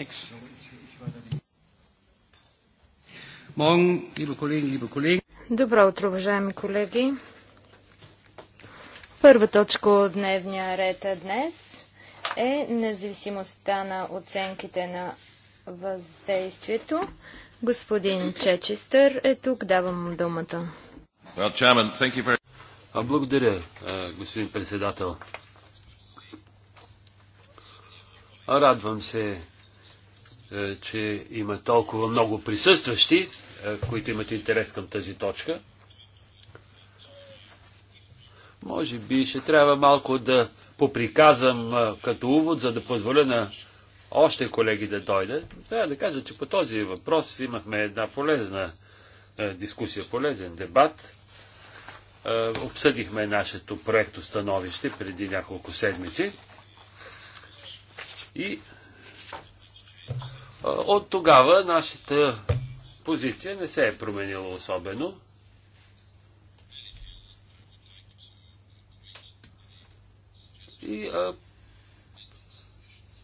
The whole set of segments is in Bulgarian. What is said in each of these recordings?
Ex. Добро утро, уважаеми колеги. Първа точка от дневния ред днес е независимостта на оценките на въздействието. Господин Чечестър е тук, давам му думата. Благодаря, господин председател. Радвам се, е, че има толкова много присъстващи, е, които имат интерес към тази точка. Може би ще трябва малко да поприказвам е, като увод, за да позволя на още колеги да дойдат. Трябва да кажа, че по този въпрос имахме една полезна дискусия, полезен дебат. Обсъдихме нашето проекто становище преди няколко седмици. И е, от тогава нашата позиция не се е променила особено. И а, е,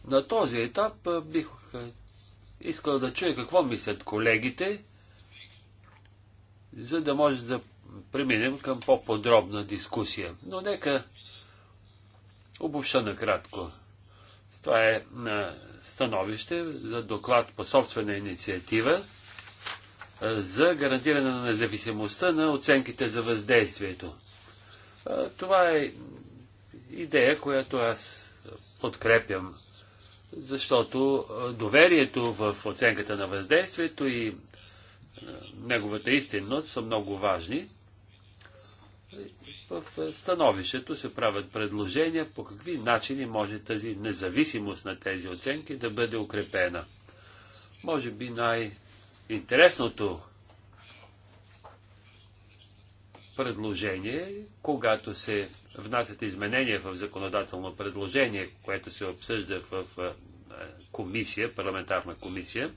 на този етап а, е, бих а, искал да чуя какво мислят колегите, за да може да преминем към по-подробна дискусия. Но нека обобща накратко. Това е на становище за доклад по собствена инициатива за гарантиране на независимостта на оценките за въздействието. Това е идея, която аз подкрепям, защото доверието в оценката на въздействието и неговата истинност са много важни. В становището се правят предложения по какви начини може тази независимост на тези оценки да бъде укрепена. Може би най-интересното предложение, когато се внасят изменения в законодателно предложение, което се обсъжда в комисия, парламентарна комисия,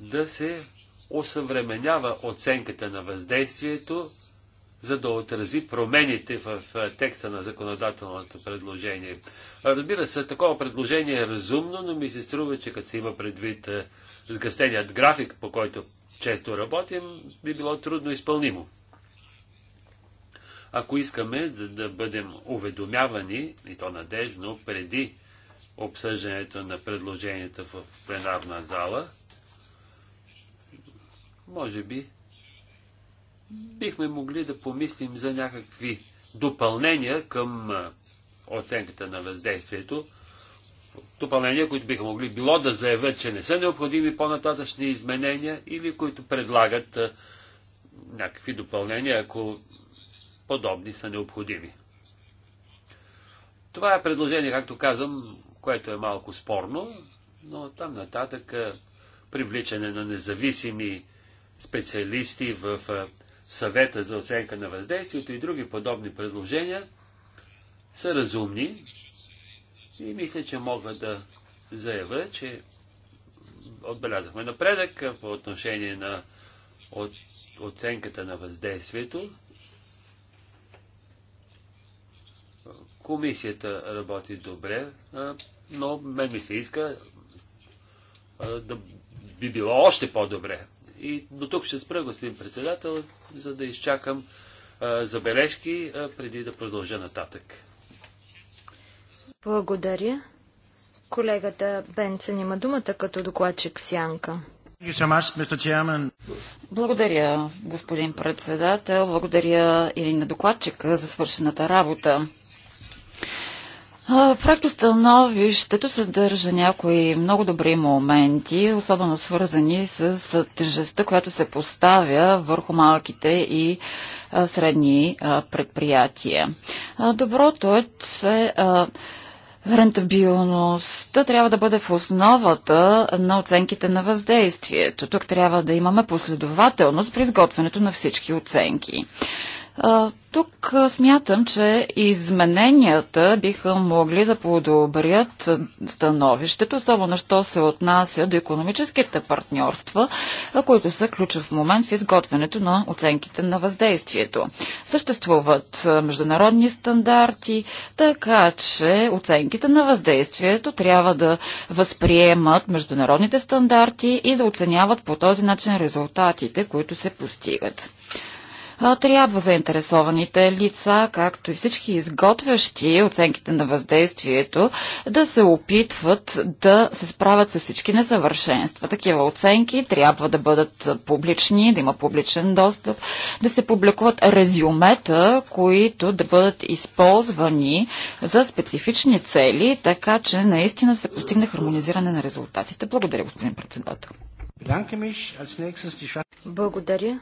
да се осъвременява оценката на въздействието, за да отрази промените в текста на законодателното предложение. Разбира се, такова предложение е разумно, но ми се струва, че като се има предвид сгъстеният график, по който често работим, би било трудно изпълнимо. Ако искаме да, да бъдем уведомявани, и то надежно, преди обсъждането на предложенията в пленарна зала, може би бихме могли да помислим за някакви допълнения към оценката на въздействието, допълнения, които биха могли било да заявят, че не са необходими по-нататъчни изменения или които предлагат някакви допълнения, ако подобни са необходими. Това е предложение, както казвам, което е малко спорно, но там нататък привличане на независими специалисти в съвета за оценка на въздействието и други подобни предложения са разумни и мисля, че мога да заявя, че отбелязахме напредък по отношение на от, оценката на въздействието. Комисията работи добре, но мен ми се иска да би било още по-добре. И до тук ще спра, господин председател, за да изчакам а, забележки а, преди да продължа нататък. Благодаря. Колегата Бенцен има думата като докладчик в сянка. Благодаря, господин председател. Благодаря и на докладчика за свършената работа. В проектостановището съдържа някои много добри моменти, особено свързани с тежестта, която се поставя върху малките и средни предприятия. Доброто е, че Рентабилността трябва да бъде в основата на оценките на въздействието. Тук трябва да имаме последователност при изготвянето на всички оценки. Тук смятам, че измененията биха могли да подобрят становището, особено що се отнася до економическите партньорства, които са ключов момент в изготвянето на оценките на въздействието. Съществуват международни стандарти, така че оценките на въздействието трябва да възприемат международните стандарти и да оценяват по този начин резултатите, които се постигат трябва заинтересованите лица, както и всички изготвящи оценките на въздействието, да се опитват да се справят с всички несъвършенства. Такива оценки трябва да бъдат публични, да има публичен достъп, да се публикуват резюмета, които да бъдат използвани за специфични цели, така че наистина се постигне хармонизиране на резултатите. Благодаря, господин председател. Благодаря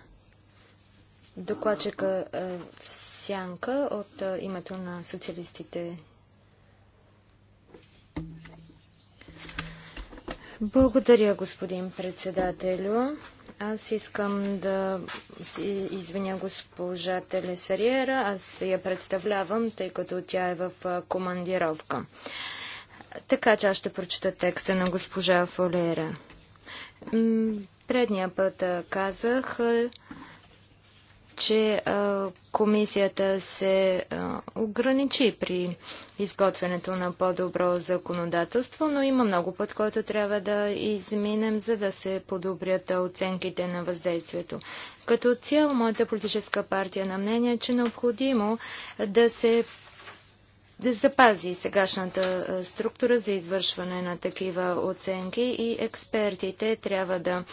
докладчика е, в сянка от е, името на социалистите. Благодаря, господин председателю. Аз искам да извиня госпожа Телесариера. Аз я представлявам, тъй като тя е в е, командировка. Така че аз ще прочета текста на госпожа Фолера. Предния път казах, че а, комисията се а, ограничи при изготвянето на по-добро законодателство, но има много път, който трябва да изминем, за да се подобрят оценките на въздействието. Като цяло, моята политическа партия на мнение е, че е необходимо да се да запази сегашната структура за извършване на такива оценки и експертите трябва да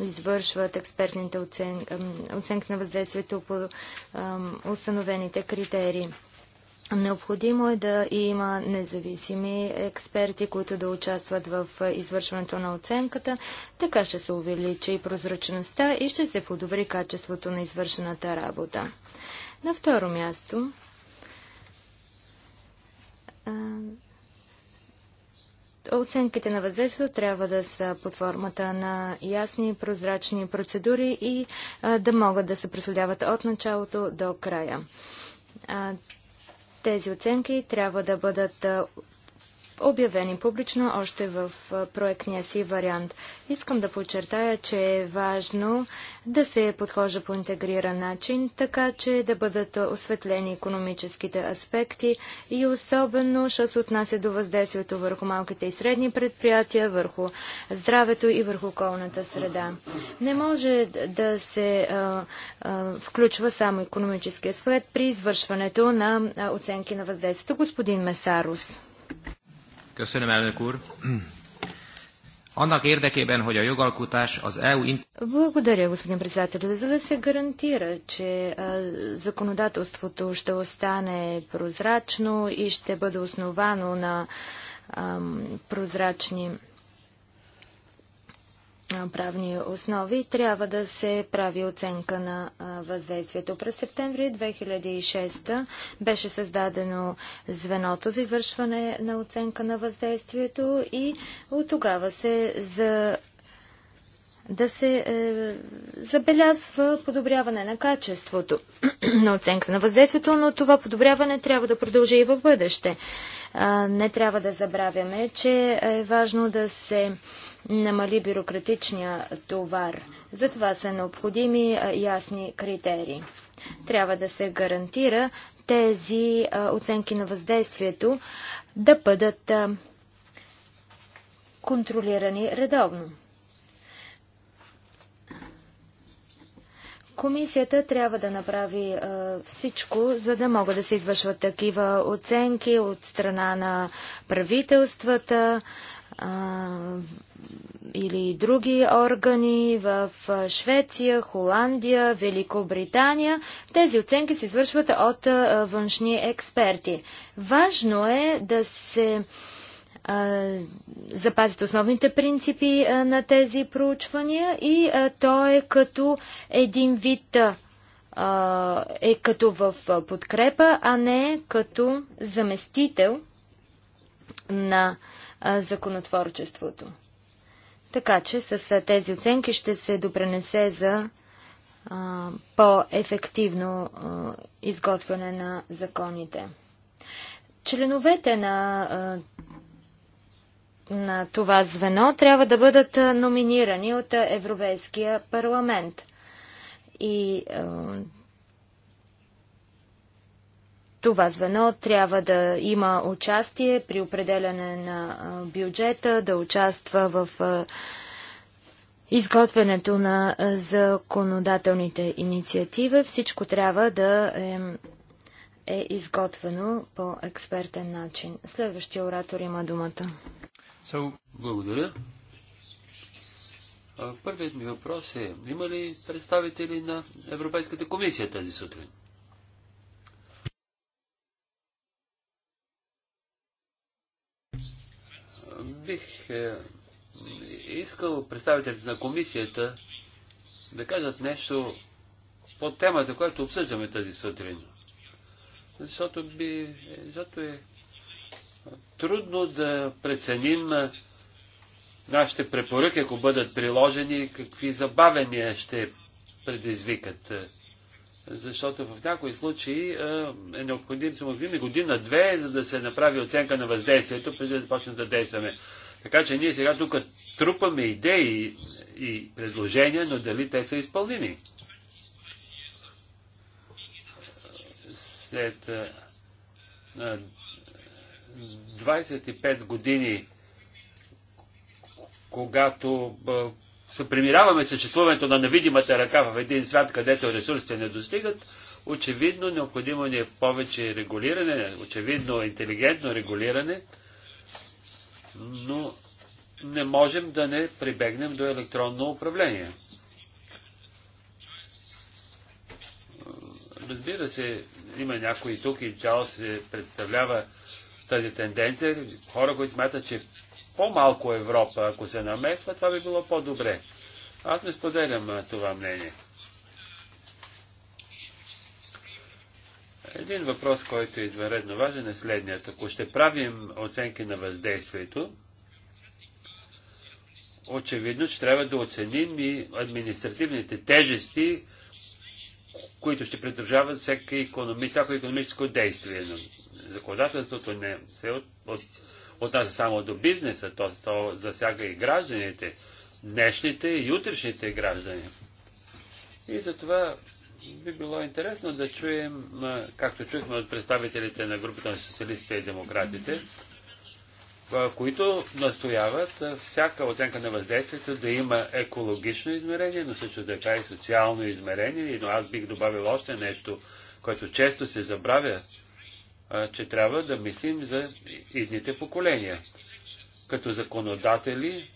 извършват експертните оценки, оценки на въздействието по установените критерии. Необходимо е да има независими експерти, които да участват в извършването на оценката. Така ще се увеличи прозрачността и ще се подобри качеството на извършената работа. На второ място Оценките на въздействието трябва да са под формата на ясни и прозрачни процедури и да могат да се проследяват от началото до края. тези оценки трябва да бъдат обявени публично още в проектния си вариант. Искам да подчертая, че е важно да се подхожа по интегриран начин, така че да бъдат осветлени економическите аспекти и особено, що се отнася до въздействието върху малките и средни предприятия, върху здравето и върху околната среда. Не може да се а, а, включва само економическия аспект при извършването на оценки на въздействието. Господин Месарус. Köszönöm, elnök úr. Annak érdекében, hogy a jogalkotás az EU... Благодаря, господин председател. За да се гарантира, че законодателството ще остане прозрачно и ще бъде основано на прозрачни правни основи, трябва да се прави оценка на въздействието. През септември 2006 беше създадено звеното за извършване на оценка на въздействието и от тогава се за да се е, забелязва подобряване на качеството на оценка на въздействието, но това подобряване трябва да продължи и в бъдеще. не трябва да забравяме, че е важно да се намали бюрократичния товар. Затова са необходими ясни критерии. Трябва да се гарантира тези оценки на въздействието да бъдат контролирани редовно. Комисията трябва да направи всичко, за да могат да се извършват такива оценки от страна на правителствата, а, или други органи в Швеция, Холандия, Великобритания. Тези оценки се извършват от а, външни експерти. Важно е да се запазят основните принципи а, на тези проучвания и а, то е като един вид а, е като в подкрепа, а не като заместител на а, законотворчеството. Така че с тези оценки ще се допренесе за по-ефективно изготвяне на законите. Членовете на, а, на това звено трябва да бъдат номинирани от Европейския парламент. И а, това звено трябва да има участие при определяне на бюджета, да участва в изготвянето на законодателните инициативи. Всичко трябва да е, е изготвено по експертен начин. Следващия оратор има думата. So, благодаря. Първият ми въпрос е, има ли представители на Европейската комисия тази сутрин? Бих е, искал представителите на комисията да кажат нещо по темата, която обсъждаме тази сутрин. Защото, би, защото е трудно да преценим е, нашите препоръки, ако бъдат приложени, какви забавения ще предизвикат. Е, защото в някои случаи е необходим само година-две, за да се направи оценка на въздействието, преди да почнем да действаме. Така че ние сега тук трупаме идеи и предложения, но дали те са изпълними? След 25 години, когато се примиряваме съществуването на невидимата ръка в един свят, където ресурсите не достигат, очевидно необходимо ни е повече регулиране, очевидно интелигентно регулиране, но не можем да не прибегнем до електронно управление. Разбира се, има някои тук и Чао се представлява тази тенденция. Хора, които смятат, че по-малко Европа, ако се намесва, това би било по-добре. Аз не споделям това мнение. Един въпрос, който е извънредно важен е следният. Ако ще правим оценки на въздействието, очевидно ще трябва да оценим и административните тежести, които ще придържават всяко економическо действие. Законодателството не се от, от, отнася само до бизнеса, то, то засяга и гражданите, днешните и утрешните граждани. И затова би било интересно да чуем, както чухме от представителите на групата на социалистите и демократите, които настояват всяка оценка на въздействието да има екологично измерение, но също така и социално измерение. Но аз бих добавил още нещо, което често се забравя че трябва да мислим за идните поколения. Като законодатели,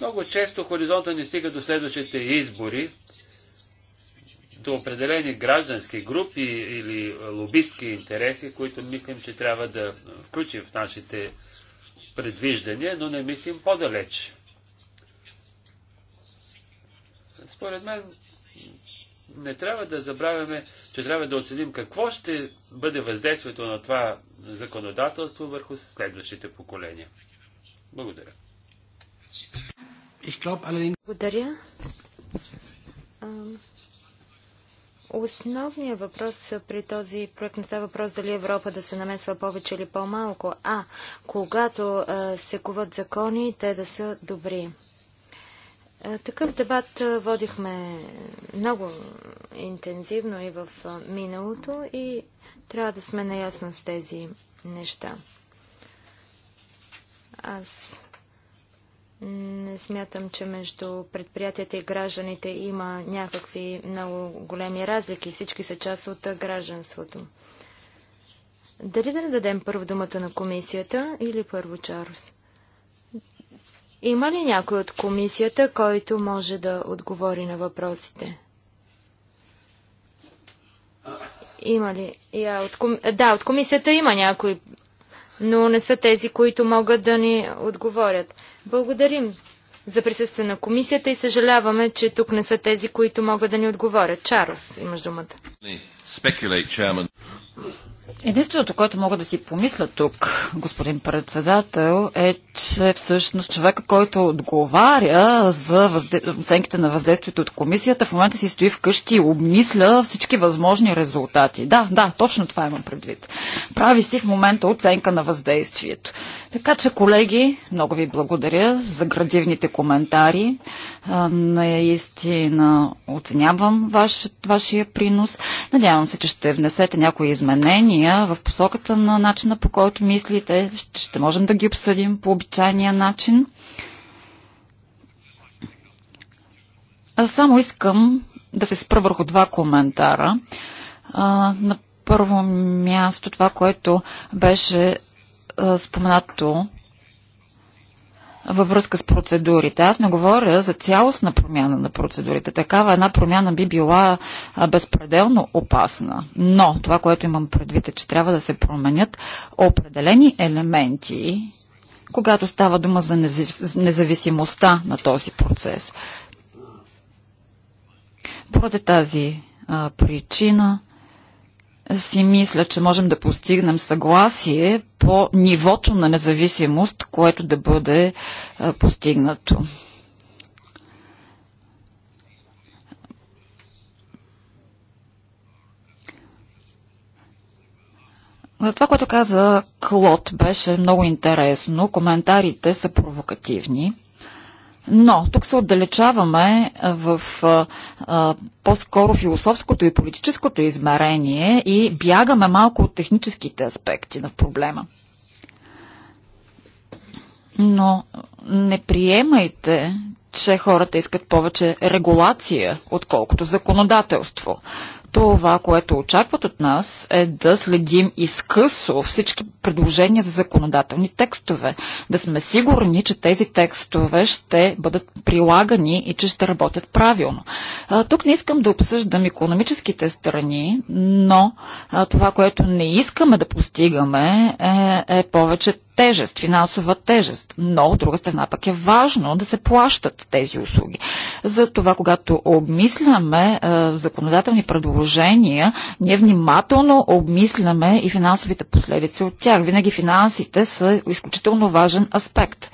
много често хоризонта ни стига до следващите избори, до определени граждански групи или лобистки интереси, които мислим, че трябва да включим в нашите предвиждания, но не мислим по-далеч. Според мен не трябва да забравяме, че трябва да оценим какво ще бъде въздействието на това законодателство върху следващите поколения. Благодаря. Благодаря. Основният въпрос при този проект не става въпрос дали Европа да се намесва повече или по-малко, а когато се куват закони, те да са добри. Е, такъв дебат е, водихме много интензивно и в е, миналото и трябва да сме наясно с тези неща. Аз не смятам, че между предприятията и гражданите има някакви много големи разлики. Всички са част от гражданството. Дали да не дадем първо думата на комисията или първо Чарлз? Има ли някой от комисията, който може да отговори на въпросите? Има ли? Я, от ком... Да, от комисията има някой, но не са тези, които могат да ни отговорят. Благодарим за присъствие на комисията и съжаляваме, че тук не са тези, които могат да ни отговорят. Чарос, имаш думата. Единственото, което мога да си помисля тук, господин председател, е, че всъщност човека, който отговаря за възде... оценките на въздействието от комисията, в момента си стои вкъщи и обмисля всички възможни резултати. Да, да, точно това имам предвид. Прави си в момента оценка на въздействието. Така че, колеги, много ви благодаря за градивните коментари. Наистина оценявам ваш... вашия принос. Надявам се, че ще внесете някои изменения изменения в посоката на начина по който мислите. Ще, ще можем да ги обсъдим по обичайния начин. Аз само искам да се спра върху два коментара. А, на първо място това, което беше а, споменато във връзка с процедурите. Аз не говоря за цялостна промяна на процедурите. Такава една промяна би била безпределно опасна. Но това, което имам предвид е, че трябва да се променят определени елементи, когато става дума за независимостта на този процес. Поради тази а, причина си мисля, че можем да постигнем съгласие по нивото на независимост, което да бъде е, постигнато. постигнато. Това, което каза Клод, беше много интересно. Коментарите са провокативни. Но тук се отдалечаваме в по-скоро философското и политическото измерение и бягаме малко от техническите аспекти на проблема. Но не приемайте, че хората искат повече регулация, отколкото законодателство. Това, което очакват от нас е да следим изкъсо всички предложения за законодателни текстове. Да сме сигурни, че тези текстове ще бъдат прилагани и че ще работят правилно. А, тук не искам да обсъждам економическите страни, но а, това, което не искаме да постигаме е, е повече тежест, финансова тежест. Но, от друга страна, пък е важно да се плащат тези услуги. За това, когато обмисляме а, законодателни предложения, предложения, ние внимателно обмисляме и финансовите последици от тях. Винаги финансите са изключително важен аспект.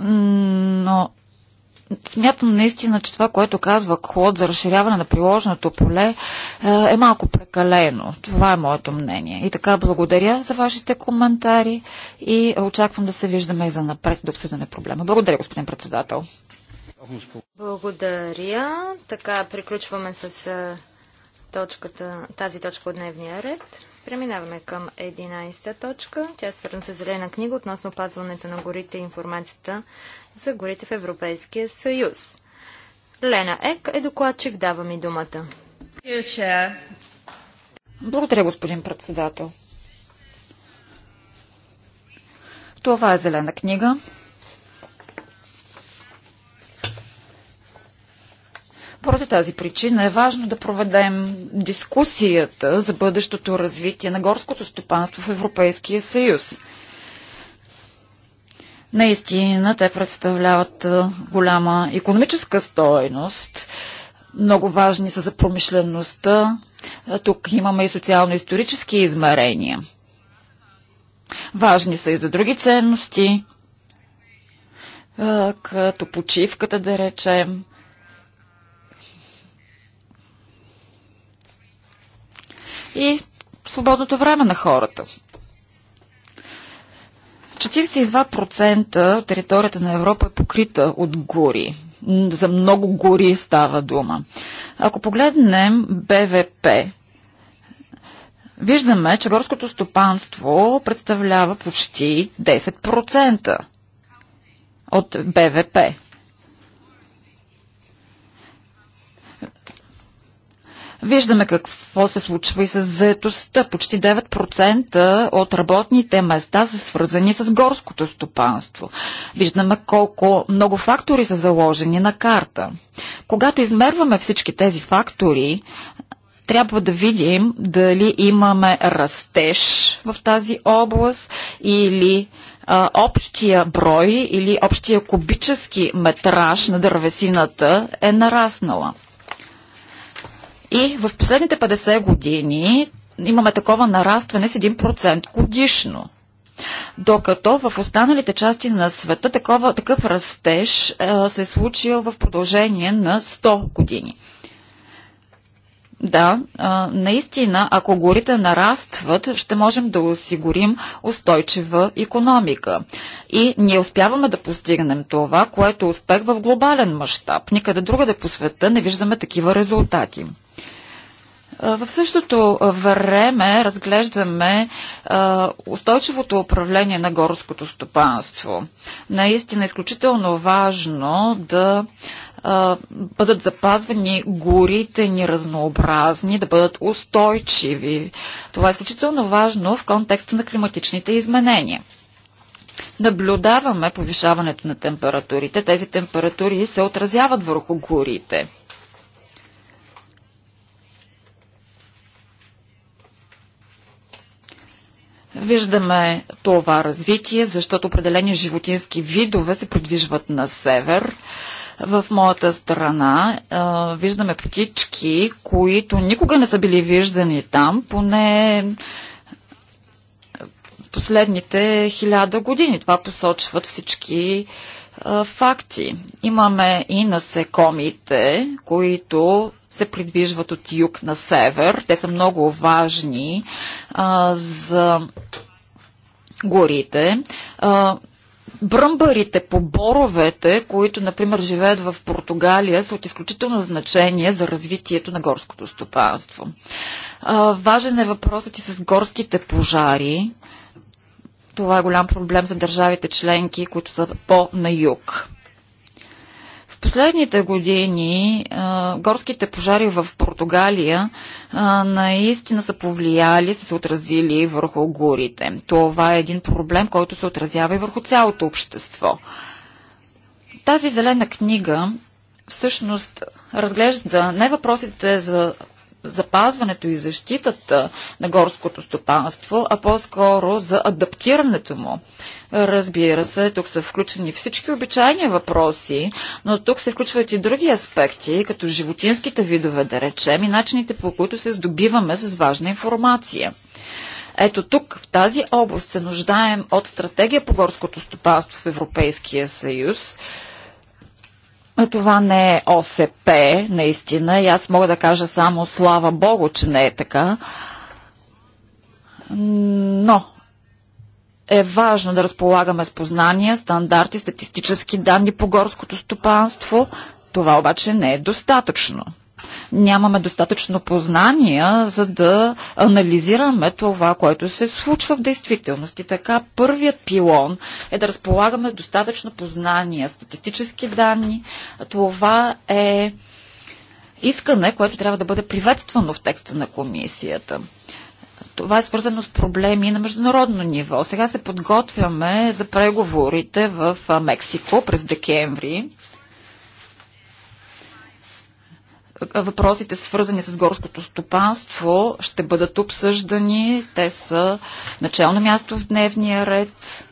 Но смятам наистина, че това, което казва Клод за разширяване на приложеното поле е, е малко прекалено. Това е моето мнение. И така, благодаря за вашите коментари и очаквам да се виждаме и за напред да обсъждаме проблема. Благодаря, господин председател. Благодаря. Така приключваме с точката, тази точка от дневния ред. Преминаваме към 11-та точка. Тя е свързана с зелена книга относно опазването на горите и информацията за горите в Европейския съюз. Лена Ек е докладчик. Дава ми думата. Благодаря, господин председател. Това е зелена книга, Поради тази причина е важно да проведем дискусията за бъдещото развитие на горското стопанство в Европейския съюз. Наистина те представляват голяма економическа стойност. Много важни са за промишлеността. Тук имаме и социално-исторически измерения. Важни са и за други ценности, като почивката, да речем, и свободното време на хората. 42% от територията на Европа е покрита от гори. За много гори става дума. Ако погледнем БВП, виждаме, че горското стопанство представлява почти 10% от БВП. Виждаме какво се случва и с заетостта. Почти 9% от работните места са свързани с горското стопанство. Виждаме колко много фактори са заложени на карта. Когато измерваме всички тези фактори, трябва да видим дали имаме растеж в тази област или а, общия брой или общия кубически метраж на дървесината е нараснала. И в последните 50 години имаме такова нарастване с 1% годишно. Докато в останалите части на света такова, такъв растеж се е случил в продължение на 100 години. Да, наистина, ако горите нарастват, ще можем да осигурим устойчива економика. И ние успяваме да постигнем това, което е успех в глобален мащаб. Никъде другаде по света не виждаме такива резултати. В същото време разглеждаме устойчивото управление на горското стопанство. Наистина е изключително важно да бъдат запазвани горите ни разнообразни, да бъдат устойчиви. Това е изключително важно в контекста на климатичните изменения. Наблюдаваме повишаването на температурите. Тези температури се отразяват върху горите. Виждаме това развитие, защото определени животински видове се придвижват на север. В моята страна а, виждаме птички, които никога не са били виждани там, поне последните хиляда години. Това посочват всички а, факти. Имаме и насекомите, които се придвижват от юг на север. Те са много важни а, за горите. А, бръмбарите по боровете, които, например, живеят в Португалия, са от изключително значение за развитието на горското стопанство. Важен е въпросът и с горските пожари. Това е голям проблем за държавите членки, които са по-на юг последните години горските пожари в Португалия наистина са повлияли, са се отразили върху горите. Това е един проблем, който се отразява и върху цялото общество. Тази зелена книга всъщност разглежда не въпросите за запазването и защитата на горското стопанство, а по-скоро за адаптирането му. Разбира се, тук са включени всички обичайни въпроси, но тук се включват и други аспекти, като животинските видове, да речем, и начините по които се здобиваме с важна информация. Ето тук, в тази област, се нуждаем от стратегия по горското стопанство в Европейския съюз, това не е ОСП, наистина, и аз мога да кажа само слава Богу, че не е така. Но е важно да разполагаме с познания, стандарти, статистически данни по горското стопанство. Това обаче не е достатъчно нямаме достатъчно познания, за да анализираме това, което се случва в действителност. И така, първият пилон е да разполагаме с достатъчно познания, статистически данни. Това е искане, което трябва да бъде приветствано в текста на комисията. Това е свързано с проблеми на международно ниво. Сега се подготвяме за преговорите в Мексико през декември въпросите, свързани с горското стопанство, ще бъдат обсъждани. Те са начално място в дневния ред.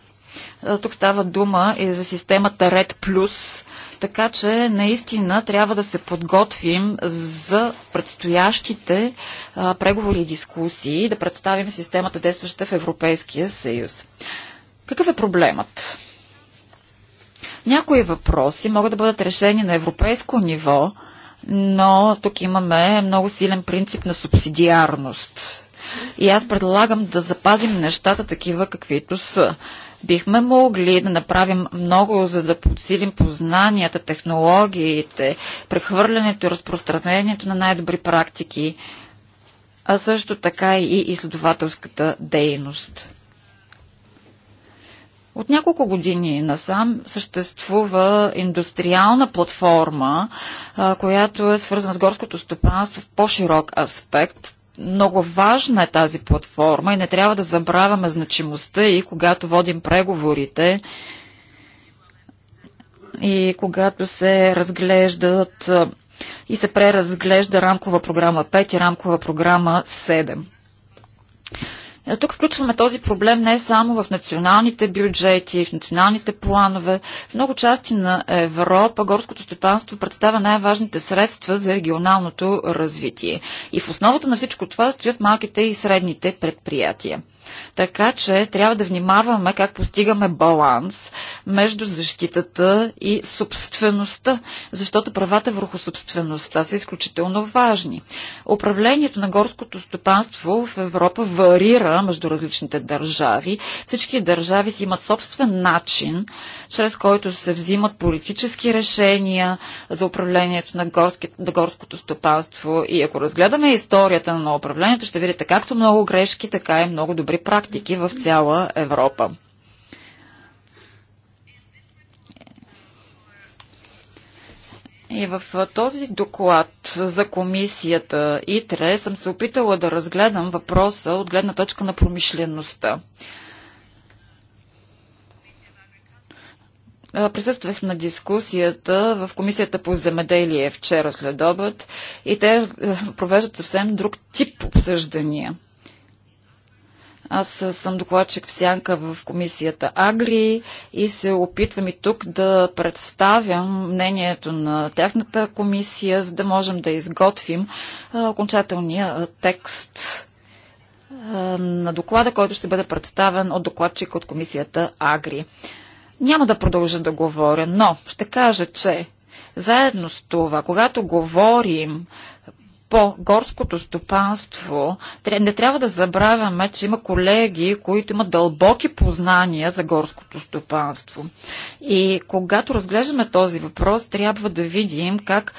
Тук става дума и за системата Ред Плюс, така че наистина трябва да се подготвим за предстоящите а, преговори и дискусии, да представим системата действаща в Европейския съюз. Какъв е проблемът? Някои въпроси могат да бъдат решени на европейско ниво, но тук имаме много силен принцип на субсидиарност. И аз предлагам да запазим нещата такива, каквито са. Бихме могли да направим много, за да подсилим познанията, технологиите, прехвърлянето и разпространението на най-добри практики, а също така и изследователската дейност. От няколко години насам съществува индустриална платформа, която е свързана с горското стопанство в по-широк аспект. Много важна е тази платформа и не трябва да забравяме значимостта и когато водим преговорите и когато се разглеждат и се преразглежда рамкова програма 5 и рамкова програма 7. Е, тук включваме този проблем не само в националните бюджети, в националните планове. В много части на Европа горското стопанство представя най-важните средства за регионалното развитие. И в основата на всичко това стоят малките и средните предприятия. Така че трябва да внимаваме как постигаме баланс между защитата и собствеността, защото правата върху собствеността са изключително важни. Управлението на горското стопанство в Европа варира между различните държави. Всички държави си имат собствен начин, чрез който се взимат политически решения за управлението на, горски, на горското стопанство. И ако разгледаме историята на управлението, ще видите както много грешки, така и много добри добри практики в цяла Европа. И в този доклад за комисията ИТРЕ съм се опитала да разгледам въпроса от гледна точка на промишлеността. Присъствах на дискусията в Комисията по земеделие вчера след обед и те провеждат съвсем друг тип обсъждания. Аз съм докладчик в Сянка в комисията Агри и се опитвам и тук да представям мнението на тяхната комисия, за да можем да изготвим окончателния текст на доклада, който ще бъде представен от докладчик от комисията Агри. Няма да продължа да говоря, но ще кажа, че заедно с това, когато говорим по горското стопанство, не трябва да забравяме, че има колеги, които имат дълбоки познания за горското стопанство. И когато разглеждаме този въпрос, трябва да видим как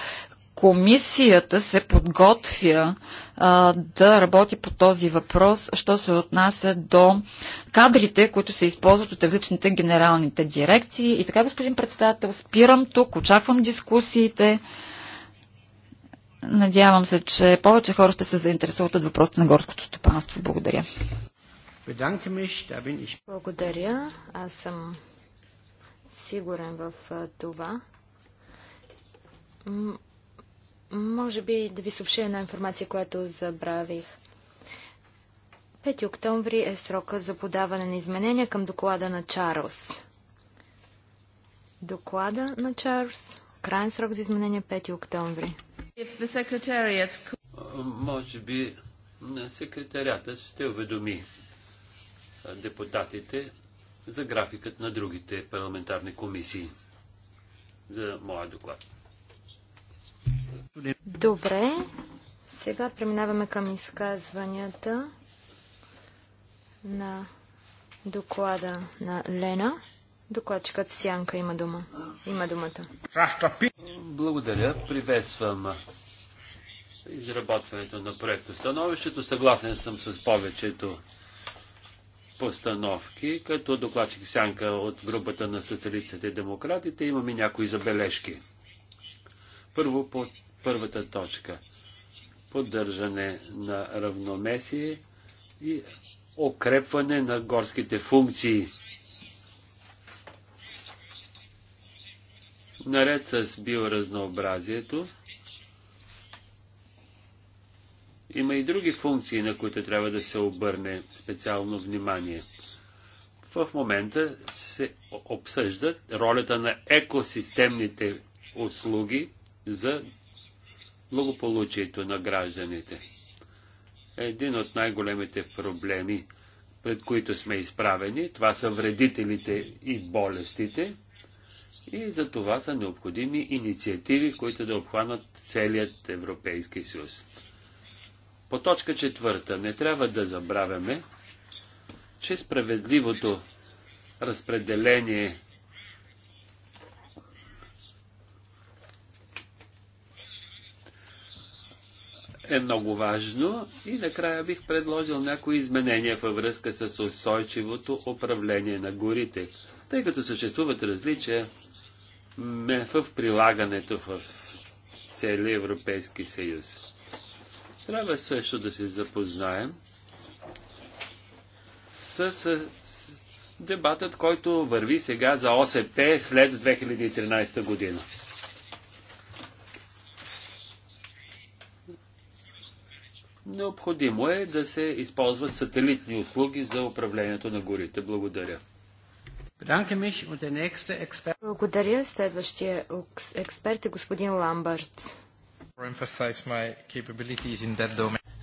комисията се подготвя а, да работи по този въпрос, що се отнася до кадрите, които се използват от различните генералните дирекции. И така, господин председател, спирам тук, очаквам дискусиите. Надявам се, че повече хора ще се заинтересуват от въпросите на горското стопанство. Благодаря. Благодаря. Аз съм сигурен в това. може би да ви съобща една информация, която забравих. 5 октомври е срока за подаване на изменения към доклада на Чарлз. Доклада на Чарлз. Крайен срок за изменение 5 октомври. Може би секретарятът ще уведоми депутатите за графикът на другите парламентарни комисии за моя доклад. Добре, сега преминаваме към изказванията на доклада на Лена. Докладчикът Сянка има, дума. има думата. Благодаря. Приветствам изработването на проекта. Становището съгласен съм с повечето постановки. Като докладчик Сянка от групата на социалистите и демократите имаме някои забележки. Първо по първата точка. Поддържане на равномесие и укрепване на горските функции наред с биоразнообразието, има и други функции, на които трябва да се обърне специално внимание. В момента се обсъждат ролята на екосистемните услуги за благополучието на гражданите. Един от най-големите проблеми, пред които сме изправени, това са вредителите и болестите. И за това са необходими инициативи, които да обхванат целият Европейски съюз. По точка четвърта не трябва да забравяме, че справедливото разпределение е много важно и накрая бих предложил някои изменения във връзка с устойчивото управление на горите, тъй като съществуват различия в прилагането в целия Европейски съюз. Трябва също да се запознаем с, с, с дебатът, който върви сега за ОСП след 2013 година. Необходимо е да се използват сателитни услуги за управлението на горите. Благодаря. Благодаря. Следващия експерт е господин Ламбърт.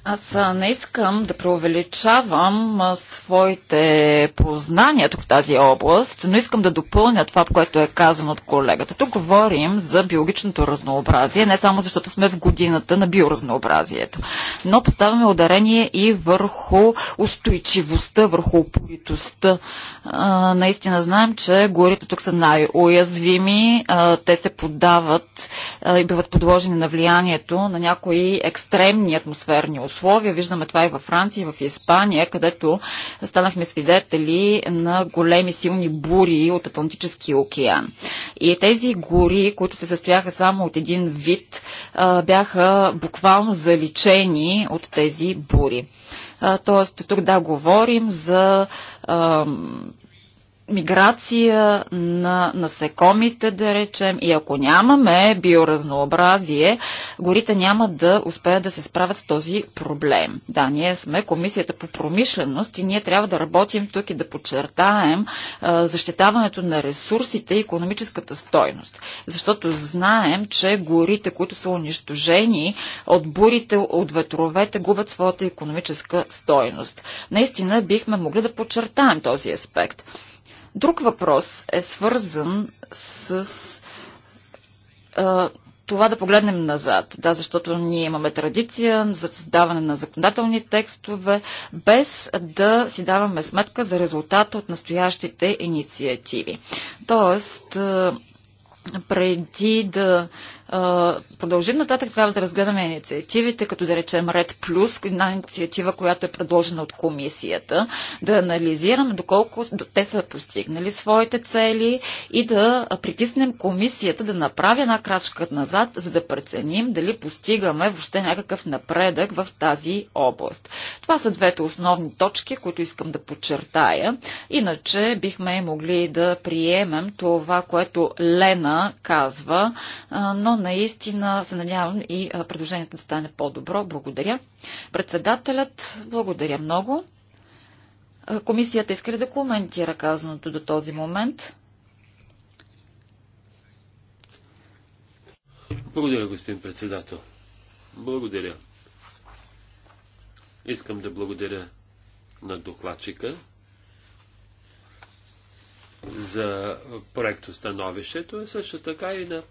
Аз не искам да преувеличавам своите познания тук в тази област, но искам да допълня това, което е казано от колегата. Тук говорим за биологичното разнообразие, не само защото сме в годината на биоразнообразието, но поставяме ударение и върху устойчивостта, върху упоритостта. Наистина знаем, че горите тук са най-уязвими, те се поддават и биват подложени на влиянието на някои екстремни атмосферни условия условия. Виждаме това и във Франция, и в Испания, където станахме свидетели на големи силни бури от Атлантическия океан. И тези гори, които се състояха само от един вид, бяха буквално заличени от тези бури. Тоест, тук да говорим за миграция на насекомите, да речем, и ако нямаме биоразнообразие, горите няма да успеят да се справят с този проблем. Да, ние сме Комисията по промишленост и ние трябва да работим тук и да подчертаем а, защитаването на ресурсите и економическата стойност. Защото знаем, че горите, които са унищожени от бурите, от ветровете, губят своята економическа стойност. Наистина бихме могли да подчертаем този аспект. Друг въпрос е свързан с а, това да погледнем назад. Да, защото ние имаме традиция за създаване на законодателни текстове, без да си даваме сметка за резултата от настоящите инициативи. Тоест, а, преди да продължим нататък, трябва да разгледаме инициативите, като да речем Ред Плюс, една инициатива, която е предложена от комисията, да анализираме доколко те са постигнали своите цели и да притиснем комисията да направи една крачка назад, за да преценим дали постигаме въобще някакъв напредък в тази област. Това са двете основни точки, които искам да подчертая. Иначе бихме могли да приемем това, което Лена казва, но наистина се надявам и предложението да стане по-добро. Благодаря. Председателят, благодаря много. Комисията иска ли да коментира казаното до този момент? Благодаря, господин председател. Благодаря. Искам да благодаря на докладчика за становището и също така и на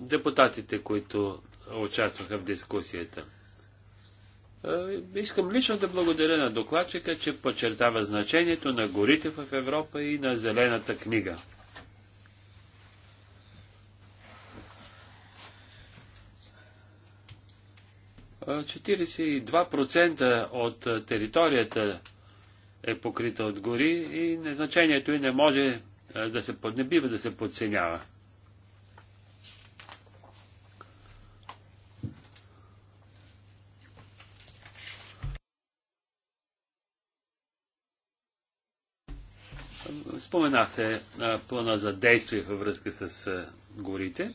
депутатите, които участваха в дискусията. искам лично да благодаря на докладчика, че подчертава значението на горите в Европа и на зелената книга. А, 42% от територията е покрита от гори и незначението и не може да се, не бива да се подценява. Споменахте плана за действие във връзка с горите.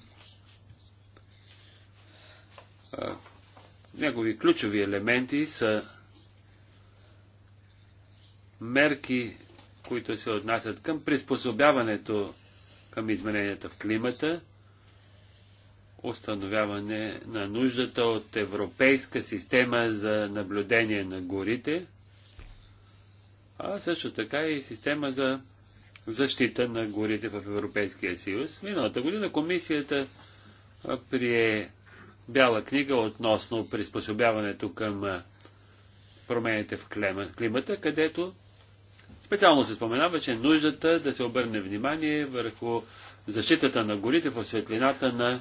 Негови ключови елементи са мерки, които се отнасят към приспособяването към измененията в климата, установяване на нуждата от европейска система за наблюдение на горите, а също така и система за защита на горите в Европейския съюз. Миналата година комисията прие бяла книга относно приспособяването към промените в климата, където специално се споменава, че нуждата да се обърне внимание върху защитата на горите в светлината на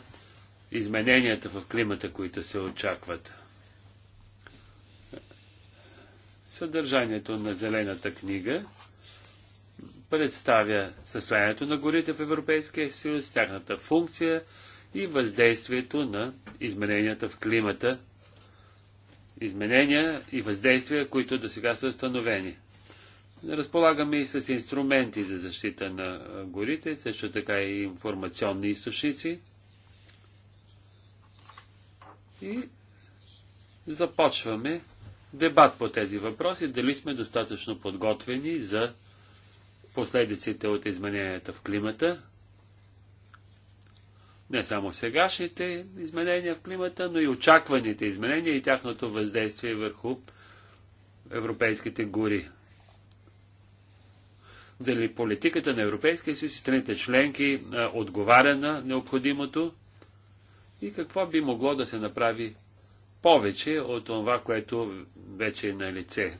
измененията в климата, които се очакват. Съдържанието на Зелената книга представя състоянието на горите в Европейския съюз, тяхната функция и въздействието на измененията в климата, изменения и въздействия, които до сега са установени. Разполагаме и с инструменти за защита на горите, също така и информационни източници. И започваме дебат по тези въпроси, дали сме достатъчно подготвени за последиците от измененията в климата, не само сегашните изменения в климата, но и очакваните изменения и тяхното въздействие върху европейските гори. Дали политиката на Европейския съюз и страните членки отговаря на необходимото и какво би могло да се направи повече от това, което вече е на лице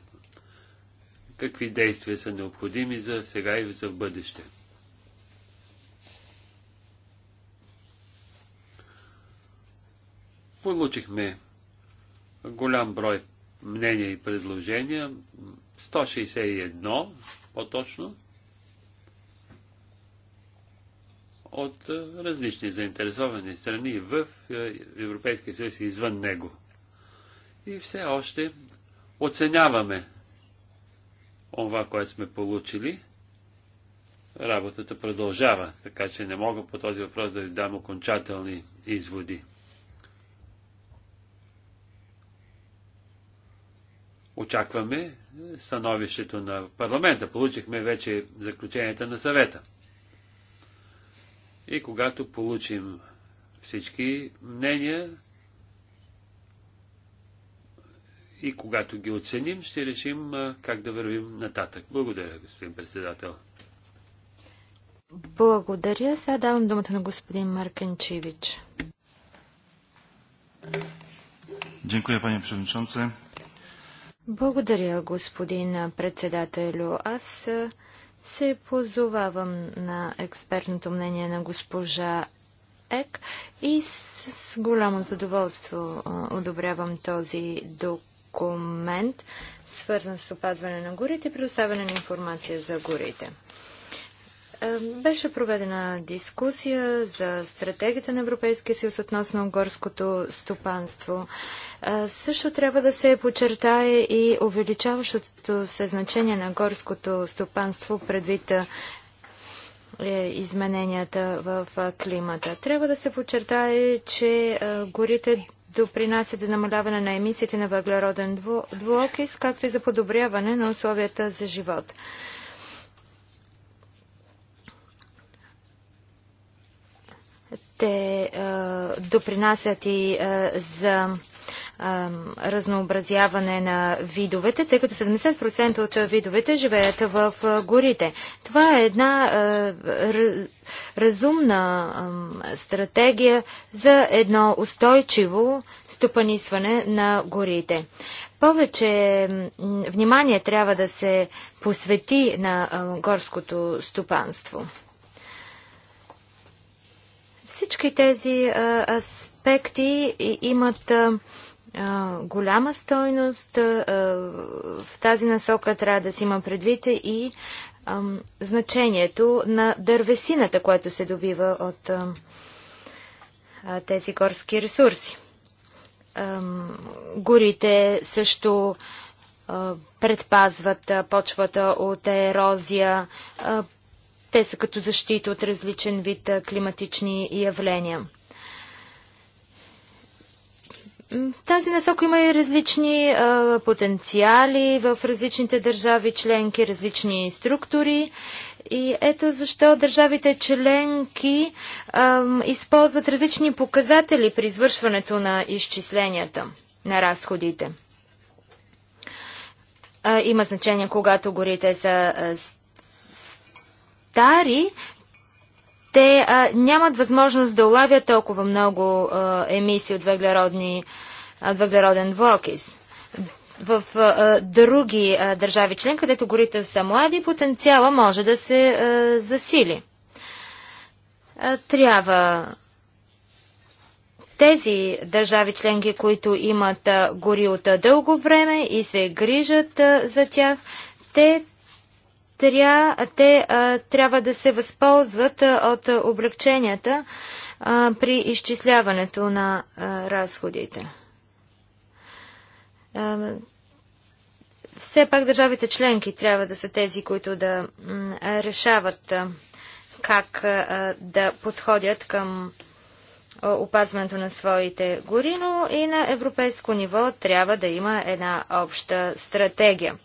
какви действия са необходими за сега и за бъдеще. Получихме голям брой мнения и предложения, 161 по-точно, от е, различни заинтересовани страни в е, Европейския съюз и извън него. И все още оценяваме това, което сме получили, работата продължава, така че не мога по този въпрос да ви дам окончателни изводи. Очакваме становището на парламента. Получихме вече заключенията на съвета. И когато получим всички мнения, и когато ги оценим, ще решим как да вървим нататък. Благодаря, господин председател. Благодаря. Сега давам думата на господин Маркенчивич. Дякую, пани председател. Благодаря, господин председателю. Аз се позовавам на експертното мнение на госпожа Ек и с голямо задоволство одобрявам този доклад документ, свързан с опазване на горите и предоставяне на информация за горите. Е, беше проведена дискусия за стратегията на Европейския съюз относно горското стопанство. Е, също трябва да се почертае и увеличаващото се значение на горското стопанство предвид е, измененията в климата. Трябва да се подчертае, че горите допринасят за намаляване на емисиите на въглероден двуокис, както и за подобряване на условията за живот. Те допринасят и за разнообразяване на видовете, тъй като 70% от видовете живеят в горите. Това е една разумна стратегия за едно устойчиво стопанисване на горите. Повече внимание трябва да се посвети на горското стопанство. Всички тези аспекти имат голяма стойност. В тази насока трябва да си има предвид и значението на дървесината, което се добива от тези горски ресурси. Горите също предпазват почвата от ерозия. Те са като защита от различен вид климатични явления. В тази насока има и различни а, потенциали в различните държави членки, различни структури. И ето защо държавите членки а, използват различни показатели при извършването на изчисленията на разходите. А, има значение, когато горите са а, стари, те а, нямат възможност да улавят толкова много а, емисии от въглеродни, а, въглероден двуокис. В а, други а, държави член, където горите са млади, потенциала може да се а, засили. А, трябва тези държави членки, които имат гори от дълго време и се грижат а, за тях, те Тря, те а, трябва да се възползват а, от облегченията а, при изчисляването на а, разходите. А, все пак държавите членки трябва да са тези, които да м, решават а, как а, да подходят към опазването на своите гори, но и на европейско ниво трябва да има една обща стратегия.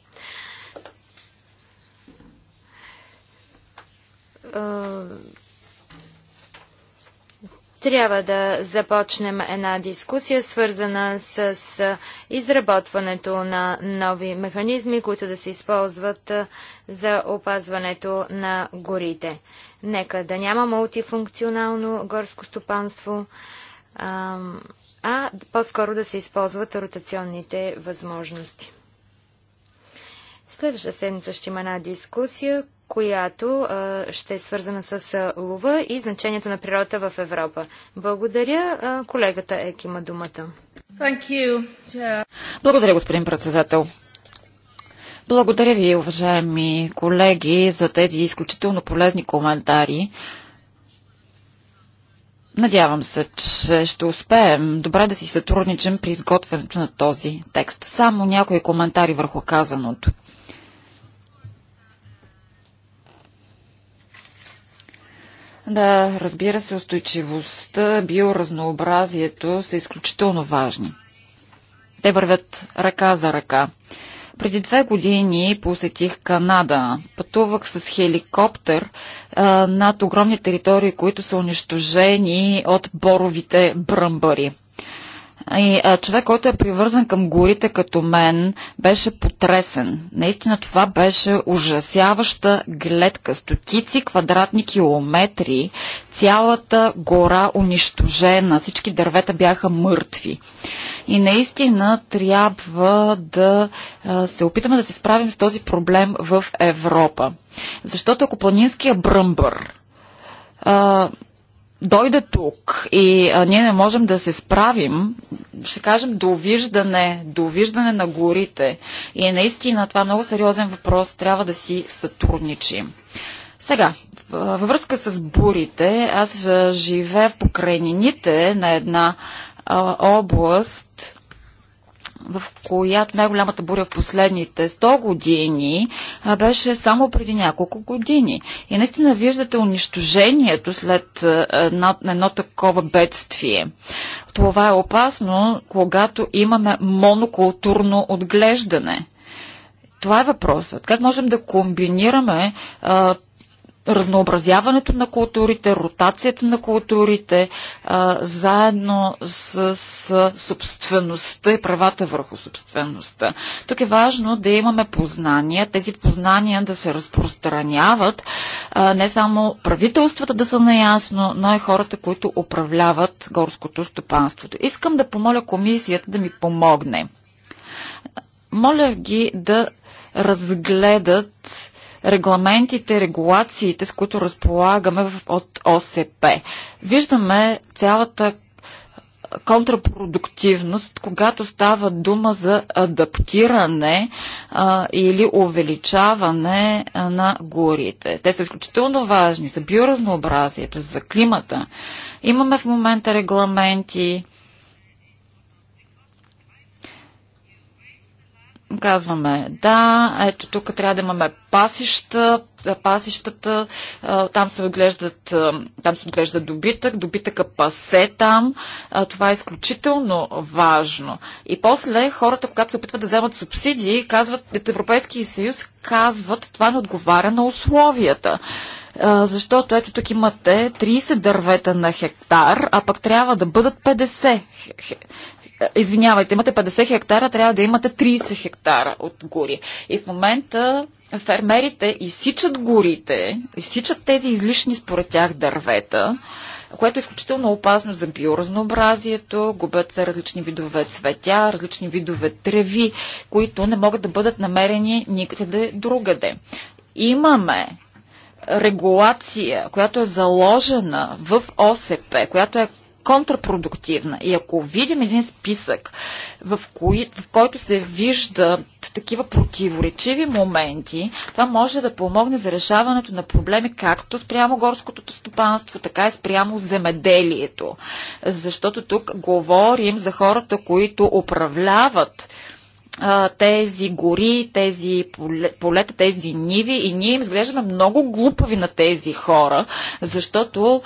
трябва да започнем една дискусия, свързана с изработването на нови механизми, които да се използват за опазването на горите. Нека да няма мултифункционално горско стопанство, а, по-скоро да се използват ротационните възможности. Следващата седмица ще има една дискусия, която а, ще е свързана с лува лова и значението на природата в Европа. Благодаря. А, колегата Ек има думата. Yeah. Благодаря, господин председател. Благодаря ви, уважаеми колеги, за тези изключително полезни коментари. Надявам се, че ще успеем добре да си сътрудничим при изготвянето на този текст. Само някои коментари върху казаното. Да, разбира се, устойчивостта, биоразнообразието са изключително важни. Те вървят ръка за ръка. Преди две години посетих Канада. Пътувах с хеликоптер а, над огромни територии, които са унищожени от боровите бръмбари. И а, човек, който е привързан към горите като мен, беше потресен. Наистина това беше ужасяваща гледка. Стотици квадратни километри, цялата гора унищожена, всички дървета бяха мъртви. И наистина трябва да а, се опитаме да се справим с този проблем в Европа. Защото ако планинския бръмбър а, дойде тук и а, ние не можем да се справим, ще кажем довиждане, довиждане на горите. И наистина това е много сериозен въпрос, трябва да си сътрудничим. Сега, във връзка с бурите, аз живея в покрайнините на една а, област, в която най-голямата буря в последните 100 години беше само преди няколко години. И наистина виждате унищожението след едно, едно такова бедствие. Това е опасно, когато имаме монокултурно отглеждане. Това е въпросът. Как можем да комбинираме а, разнообразяването на културите, ротацията на културите, а, заедно с, с собствеността и правата върху собствеността. Тук е важно да имаме познания, тези познания да се разпространяват, а, не само правителствата да са наясно, но и хората, които управляват горското стопанството. Искам да помоля комисията да ми помогне. Моля ги да разгледат регламентите, регулациите, с които разполагаме от ОСП. Виждаме цялата контрапродуктивност, когато става дума за адаптиране а, или увеличаване а, на горите. Те са изключително важни за биоразнообразието, за климата. Имаме в момента регламенти, казваме, да, ето тук трябва да имаме пасища, пасищата, там се отглеждат, там се отглежда добитък, добитъка е пасе там. Това е изключително важно. И после хората, когато се опитват да вземат субсидии, казват, от Европейския съюз казват, това не отговаря на условията защото ето тук имате 30 дървета на хектар, а пък трябва да бъдат 50 е, извинявайте, имате 50 хектара, трябва да имате 30 хектара от гори. И в момента фермерите изсичат горите, изсичат тези излишни според тях дървета, което е изключително опасно за биоразнообразието, губят се различни видове цветя, различни видове треви, които не могат да бъдат намерени никъде другаде. Имаме регулация, която е заложена в ОСП, която е контрпродуктивна. И ако видим един списък, в, кои, в който се виждат такива противоречиви моменти, това може да помогне за решаването на проблеми както спрямо горското стопанство, така и спрямо земеделието. Защото тук говорим за хората, които управляват тези гори, тези полета, тези ниви и ние им изглеждаме много глупави на тези хора, защото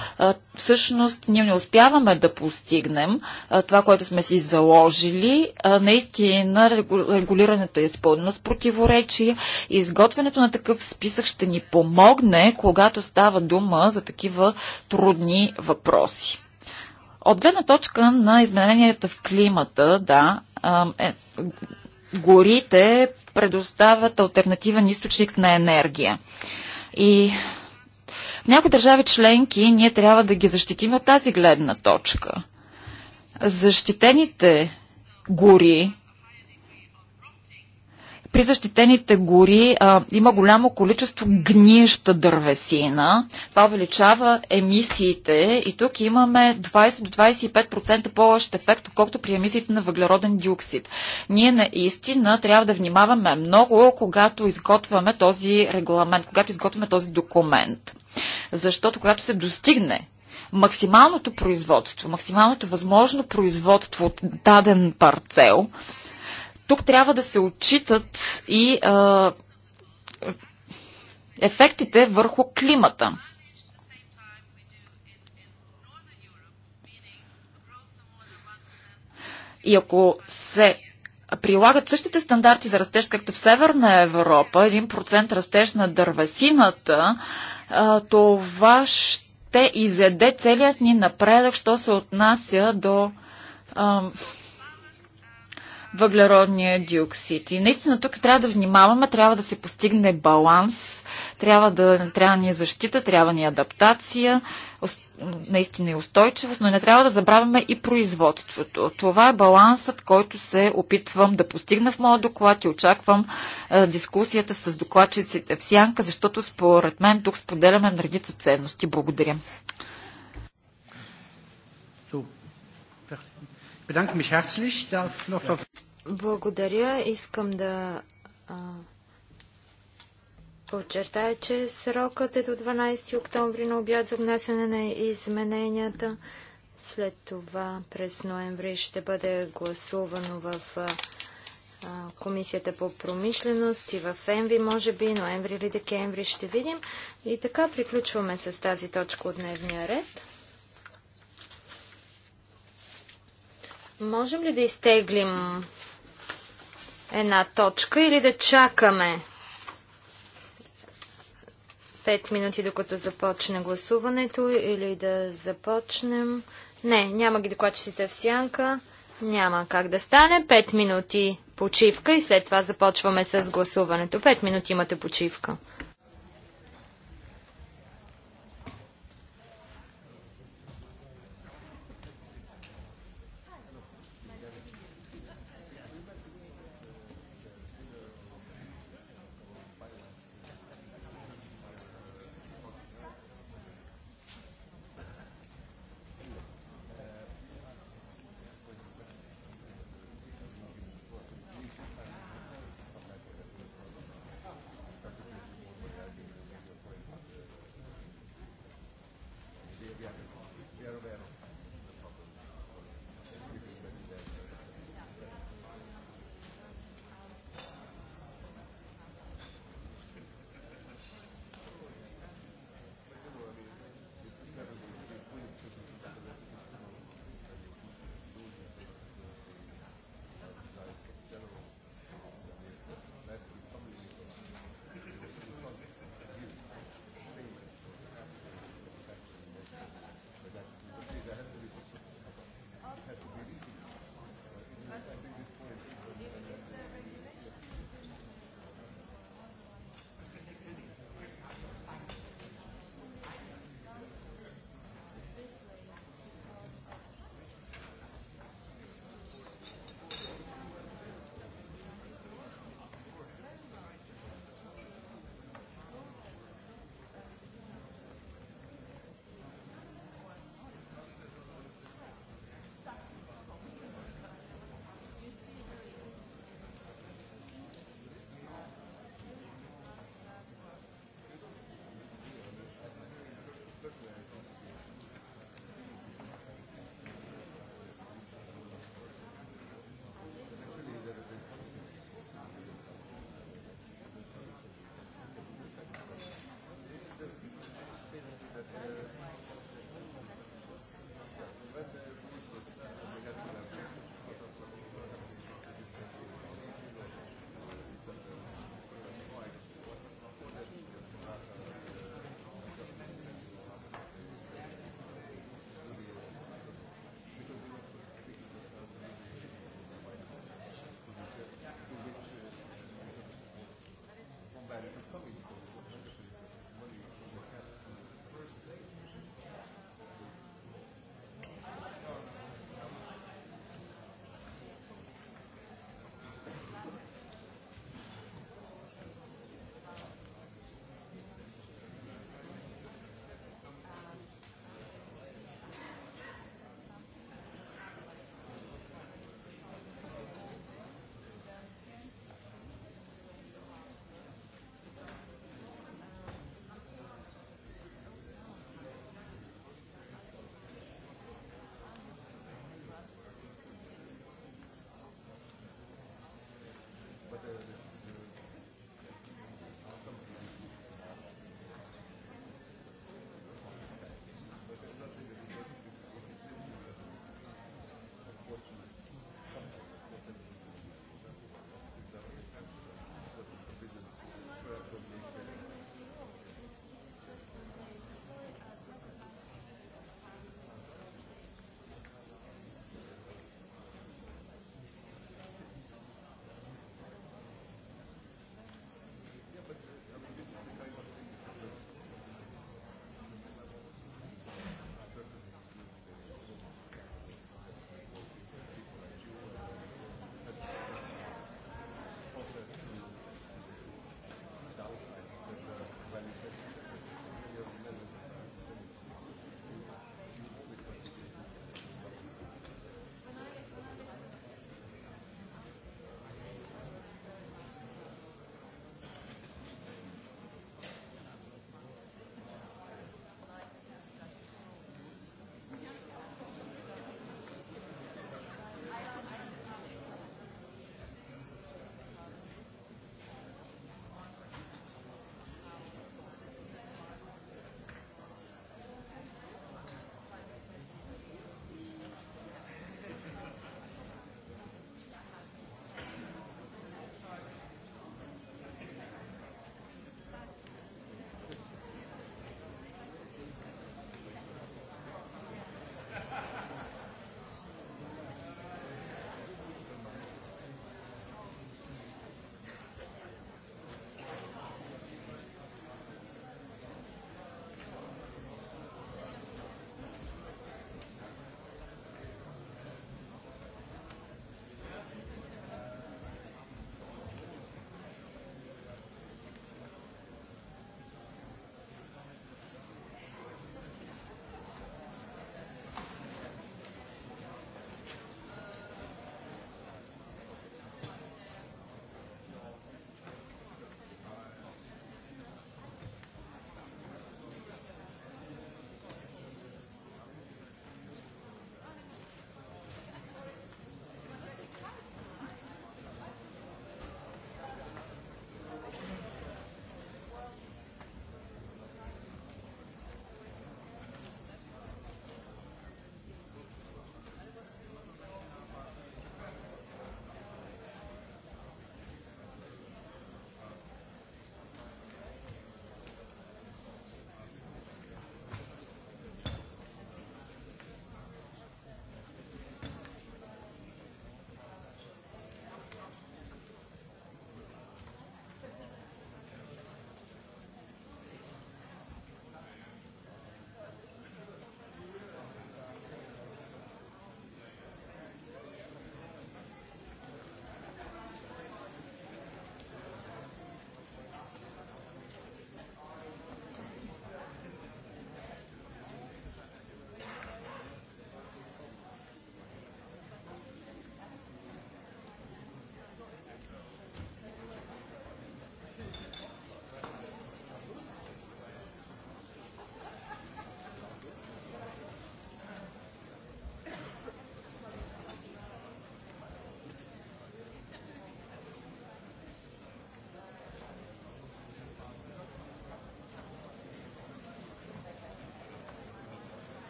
всъщност ние не успяваме да постигнем това, което сме си заложили. Наистина регулирането е изпълнено с противоречие, и изготвянето на такъв списък ще ни помогне, когато става дума за такива трудни въпроси. От гледна точка на измененията в климата, да, е, горите предоставят альтернативен източник на енергия. И в някои държави членки ние трябва да ги защитим от тази гледна точка. Защитените гори при защитените гори а, има голямо количество гнища дървесина. Това увеличава емисиите и тук имаме 20 до 25% по-лъщ ефект, отколкото при емисиите на въглероден диоксид. Ние наистина трябва да внимаваме много, когато изготвяме този регламент, когато изготвяме този документ. Защото когато се достигне максималното производство, максималното възможно производство от даден парцел, тук трябва да се отчитат и а, ефектите върху климата. И ако се прилагат същите стандарти за растеж, както в Северна Европа, 1% растеж на дървесината, това ще изеде целият ни напредък, що се отнася до въглеродния диоксид. И наистина тук трябва да внимаваме, трябва да се постигне баланс, трябва да трябва ни е защита, трябва ни е адаптация, наистина и е устойчивост, но не трябва да забравяме и производството. Това е балансът, който се опитвам да постигна в моят доклад и очаквам е, дискусията с докладчиците в сянка, защото според мен тук споделяме редица ценности. Благодаря. Bedanke mich herzlich. Darf noch ja. Благодаря. Искам да подчертая, че срокът е до 12 октомври на обяд за внасяне на измененията. След това през ноември ще бъде гласувано в а, Комисията по промишленост и в ЕМВИ, може би, ноември или декември ще видим. И така приключваме с тази точка от дневния ред. Можем ли да изтеглим една точка или да чакаме 5 минути докато започне гласуването или да започнем. Не, няма ги докладчиците в сянка. Няма как да стане. 5 минути почивка и след това започваме с гласуването. 5 минути имате почивка.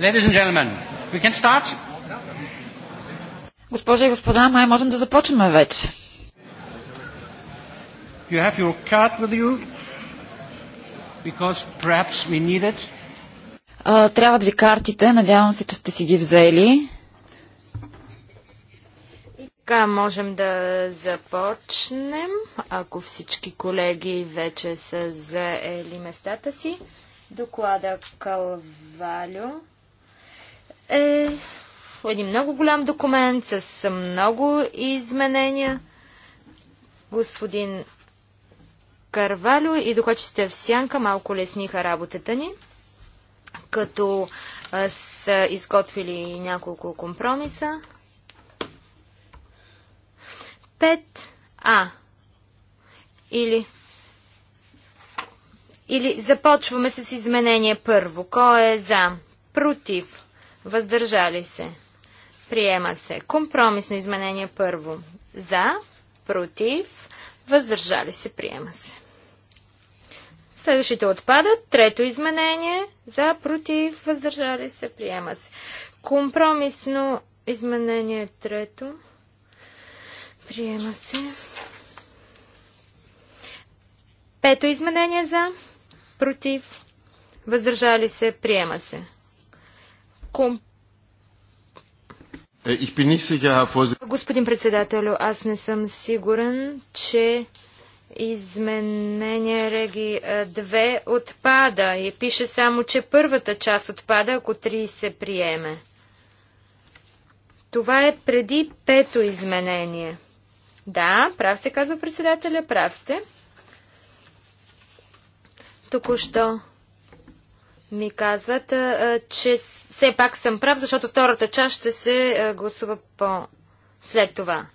Ladies and gentlemen, we can start. Госпожи и господа, май можем да започнем вече. You have your card with you, because perhaps we need it. А, трябват ви картите, надявам се, че сте си ги взели. И така можем да започнем, ако всички колеги вече са заели местата си. Доклада Калвалю е един много голям документ с много изменения. Господин Карвалю и докачите в Сянка малко лесниха работата ни, като са изготвили няколко компромиса. 5А или или започваме с изменение първо. Кой е за? Против? Въздържали се. Приема се. Компромисно изменение първо. За, против, въздържали се. Приема се. Следващите отпадат. Трето изменение. За, против, въздържали се. Приема се. Компромисно изменение трето. Приема се. Пето изменение за, против, въздържали се. Приема се. Ком... Е, Господин председател, аз не съм сигурен, че изменение Реги 2 е, отпада и пише само, че първата част отпада, ако 3 се приеме. Това е преди пето изменение. Да, прав се, казва председателя, прав сте. Току-що ми казват, че все пак съм прав, защото втората част ще се гласува по след това.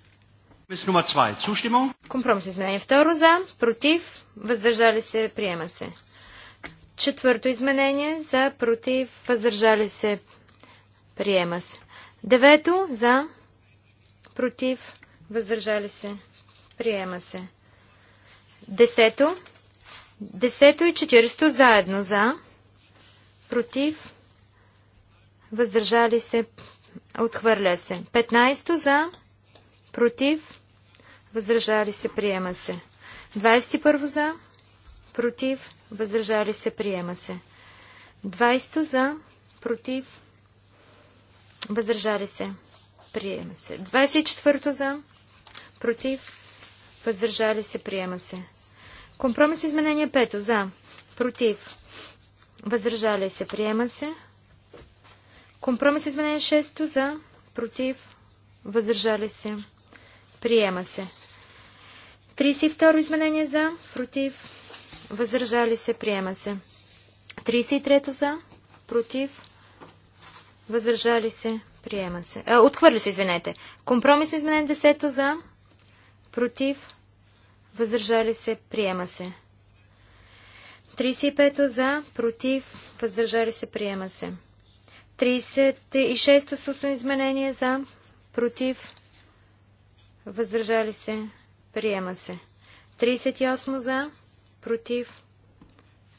Компромис изменение второ за, против, въздържали се, приема се. Четвърто изменение за, против, въздържали се, приема се. Девето за, против, въздържали се, приема се. Десето. Десето и четиристо заедно за, против, въздържали се, отхвърля се. 15 за, против, въздържали се, приема се. 21 за, против, въздържали се, приема се. 20 за, против, въздържали се, приема се. 24 за, против, въздържали се, приема се. Компромис изменение 5 за, против, Въздържали се. Приема се. Компромис изменение 6 за. Против. Въздържали се. Приема се. 32 изменение за. Против. Въздържали се. Приема се. 33 за. Против. Въздържали се. Приема се. А, е, отхвърли се, извинете. Компромисно изменение 10 за. Против. Въздържали се. Приема се. 35-то за, против, въздържали се, приема се. 36-то сусно изменение за, против, въздържали се, приема се. 38 за, против,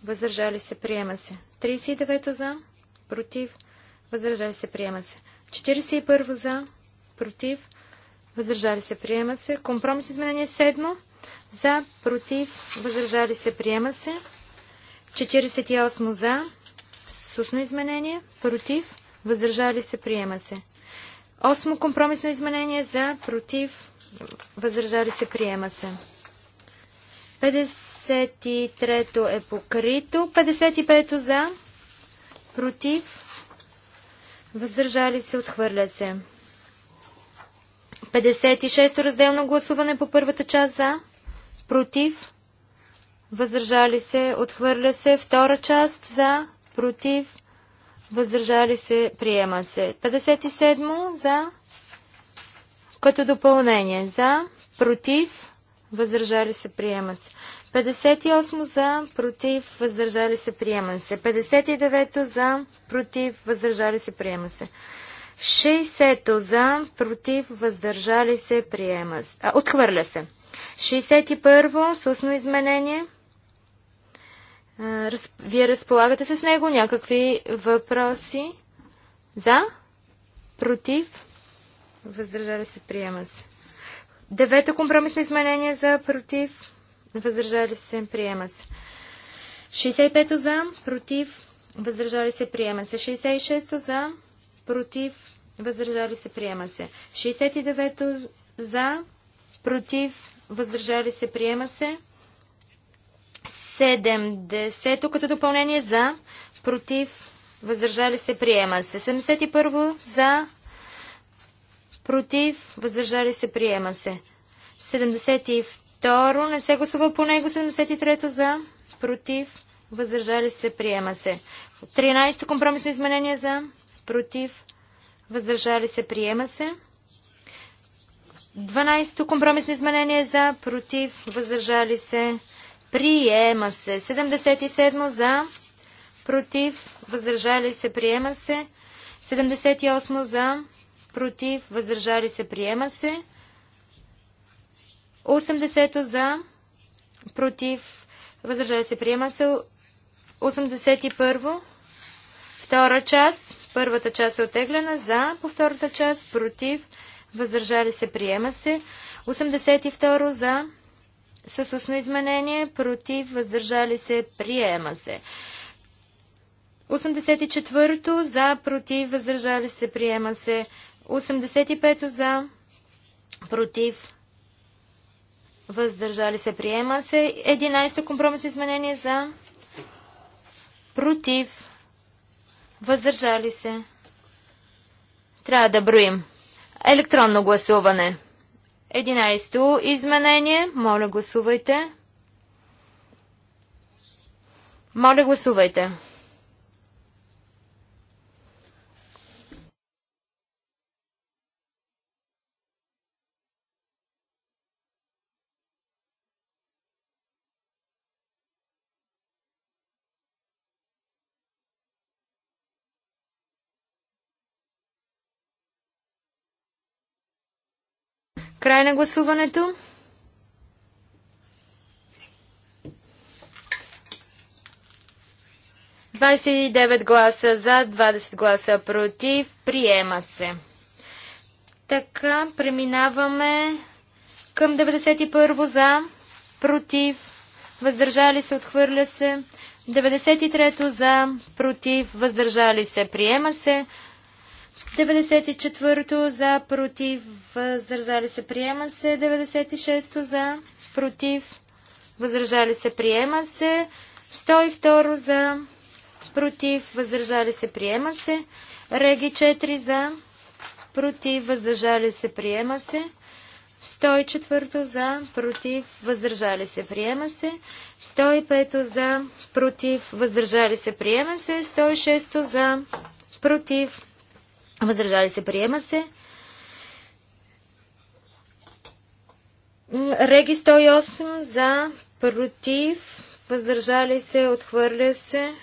въздържали се, приема се. 39 за, против, въздържали се, приема се. 41 за, против, въздържали се, приема се. Компромис изменение 7 за, против, въздържали се, приема се. 48 за, с устно изменение, против, въздържали се, приема се. Осмо компромисно изменение за, против, въздържали се, приема се. 53-то е покрито, 55-то за, против, въздържали се, отхвърля се. 56-то разделно гласуване по първата част за, против, въздържали се, отхвърля се. Втора част за, против, въздържали се, приема се. 57 за, като допълнение за, против, въздържали се, приема се. 58 за, против, въздържали се, приема се. 59 за, против, въздържали се, приема се. 60 за, против, въздържали се, приема се. А, отхвърля се. 61 с устно изменение – Раз... Вие разполагате с него някакви въпроси? За? Против? Въздържали се, приема се. Девето компромисно изменение за против. Въздържали се, приема се. 65 за, против, въздържали се, приема се. 66 за, против, въздържали се, приема се. 69 за, против, въздържали се, приема се. 70 като допълнение за, против, въздържали се, приема се. 71 за, против, въздържали се, приема се. 72 не се гласува по него, 73 за, против, въздържали се, приема се. 13 компромисно изменение за, против, въздържали се, приема се. 12 компромисно изменение за, против, въздържали се, приема се. Приема се. 77 за. Против. Въздържали се. Приема се. 78 за. Против. Въздържали се. Приема се. 80 за. Против. Въздържали се. Приема се. 81. Втора част. Първата част е отеглена. За. По втората част. Против. Въздържали се. Приема се. 82 за с устно изменение, против, въздържали се, приема се. 84-то за, против, въздържали се, приема се. 85-то за, против, въздържали се, приема се. 11-то компромисно изменение за, против, въздържали се. Трябва да броим. Електронно гласуване. 11-то изменение. Моля, гласувайте. Моля, гласувайте. Край на гласуването. Двадесет гласа за, 20 гласа против. Приема се. Така, преминаваме към 91 за, против, въздържали се, отхвърля се. 93 за, против, въздържали се, приема се. 94-то за, против, въздържали се, приема се. 96-то за, против, въздържали се, приема се. 102 за, против, въздържали се, приема се. Реги 4 за, против, въздържали се, приема се. 104 за, против, въздържали се, приема се. 105 за, против, въздържали се, приема се. 106 за, против, Въздържали се, приема се. Реги 108 за, против, въздържали се, отхвърля се.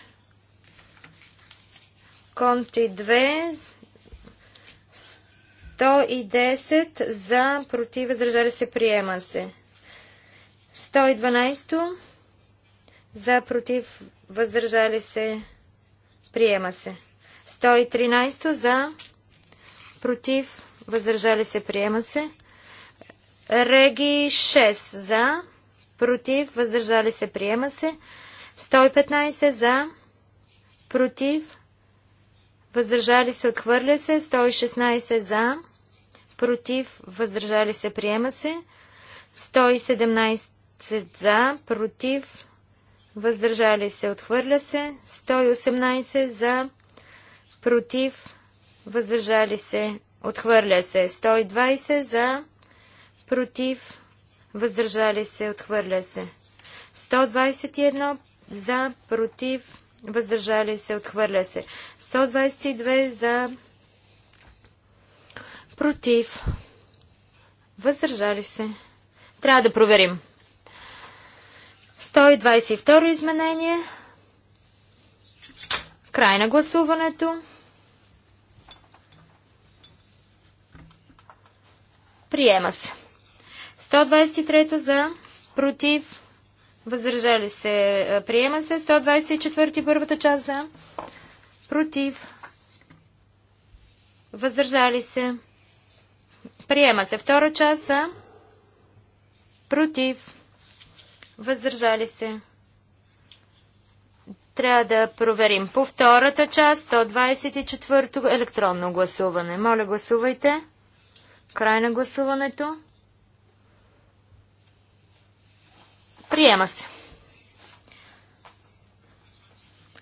Конти 2, 110 за, против, въздържали се, приема се. 112 за, против, въздържали се, приема се. 113 за, против, въздържали се, приема се. Реги 6 за, против, въздържали се, приема се. 115 за, против, въздържали се, отхвърля се. 116 за, против, въздържали се, приема се. 117 за, против, въздържали се, отхвърля се. 118 за, против, въздържали се, отхвърля се. 120 за, против, въздържали се, отхвърля се. 121 за, против, въздържали се, отхвърля се. 122 за, против, въздържали се. Трябва да проверим. 122 изменение. Край на гласуването. Приема се. 123 за, против, въздържали се. Е, приема се. 124 първата част за, против, въздържали се. Приема се. Втора част за, против, въздържали се. Трябва да проверим. По втората част, 124 електронно гласуване. Моля, гласувайте. Край на гласуването. Приема се.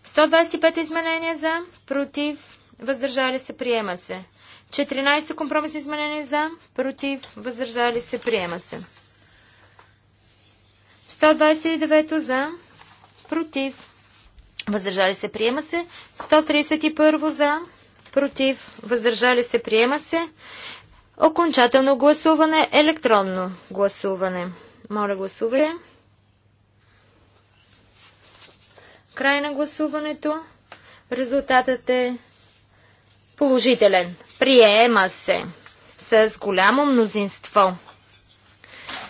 125 изменения за, против, въздържали се, приема се. 14 компромисни изменения за, против, въздържали се, приема се. 129 за, против, въздържали се, приема се. 131 за, против, въздържали се, приема се. Окончателно гласуване, електронно гласуване. Моля, гласувайте. Край на гласуването. Резултатът е положителен. Приема се с голямо мнозинство.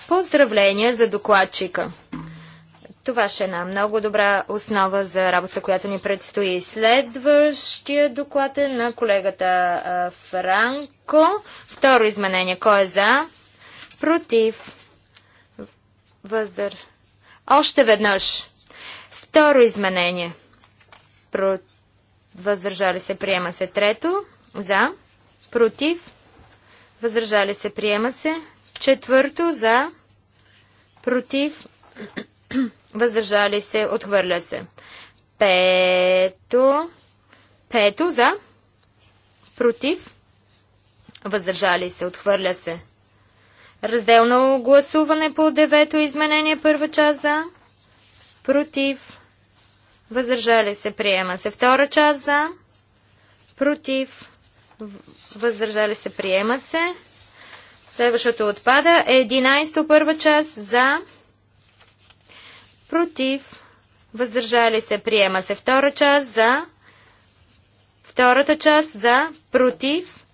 Поздравления за докладчика! Това ще е една много добра основа за работа, която ни предстои. Следващия доклад е на колегата Франко. Второ изменение. Кой е за? Против. Въздър. Още веднъж. Второ изменение. Про... Въздържали се, приема се. Трето. За. Против. Въздържали се, приема се. Четвърто. За. Против. въздържали се, отхвърля се. Пето, пето за, против, въздържали се, отхвърля се. Разделно гласуване по девето изменение, първа част за, против, въздържали се, приема се. Втора част за, против, въздържали се, приема се. Следващото отпада. 11 първа част за, против, въздържали се, приема се. Втора част за, втората част за, против,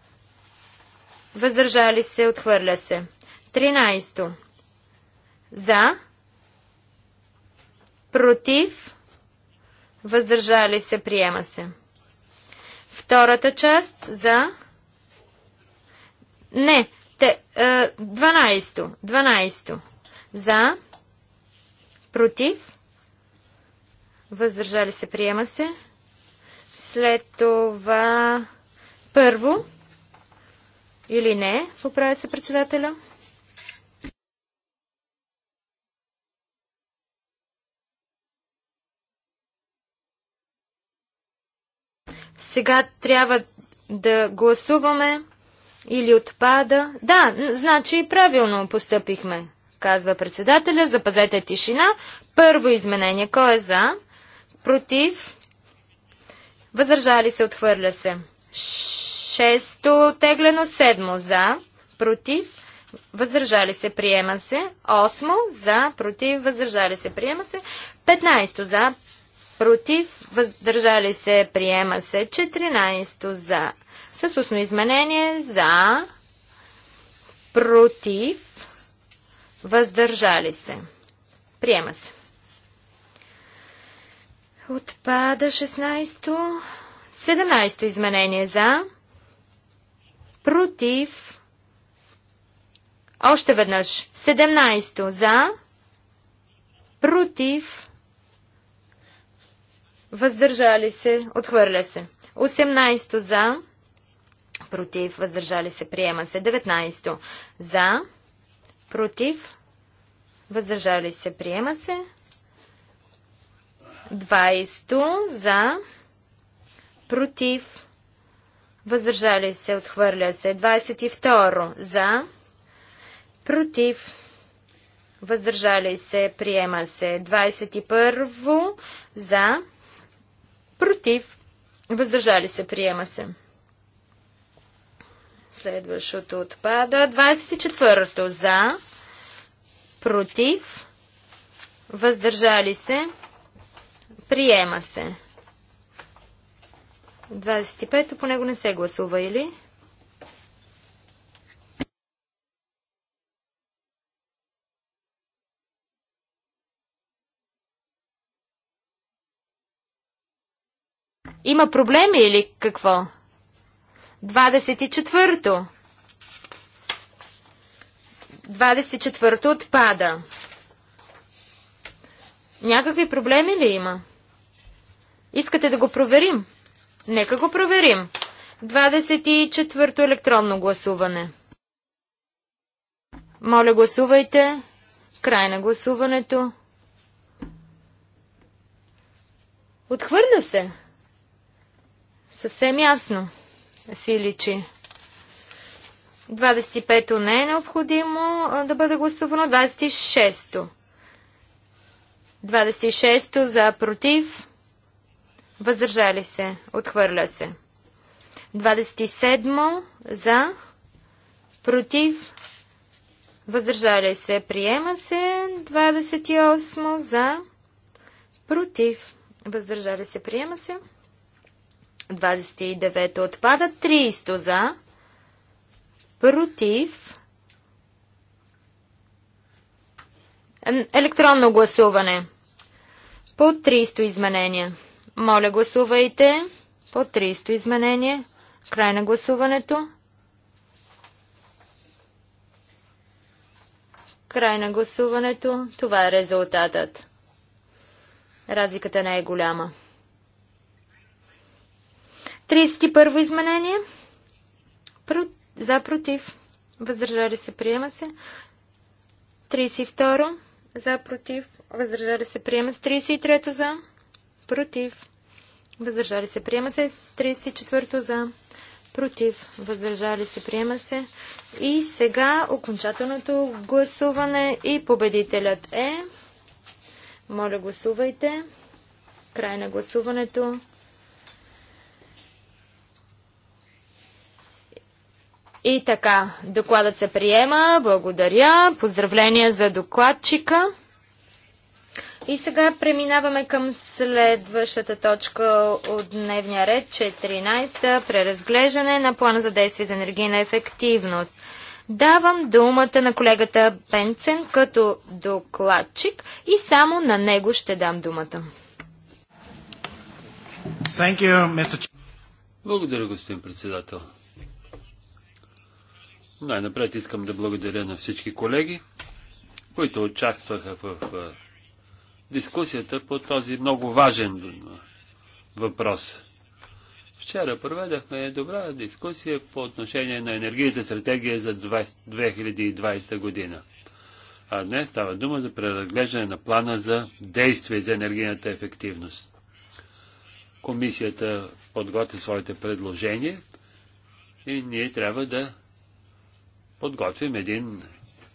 въздържали се, отхвърля се. 13. За, против, въздържали се, приема се. Втората част за... Не, те, 12. Е, 12. За, против, въздържали се, приема се. След това първо или не, поправя се председателя. Сега трябва да гласуваме или отпада. Да, значи правилно постъпихме казва председателя. Запазете тишина. Първо изменение. Кой е за? Против? Въздържали се, отхвърля се. Шесто теглено, седмо за, против, въздържали се, приема се. Осмо за, против, въздържали се, приема се. Петнайсто за, против, въздържали се, приема се. Четиринайсто за, с устно изменение, за, против, въздържали се. Приема се. Отпада 16-то. 17-то изменение за. Против. Още веднъж. 17-то за. Против. Въздържали се. Отхвърля се. 18-то за. Против. Въздържали се. Приема се. 19-то за против, въздържали се, приема се. 20 за, против, въздържали се, отхвърля се. 22 за, против, въздържали се, приема се. 21 за, против, въздържали се, приема се. Следващото отпада. 24-то за. Против. Въздържали се. Приема се. 25-то по него не се гласува, или? Има проблеми или какво? 24-то. 24-то отпада. Някакви проблеми ли има? Искате да го проверим? Нека го проверим. 24-то електронно гласуване. Моля, гласувайте. Край на гласуването. Отхвърля се. Съвсем ясно си личи. 25-то не е необходимо да бъде гласувано. 26-то. 26-то за против. Въздържали се. Отхвърля се. 27-мо за против. Въздържали се. Приема се. 28-мо за против. Въздържали се. Приема се. 29 отпада. 30 за. Против. Електронно гласуване. По 300 изменения. Моля, гласувайте. По 300 изменения. Край на гласуването. Край на гласуването. Това е резултатът. Разликата не е голяма. 31 изменение. За, против. Въздържали се, приема се. 32. За, против. Въздържали се, приема се. 33. За, против. Въздържали се, приема се. 34. За, против. Въздържали се, приема се. И сега окончателното гласуване и победителят е. Моля, гласувайте. Край на гласуването. И така, докладът се приема. Благодаря. Поздравления за докладчика. И сега преминаваме към следващата точка от дневния ред, 14-та, преразглеждане на плана за действие за енергийна ефективност. Давам думата на колегата Бенцен като докладчик и само на него ще дам думата. Благодаря, господин председател. Най-напред искам да благодаря на всички колеги, които участваха в дискусията по този много важен въпрос. Вчера проведахме добра дискусия по отношение на енергийната стратегия за 2020 година. А днес става дума за преразглеждане на плана за действие за енергийната ефективност. Комисията подготви своите предложения и ние трябва да подготвим един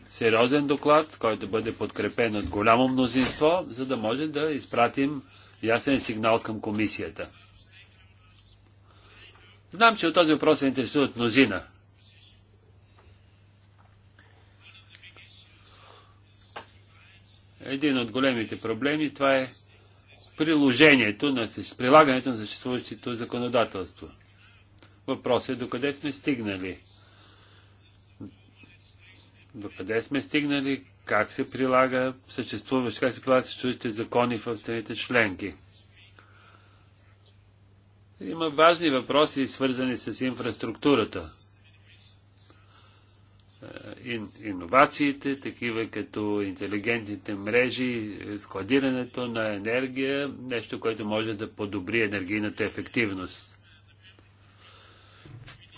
сериозен доклад, който бъде подкрепен от голямо мнозинство, за да може да изпратим ясен сигнал към комисията. Знам, че от този въпрос се интересуват мнозина. Един от големите проблеми това е приложението на прилагането на съществуващото законодателство. Въпрос е докъде сме стигнали до къде сме стигнали, как се прилага съществуващ, как се прилагат съществуващите закони в страните членки. Има важни въпроси, свързани с инфраструктурата. Е, ин, иновациите, такива като интелигентните мрежи, складирането на енергия, нещо, което може да подобри енергийната ефективност.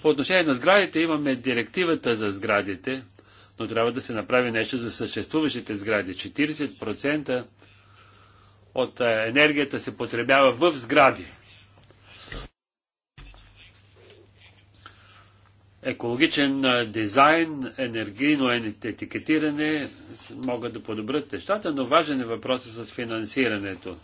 По отношение на сградите имаме директивата за сградите, но трябва да се направи нещо за съществуващите сгради. 40% от е, енергията се потребява в сгради. екологичен е, дизайн, енергийно етикетиране могат да подобрят нещата, но важен е въпросът с финансирането.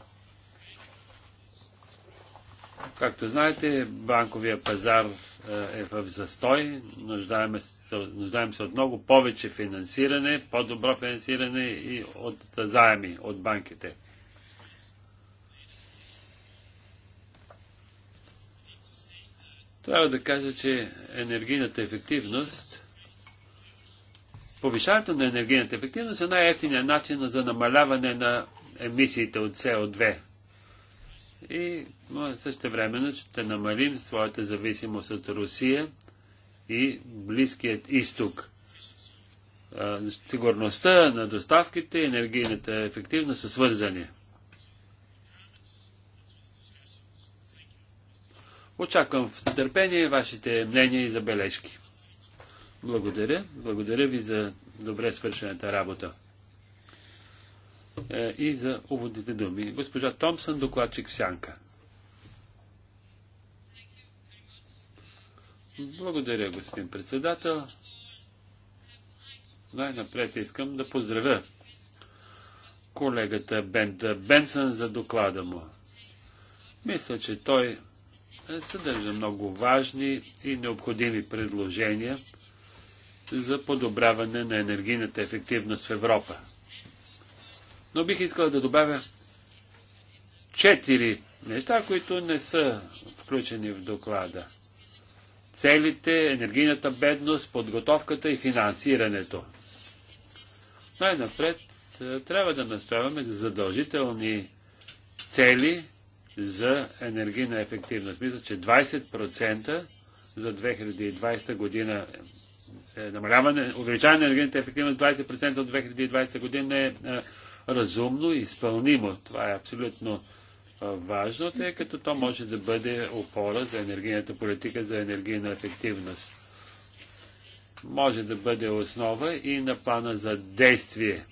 Както знаете, банковия пазар е в застой, нуждаем се, нуждаем се от много повече финансиране, по-добро финансиране и от заеми от банките. Трябва да кажа, че енергийната ефективност, повишаването на енергийната ефективност е най-ефтиният начин за намаляване на емисиите от СО2 и също времено ще намалим своята зависимост от Русия и Близкият изток. Сигурността на доставките и енергийната ефективност са свързани. Очаквам в търпение вашите мнения и забележки. Благодаря. Благодаря ви за добре свършената работа. Е, и за уводните думи. Госпожа Томсън, докладчик Сянка. Благодаря, господин председател. Най-напред искам да поздравя колегата Бент Бенсън за доклада му. Мисля, че той съдържа много важни и необходими предложения за подобряване на енергийната ефективност в Европа. Но бих искал да добавя четири неща, които не са включени в доклада. Целите, енергийната бедност, подготовката и финансирането. Най-напред е, трябва да настояваме за задължителни цели за енергийна ефективност. Мисля, че 20% за 2020 година е намаляване, увеличаване на енергийната ефективност 20% от 2020 година е, е разумно и изпълнимо. Това е абсолютно важно, тъй като то може да бъде опора за енергийната политика, за енергийна ефективност. Може да бъде основа и на плана за действие.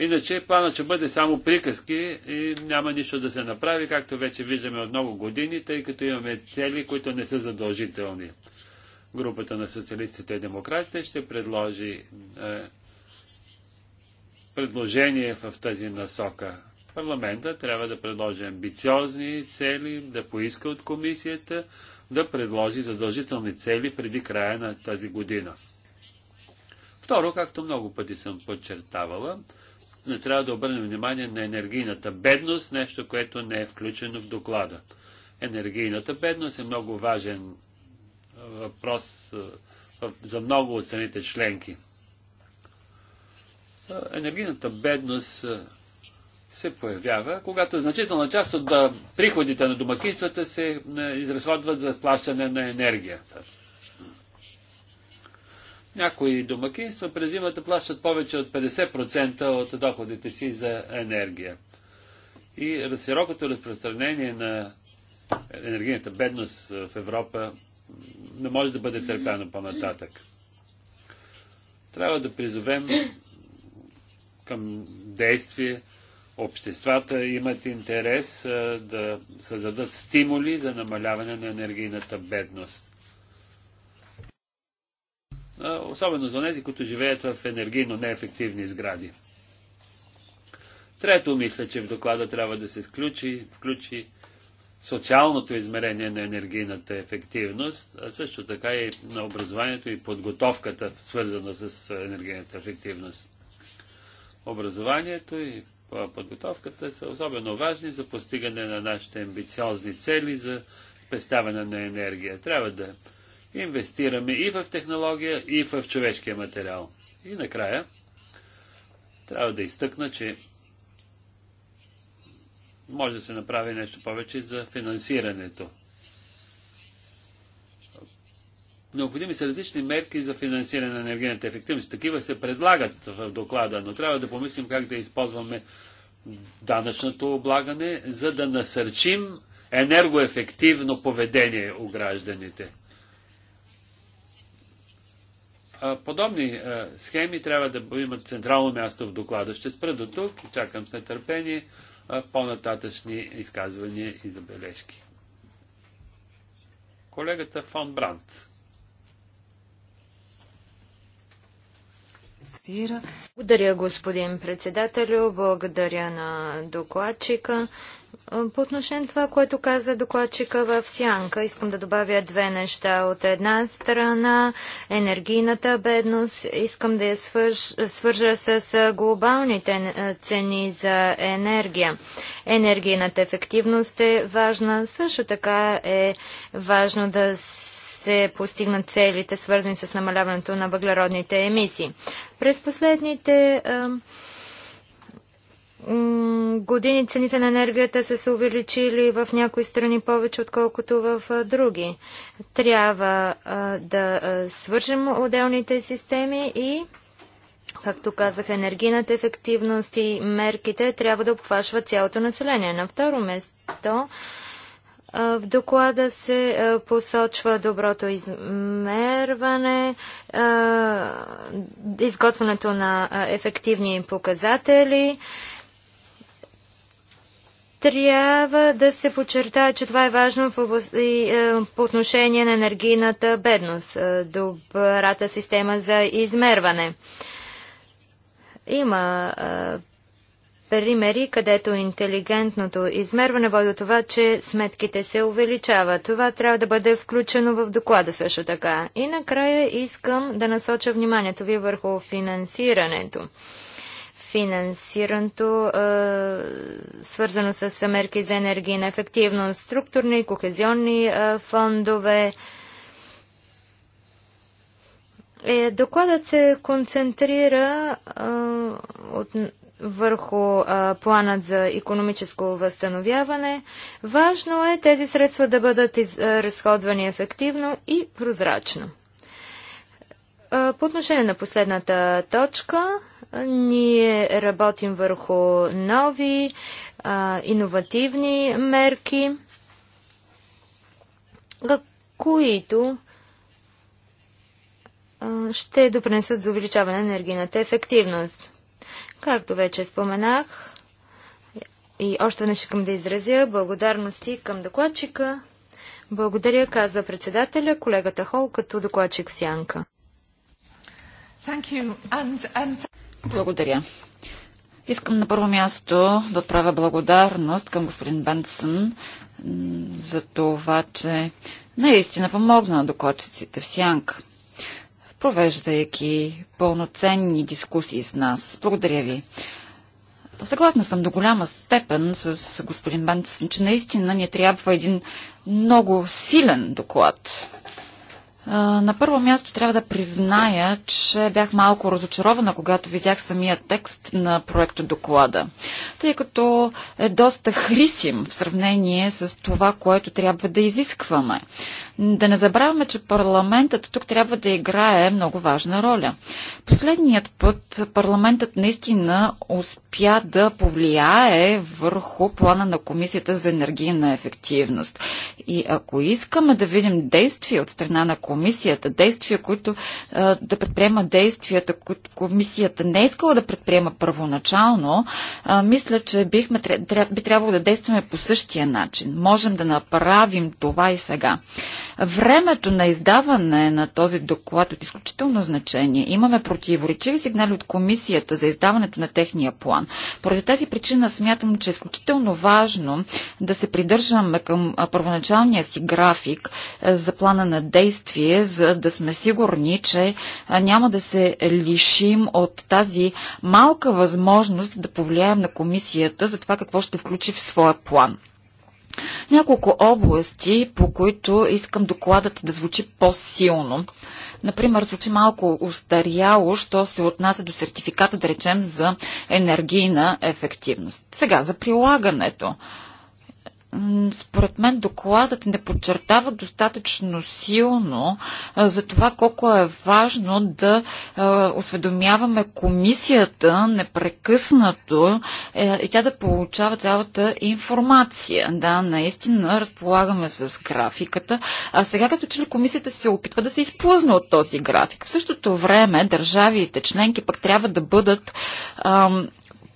Иначе планът ще бъде само приказки и няма нищо да се направи, както вече виждаме от много години, тъй като имаме цели, които не са задължителни. Групата на социалистите и демократите ще предложи е, предложение в тази насока. Парламента трябва да предложи амбициозни цели, да поиска от комисията да предложи задължителни цели преди края на тази година. Второ, както много пъти съм подчертавала, не трябва да обърнем внимание на енергийната бедност, нещо, което не е включено в доклада. Енергийната бедност е много важен въпрос за много от страните членки. Е, енергийната бедност е, се появява, когато значителна част от приходите на домакинствата се е, изразходват за плащане на енергията. Някои домакинства през зимата плащат повече от 50% от доходите си за енергия. И широкото разпространение на енергийната бедност в Европа не може да бъде търпяно по-нататък. Трябва да призовем към действие. Обществата имат интерес да създадат стимули за намаляване на енергийната бедност. Особено за тези, които живеят в енергийно неефективни сгради. Трето, мисля, че в доклада трябва да се включи, включи социалното измерение на енергийната ефективност, а също така и на образованието и подготовката, свързана с енергийната ефективност образованието и подготовката са особено важни за постигане на нашите амбициозни цели за спестяване на енергия. Трябва да инвестираме и в технология, и в човешкия материал. И накрая, трябва да изтъкна, че може да се направи нещо повече за финансирането. Необходими са различни мерки за финансиране на енергийната ефективност. Такива се предлагат в доклада, но трябва да помислим как да използваме данъчното облагане, за да насърчим енергоефективно поведение у гражданите. Подобни схеми трябва да имат централно място в доклада. Ще спра до тук и чакам с нетърпение по-нататъчни изказвания и забележки. Колегата Фон Брандт. Благодаря, господин председателю. Благодаря на докладчика. По отношение на това, което каза докладчика в Сянка, искам да добавя две неща. От една страна, енергийната бедност, искам да я свържа с глобалните цени за енергия. Енергийната ефективност е важна. Също така е важно да се се постигнат целите, свързани с намаляването на въглеродните емисии. През последните години цените на енергията са се увеличили в някои страни повече, отколкото в други. Трябва да свържем отделните системи и, както казах, енергийната ефективност и мерките трябва да обхващат цялото население. На второ место в доклада се посочва доброто измерване, изготвянето на ефективни показатели. Трябва да се подчертая, че това е важно по отношение на енергийната бедност, добрата система за измерване. Има примери, където интелигентното измерване води до това, че сметките се увеличават. Това трябва да бъде включено в доклада също така. И накрая искам да насоча вниманието ви върху финансирането. Финансирането, е, свързано с мерки за енергийна ефективност, структурни, кохезионни е, фондове, е, докладът се концентрира е, от, върху а, планът за економическо възстановяване. Важно е тези средства да бъдат из, а, разходвани ефективно и прозрачно. А, по отношение на последната точка, ние работим върху нови иновативни мерки, които ще допринесат за увеличаване на енергийната ефективност. Както вече споменах, и още не искам да изразя благодарности към докладчика. Благодаря, каза председателя, колегата Хол, като докладчик в Сянка. And, and... Благодаря. Искам на първо място да отправя благодарност към господин Бенсън за това, че наистина помогна на докладчиците в Сянка провеждайки пълноценни дискусии с нас. Благодаря ви. Съгласна съм до голяма степен с господин Бенц, че наистина ни трябва един много силен доклад. На първо място трябва да призная, че бях малко разочарована, когато видях самия текст на проекта доклада, тъй като е доста хрисим в сравнение с това, което трябва да изискваме. Да не забравяме, че парламентът тук трябва да играе много важна роля. Последният път парламентът наистина успя да повлияе върху плана на Комисията за енергийна ефективност. И ако искаме да видим действия от страна на Комисията, действия, които да предприема действията, които Комисията не е искала да предприема първоначално, мисля, че бихме, би трябвало да действаме по същия начин. Можем да направим това и сега. Времето на издаване на този доклад е от изключително значение. Имаме противоречиви сигнали от комисията за издаването на техния план. Поради тази причина смятам, че е изключително важно да се придържаме към първоначалния си график е, за плана на действие, за да сме сигурни, че няма да се лишим от тази малка възможност да повлияем на комисията за това какво ще включи в своя план. Няколко области, по които искам докладът да звучи по-силно. Например, звучи малко устаряло, що се отнася до сертификата, да речем, за енергийна ефективност. Сега, за прилагането. Според мен докладът не подчертава достатъчно силно за това колко е важно да осведомяваме комисията непрекъснато е, и тя да получава цялата информация. Да, наистина разполагаме с графиката, а сега като че ли комисията се опитва да се изплъзне от този график. В същото време държавите членки пък трябва да бъдат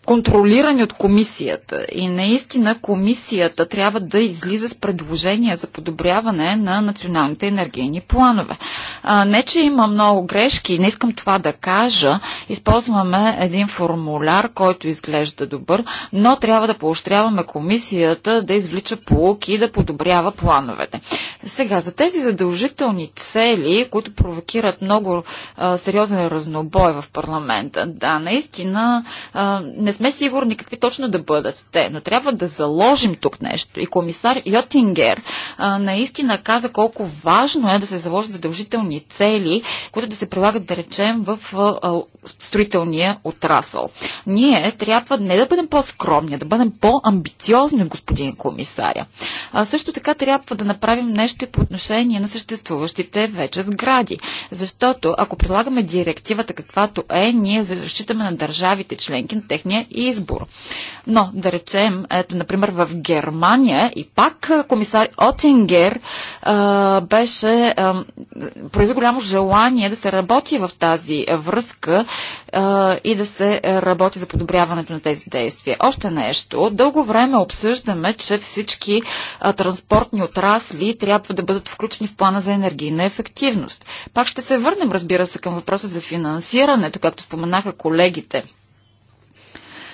контролирани от комисията. И наистина комисията трябва да излиза с предложения за подобряване на националните енергийни планове. А, не, че има много грешки, не искам това да кажа. Използваме един формуляр, който изглежда добър, но трябва да поощряваме комисията да извлича полуки и да подобрява плановете. Сега, за тези задължителни цели, които провокират много а, сериозен разнобой в парламента, да, наистина а, не не сме сигурни какви точно да бъдат те, но трябва да заложим тук нещо. И комисар Йотингер а, наистина каза колко важно е да се заложат задължителни цели, които да се прилагат, да речем, в а, строителния отрасъл. Ние трябва не да бъдем по-скромни, да бъдем по-амбициозни, господин комисаря. А, също така трябва да направим нещо и по отношение на съществуващите вече сгради. Защото ако прилагаме директивата каквато е, ние защитаме на държавите членки, на техния не избор. Но, да речем, ето, например, в Германия и пак комисар Отингер а, беше, а, прояви голямо желание да се работи в тази връзка а, и да се работи за подобряването на тези действия. Още нещо. Дълго време обсъждаме, че всички а, транспортни отрасли трябва да бъдат включени в плана за енергийна ефективност. Пак ще се върнем, разбира се, към въпроса за финансирането, както споменаха колегите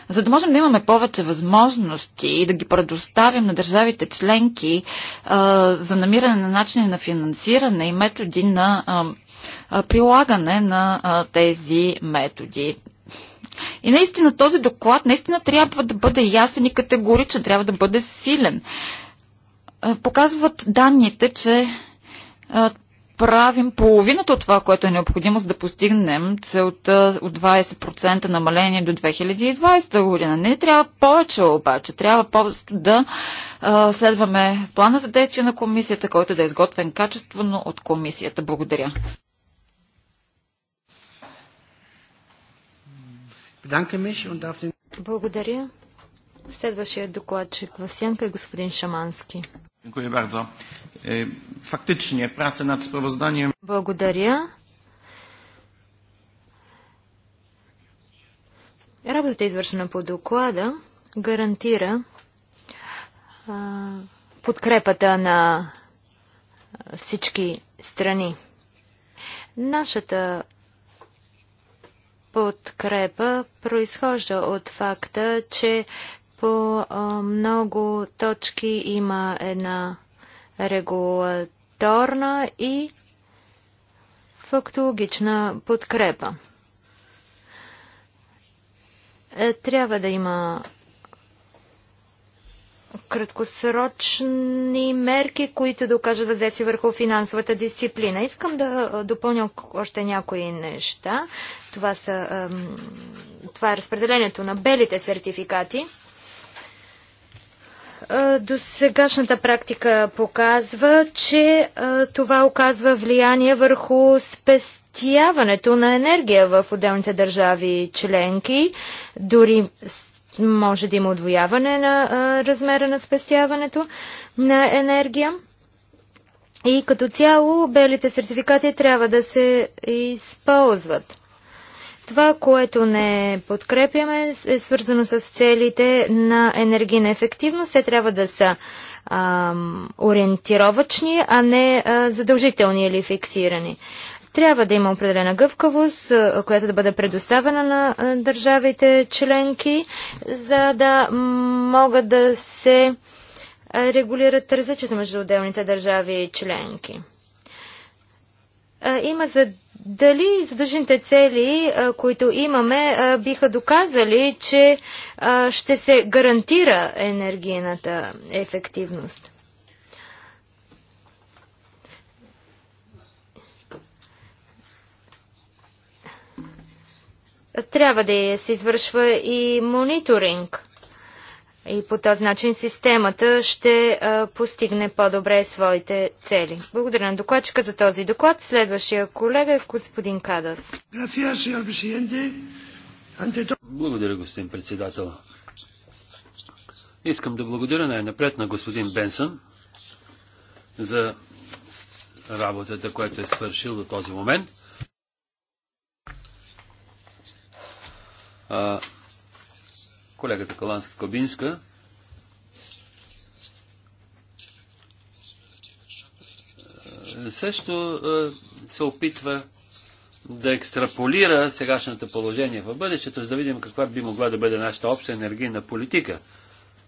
за да можем да имаме повече възможности и да ги предоставим на държавите членки а, за намиране на начини на финансиране и методи на а, прилагане на а, тези методи. И наистина този доклад наистина трябва да бъде ясен и категоричен, трябва да бъде силен. Показват данните, че правим половината от това, което е необходимо, за да постигнем целта от 20% намаление до 2020 година. Не трябва повече обаче, трябва повече да а, следваме плана за действие на комисията, който да е изготвен качествено от комисията. Благодаря. Благодаря. Следващия докладчик в сянка е господин Шамански. E, faktycznie pracę над sprawozdaniem. Благодаря. Работата, извършена по доклада, гарантира а, подкрепата на всички страни. Нашата подкрепа произхожда от факта, че по а, много точки има една регулаторна и фактологична подкрепа. Е, трябва да има краткосрочни мерки, които докажат въздействие да върху финансовата дисциплина. Искам да допълня още някои неща. Това, са, това е разпределението на белите сертификати – до сегашната практика показва, че това оказва влияние върху спестяването на енергия в отделните държави членки, дори може да има отвояване на размера на спестяването на енергия. И като цяло белите сертификати трябва да се използват. Това, което не подкрепяме, е свързано с целите на енергийна ефективност. Те трябва да са а, ориентировачни, а не а, задължителни или фиксирани. Трябва да има определена гъвкавост, която да бъде предоставена на държавите членки, за да могат да се регулират различията между отделните държави и членки. Има за дали задържаните цели, които имаме, биха доказали, че ще се гарантира енергийната ефективност? Трябва да се извършва и мониторинг и по този начин системата ще а, постигне по-добре своите цели. Благодаря на докладчика за този доклад. Следващия колега е господин Кадас. Благодаря, господин председател. Искам да благодаря най-напред на господин Бенсън за работата, която е свършил до този момент. А, колегата Каланска Кобинска. Е, също е, се опитва да екстраполира сегашното положение в бъдещето, за да видим каква би могла да бъде нашата обща енергийна политика.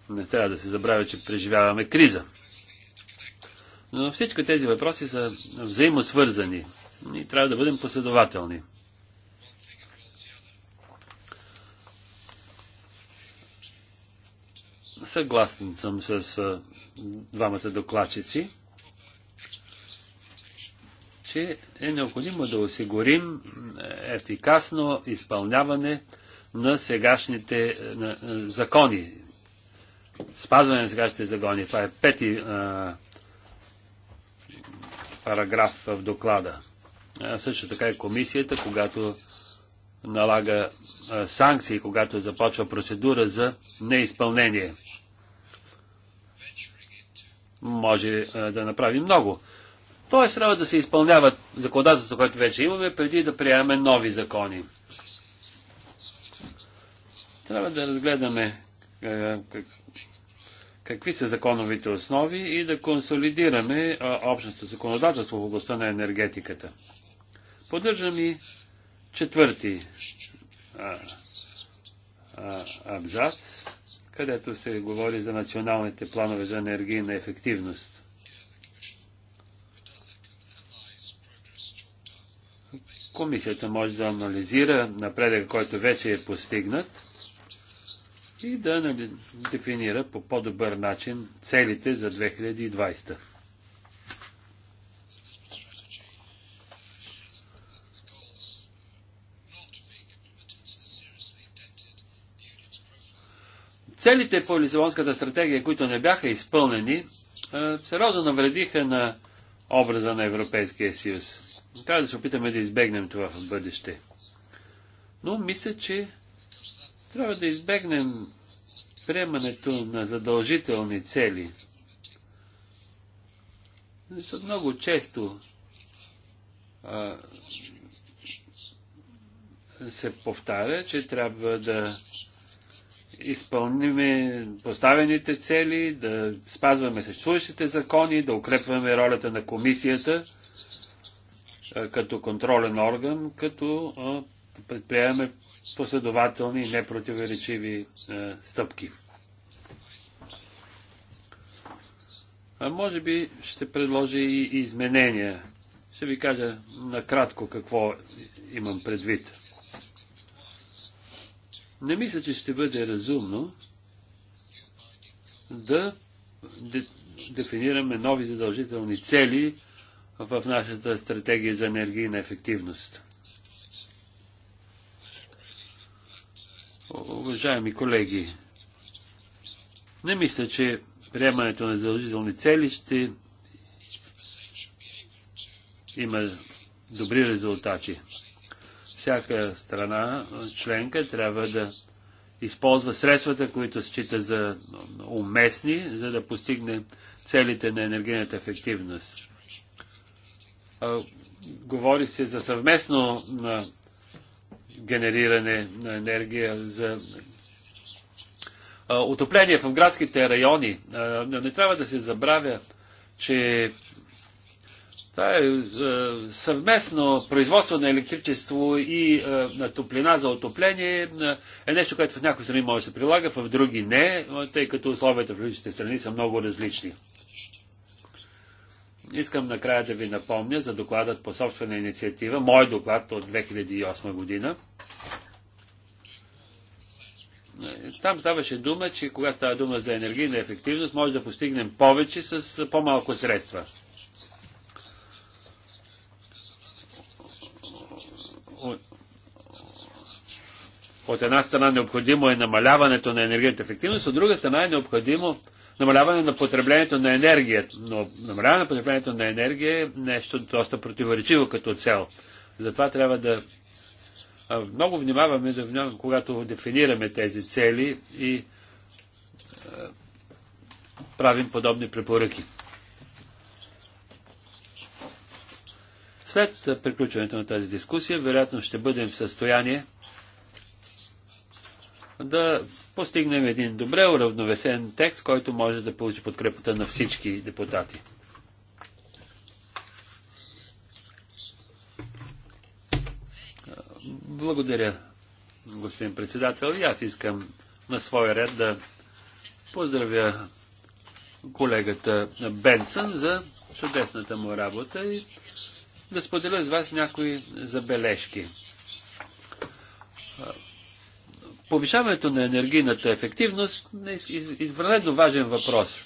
Не трябва да се забравя, че преживяваме криза. Но всички тези въпроси са взаимосвързани и трябва да бъдем последователни. Съгласен съм с двамата докладчици, че е необходимо да осигурим ефикасно изпълняване на сегашните е, на, на е, закони. Спазване на сегашните закони. Това е пети а, е, параграф в доклада. А също така и комисията, когато налага а, санкции, когато започва процедура за неизпълнение може да направи много. Тоест трябва да се изпълняват законодателството, което вече имаме, преди да приемаме нови закони. Трябва да разгледаме какви са законовите основи и да консолидираме общото законодателство в областта на енергетиката. Поддържам и четвърти абзац където се говори за националните планове за енергийна ефективност. Комисията може да анализира напредък, който вече е постигнат и да дефинира по по-добър начин целите за 2020. Целите по Лисабонската стратегия, които не бяха изпълнени, е, сериозно навредиха на образа на Европейския съюз. Трябва да се опитаме да избегнем това в бъдеще. Но мисля, че трябва да избегнем приемането на задължителни цели. Защото много често а, се повтаря, че трябва да изпълниме поставените цели, да спазваме съществуващите закони, да укрепваме ролята на комисията като контролен орган, като предприемаме последователни и непротиворечиви стъпки. А може би ще предложи и изменения. Ще ви кажа накратко какво имам предвид. Не мисля, че ще бъде разумно да дефинираме нови задължителни цели в нашата стратегия за енергийна ефективност. Уважаеми колеги, не мисля, че приемането на задължителни цели ще има добри резултати всяка страна членка трябва да използва средствата, които счита за уместни, за да постигне целите на енергийната ефективност. Говори се за съвместно на генериране на енергия, за отопление в градските райони. Не трябва да се забравя, че това е, е съвместно производство на електричество и е, на топлина за отопление е, е нещо, което в някои страни може да се прилага, в други не, тъй като условията в различните страни са много различни. Искам накрая да ви напомня за докладът по собствена инициатива, мой доклад от 2008 година. Там ставаше дума, че когато става дума за енергийна ефективност, може да постигнем повече с по-малко средства. От една страна необходимо е намаляването на енергийната ефективност, от друга страна е необходимо намаляване на потреблението на енергия. Но намаляване на потреблението на енергия е нещо доста противоречиво като цел. Затова трябва да много внимаваме, да внимаваме, когато дефинираме тези цели и правим подобни препоръки. След приключването на тази дискусия, вероятно ще бъдем в състояние да постигнем един добре уравновесен текст, който може да получи подкрепата на всички депутати. Благодаря, господин председател. И аз искам на своя ред да поздравя колегата Бенсън за чудесната му работа и да споделя с вас някои забележки повишаването на енергийната ефективност е извънредно важен въпрос.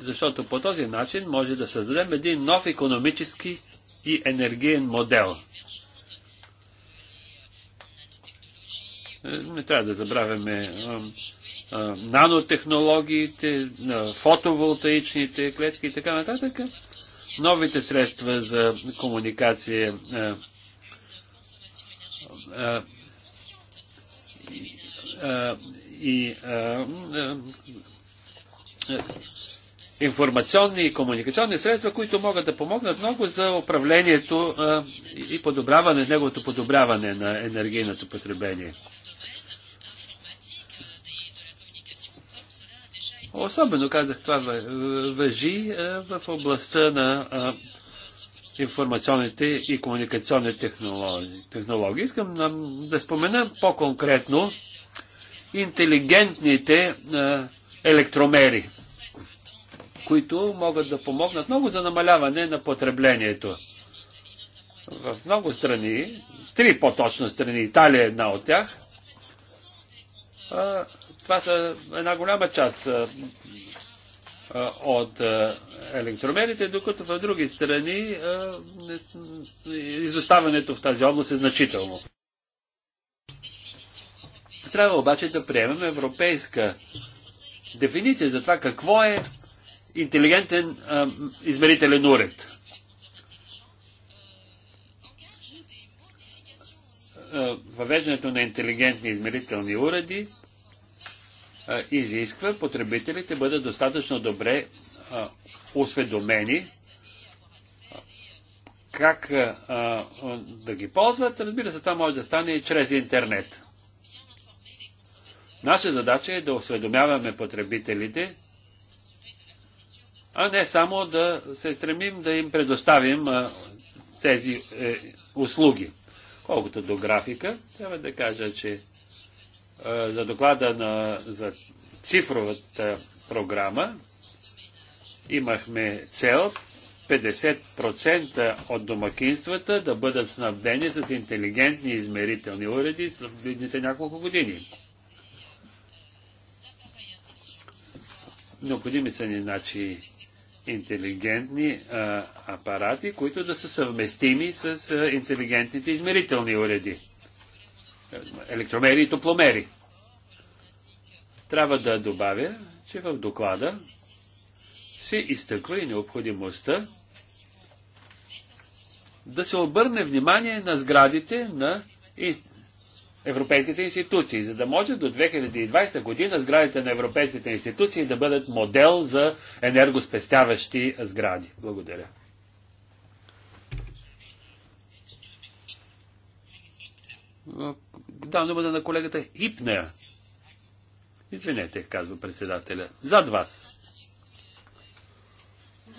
Защото по този начин може да създадем един нов економически и енергиен модел. Е, не трябва да забравяме нанотехнологиите, фотоволтаичните клетки и така нататък. Новите средства за комуникация е, и е, информационни и комуникационни средства, които могат да помогнат много за управлението е, и подобряване, неговото подобряване на енергийното потребление. Особено казах това въжи е, в областта на информационните и комуникационни технологии. технологии. Искам да спомена по-конкретно интелигентните електромери, които могат да помогнат много за намаляване на потреблението. В много страни, три по-точно страни, Италия е една от тях, това са една голяма част от електромерите, докато в други страни изоставането в тази област е значително. Трябва обаче да приемем европейска дефиниция за това какво е интелигентен а, измерителен уред. Въвеждането на интелигентни измерителни уреди изисква потребителите бъдат достатъчно добре осведомени как да ги ползват. Разбира се, това може да стане и чрез интернет. Наша задача е да осведомяваме потребителите, а не само да се стремим да им предоставим тези е, услуги. Колкото до графика, трябва да кажа, че за доклада на, за цифровата програма имахме цел 50% от домакинствата да бъдат снабдени с интелигентни измерителни уреди в следните няколко години. Необходими са ни значи, интелигентни а, апарати, които да са съвместими с а, интелигентните измерителни уреди. Електромери и топломери. Трябва да добавя, че в доклада се изтъква и необходимостта да се обърне внимание на сградите на европейските институции, за да може до 2020 година сградите на европейските институции да бъдат модел за енергоспестяващи сгради. Благодаря. Дам думата на колегата Ипнея. Извинете, казва председателя. Зад вас.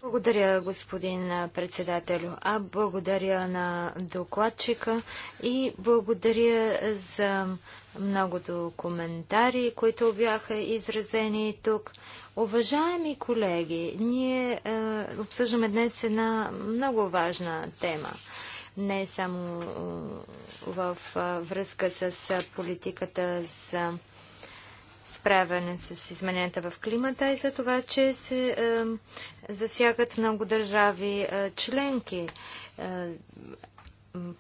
Благодаря, господин председателю. А благодаря на докладчика и благодаря за многото коментари, които бяха изразени тук. Уважаеми колеги, ние е, обсъждаме днес една много важна тема. Не само в връзка с политиката за справяне с измененията в климата и за това, че се е, засягат много държави е, членки. Е,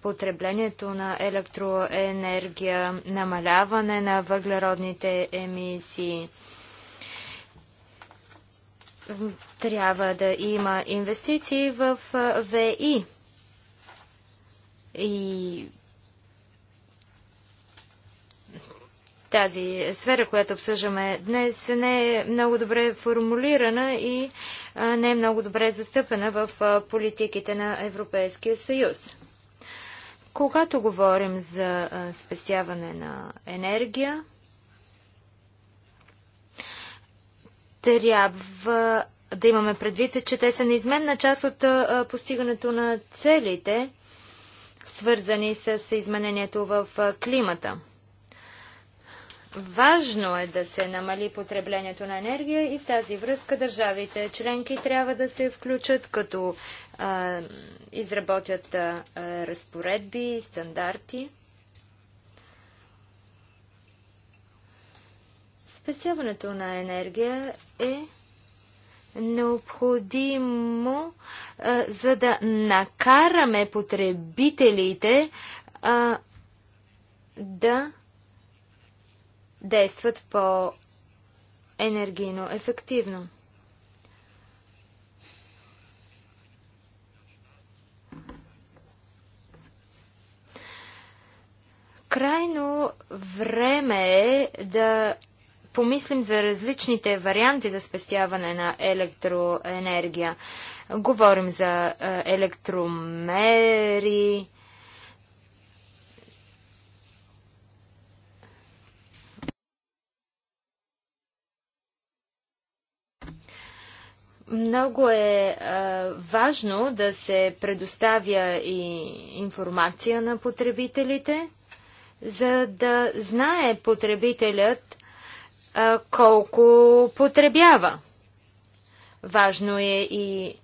потреблението на електроенергия, намаляване на въглеродните емисии. Трябва да има инвестиции в е, ВИ. И Тази сфера, която обсъждаме днес, не е много добре формулирана и не е много добре застъпена в политиките на Европейския съюз. Когато говорим за спестяване на енергия, трябва да имаме предвид, че те са неизменна част от постигането на целите, свързани с изменението в климата. Важно е да се намали потреблението на енергия и в тази връзка държавите членки трябва да се включат, като а, изработят а, разпоредби и стандарти. Спасяването на енергия е необходимо, а, за да накараме потребителите а, да действат по-енергийно ефективно. Крайно време е да помислим за различните варианти за спестяване на електроенергия. Говорим за е, електромери, Много е а, важно да се предоставя и информация на потребителите, за да знае потребителят а, колко потребява. Важно е и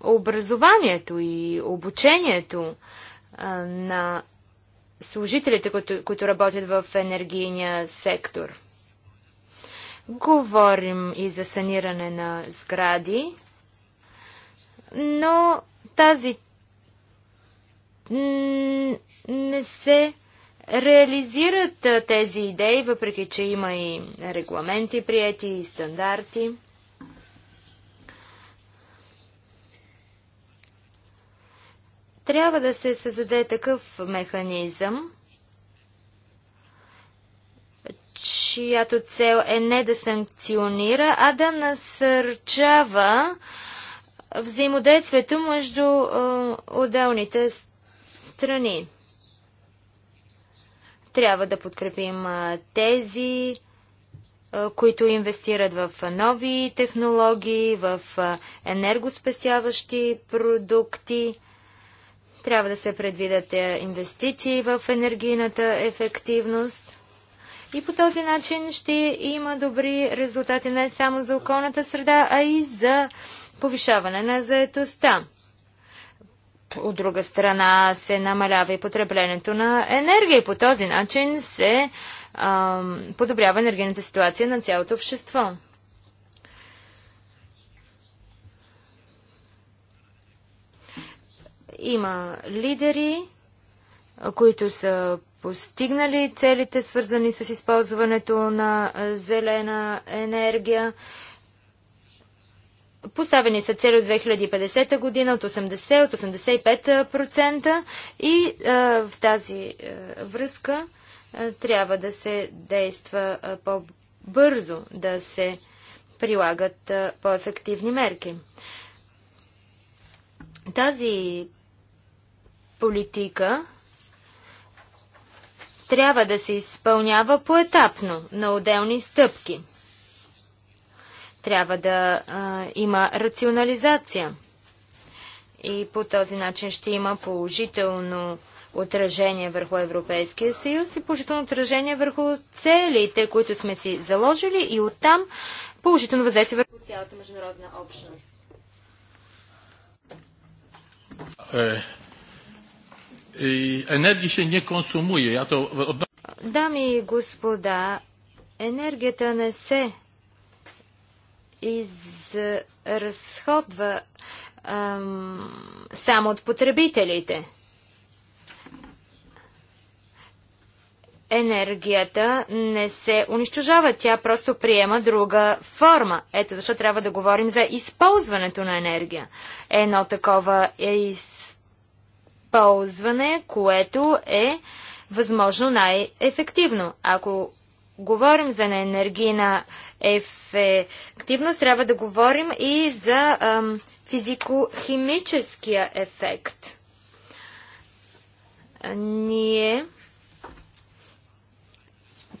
образованието и обучението а, на служителите, които, които работят в енергийния сектор. Говорим и за саниране на сгради, но тази не се реализират тези идеи, въпреки че има и регламенти прияти и стандарти. Трябва да се създаде такъв механизъм, чиято цел е не да санкционира, а да насърчава взаимодействието между отделните страни. Трябва да подкрепим тези, които инвестират в нови технологии, в енергоспасяващи продукти. Трябва да се предвидят е, инвестиции в енергийната ефективност и по този начин ще има добри резултати не само за околната среда, а и за повишаване на заетостта. От друга страна се намалява и потреблението на енергия и по този начин се а, подобрява енергийната ситуация на цялото общество. Има лидери, които са постигнали целите, свързани с използването на зелена енергия. Поставени са цели от 2050 година от 80 от 85% и а, в тази а, връзка а, трябва да се действа по-бързо, да се прилагат по-ефективни мерки. Тази политика трябва да се изпълнява поетапно, на отделни стъпки. Трябва да а, има рационализация. И по този начин ще има положително отражение върху Европейския съюз и положително отражение върху целите, които сме си заложили и оттам положително въздействие върху цялата международна общност. Е, Енергии се не консумуе. Дами и господа, енергията не се изразходва ам, само от потребителите. енергията не се унищожава, тя просто приема друга форма. Ето защо трябва да говорим за използването на енергия. Едно такова е използването използване, което е възможно най-ефективно. Ако говорим за енергийна ефективност, трябва да говорим и за ам, физико-химическия ефект. Ние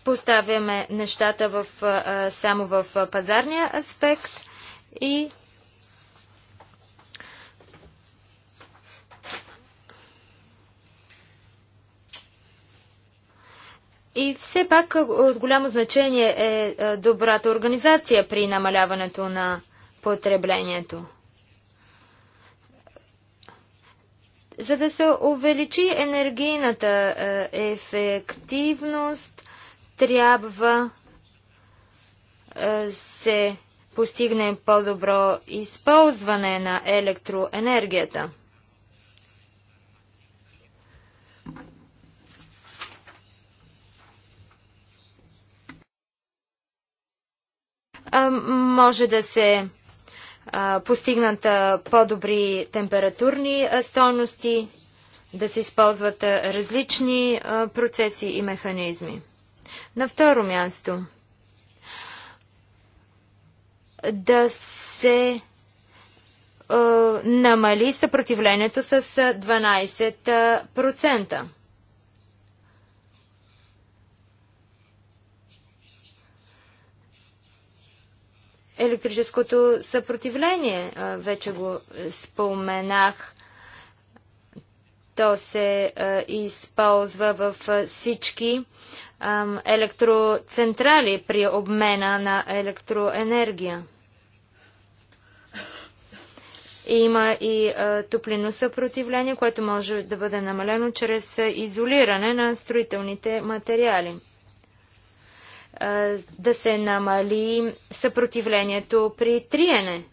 поставяме нещата в, а, само в пазарния аспект и И все пак от голямо значение е добрата организация при намаляването на потреблението. За да се увеличи енергийната ефективност, трябва се постигне по-добро използване на електроенергията. може да се постигнат по-добри температурни стойности, да се използват различни процеси и механизми. На второ място да се намали съпротивлението с 12%. електрическото съпротивление. Вече го споменах. То се използва в всички електроцентрали при обмена на електроенергия. Има и топлино съпротивление, което може да бъде намалено чрез изолиране на строителните материали да се намали съпротивлението при триене.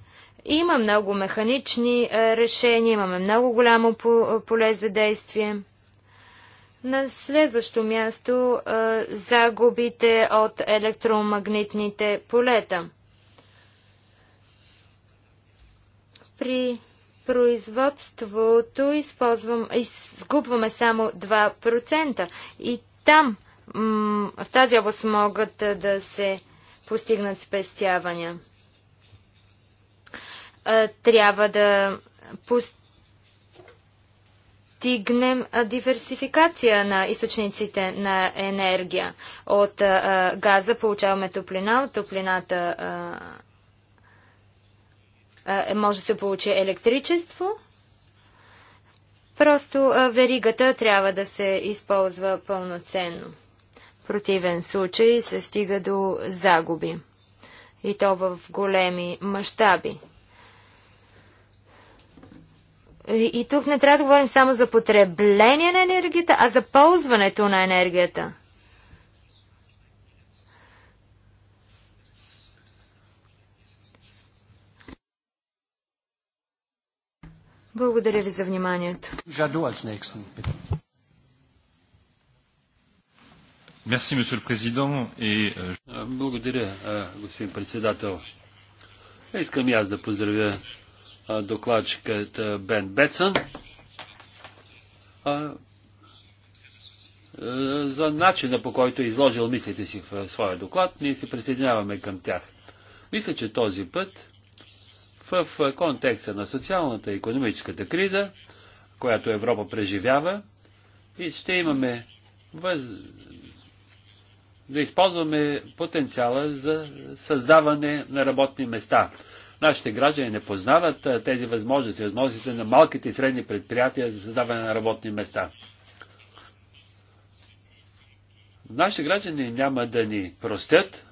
Има много механични решения, имаме много голямо поле за действие. На следващо място загубите от електромагнитните полета. При производството използвам, изгубваме само 2% и там – в тази област могат да се постигнат спестявания. Трябва да постигнем диверсификация на източниците на енергия. От газа получаваме топлина, от топлината е, може да се получи електричество. Просто веригата трябва да се използва пълноценно противен случай се стига до загуби. И то в големи мащаби. И, и тук не трябва да говорим само за потребление на енергията, а за ползването на енергията. Благодаря ви за вниманието. Merci, monsieur le président. Et... Euh, благодаря, господин председател. Искам и аз да поздравя докладчикът Бен Бетсън за начина по който е изложил мислите си в своя доклад. Ние се присъединяваме към тях. Мисля, че този път в контекста на социалната и економическата криза, която Европа преживява, и ще имаме въз да използваме потенциала за създаване на работни места. Нашите граждани не познават тези възможности, са на малките и средни предприятия за създаване на работни места. Нашите граждани няма да ни простят,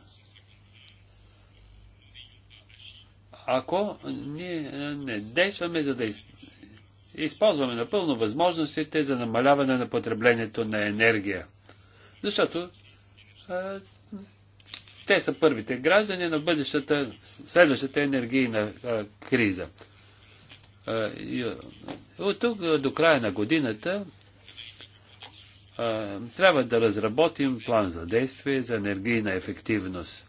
ако ние не действаме за да използваме напълно възможностите за намаляване на потреблението на енергия. Защото те са първите граждани на бъдещата, следващата енергийна а, криза. А, и, от тук до края на годината а, трябва да разработим план за действие за енергийна ефективност.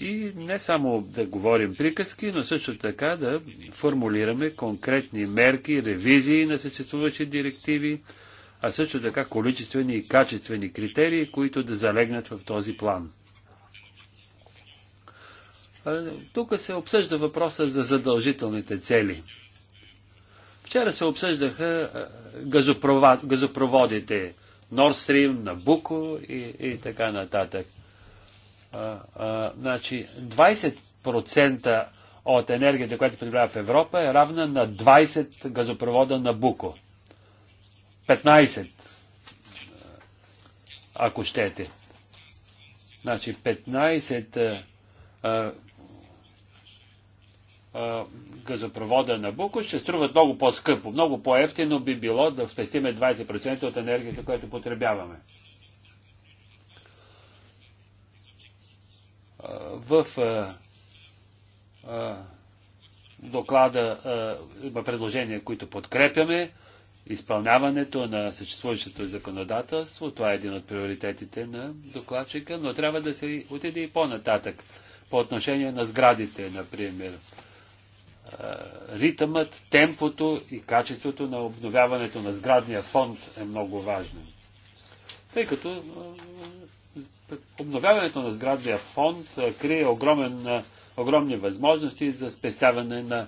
И не само да говорим приказки, но също така да формулираме конкретни мерки, ревизии на съществуващи директиви, а също така количествени и качествени критерии, които да залегнат в този план. Тук се обсъжда въпроса за задължителните цели. Вчера се обсъждаха газопроводите Nord Stream, Набуко и, и така нататък. А, а, значи 20% от енергията, която потребява в Европа, е равна на 20 газопровода на Буко. 15, ако щете. Значи 15 а, а, газопровода на Буко ще струват много по-скъпо, много по-ефтино би било да спестиме 20% от енергията, която потребяваме. в а, а, доклада а, има предложения, които подкрепяме изпълняването на съществуващото законодателство. Това е един от приоритетите на докладчика, но трябва да се отиде и по-нататък по отношение на сградите, например. Е, ритъмът, темпото и качеството на обновяването на сградния фонд е много важно. Тъй като е, обновяването на сградния фонд е, крие огромен, огромни възможности за спестяване на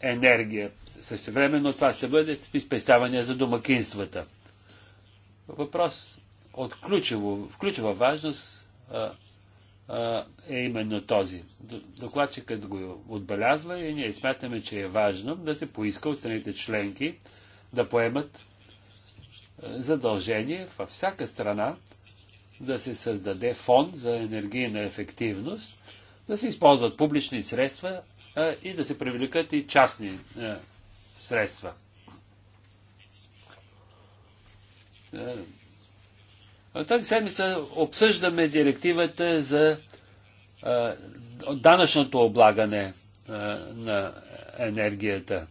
енергия Същевременно това ще бъде спестяване за домакинствата. Въпрос от ключово, ключова важност а, а, е именно този. Докладчикът го отбелязва и ние смятаме, че е важно да се поиска от страните членки да поемат задължение във всяка страна да се създаде фонд за енергийна ефективност, да се използват публични средства а, и да се привлекат и частни а, средства. Е, тази седмица обсъждаме директивата за е, данъчното облагане е, на енергията.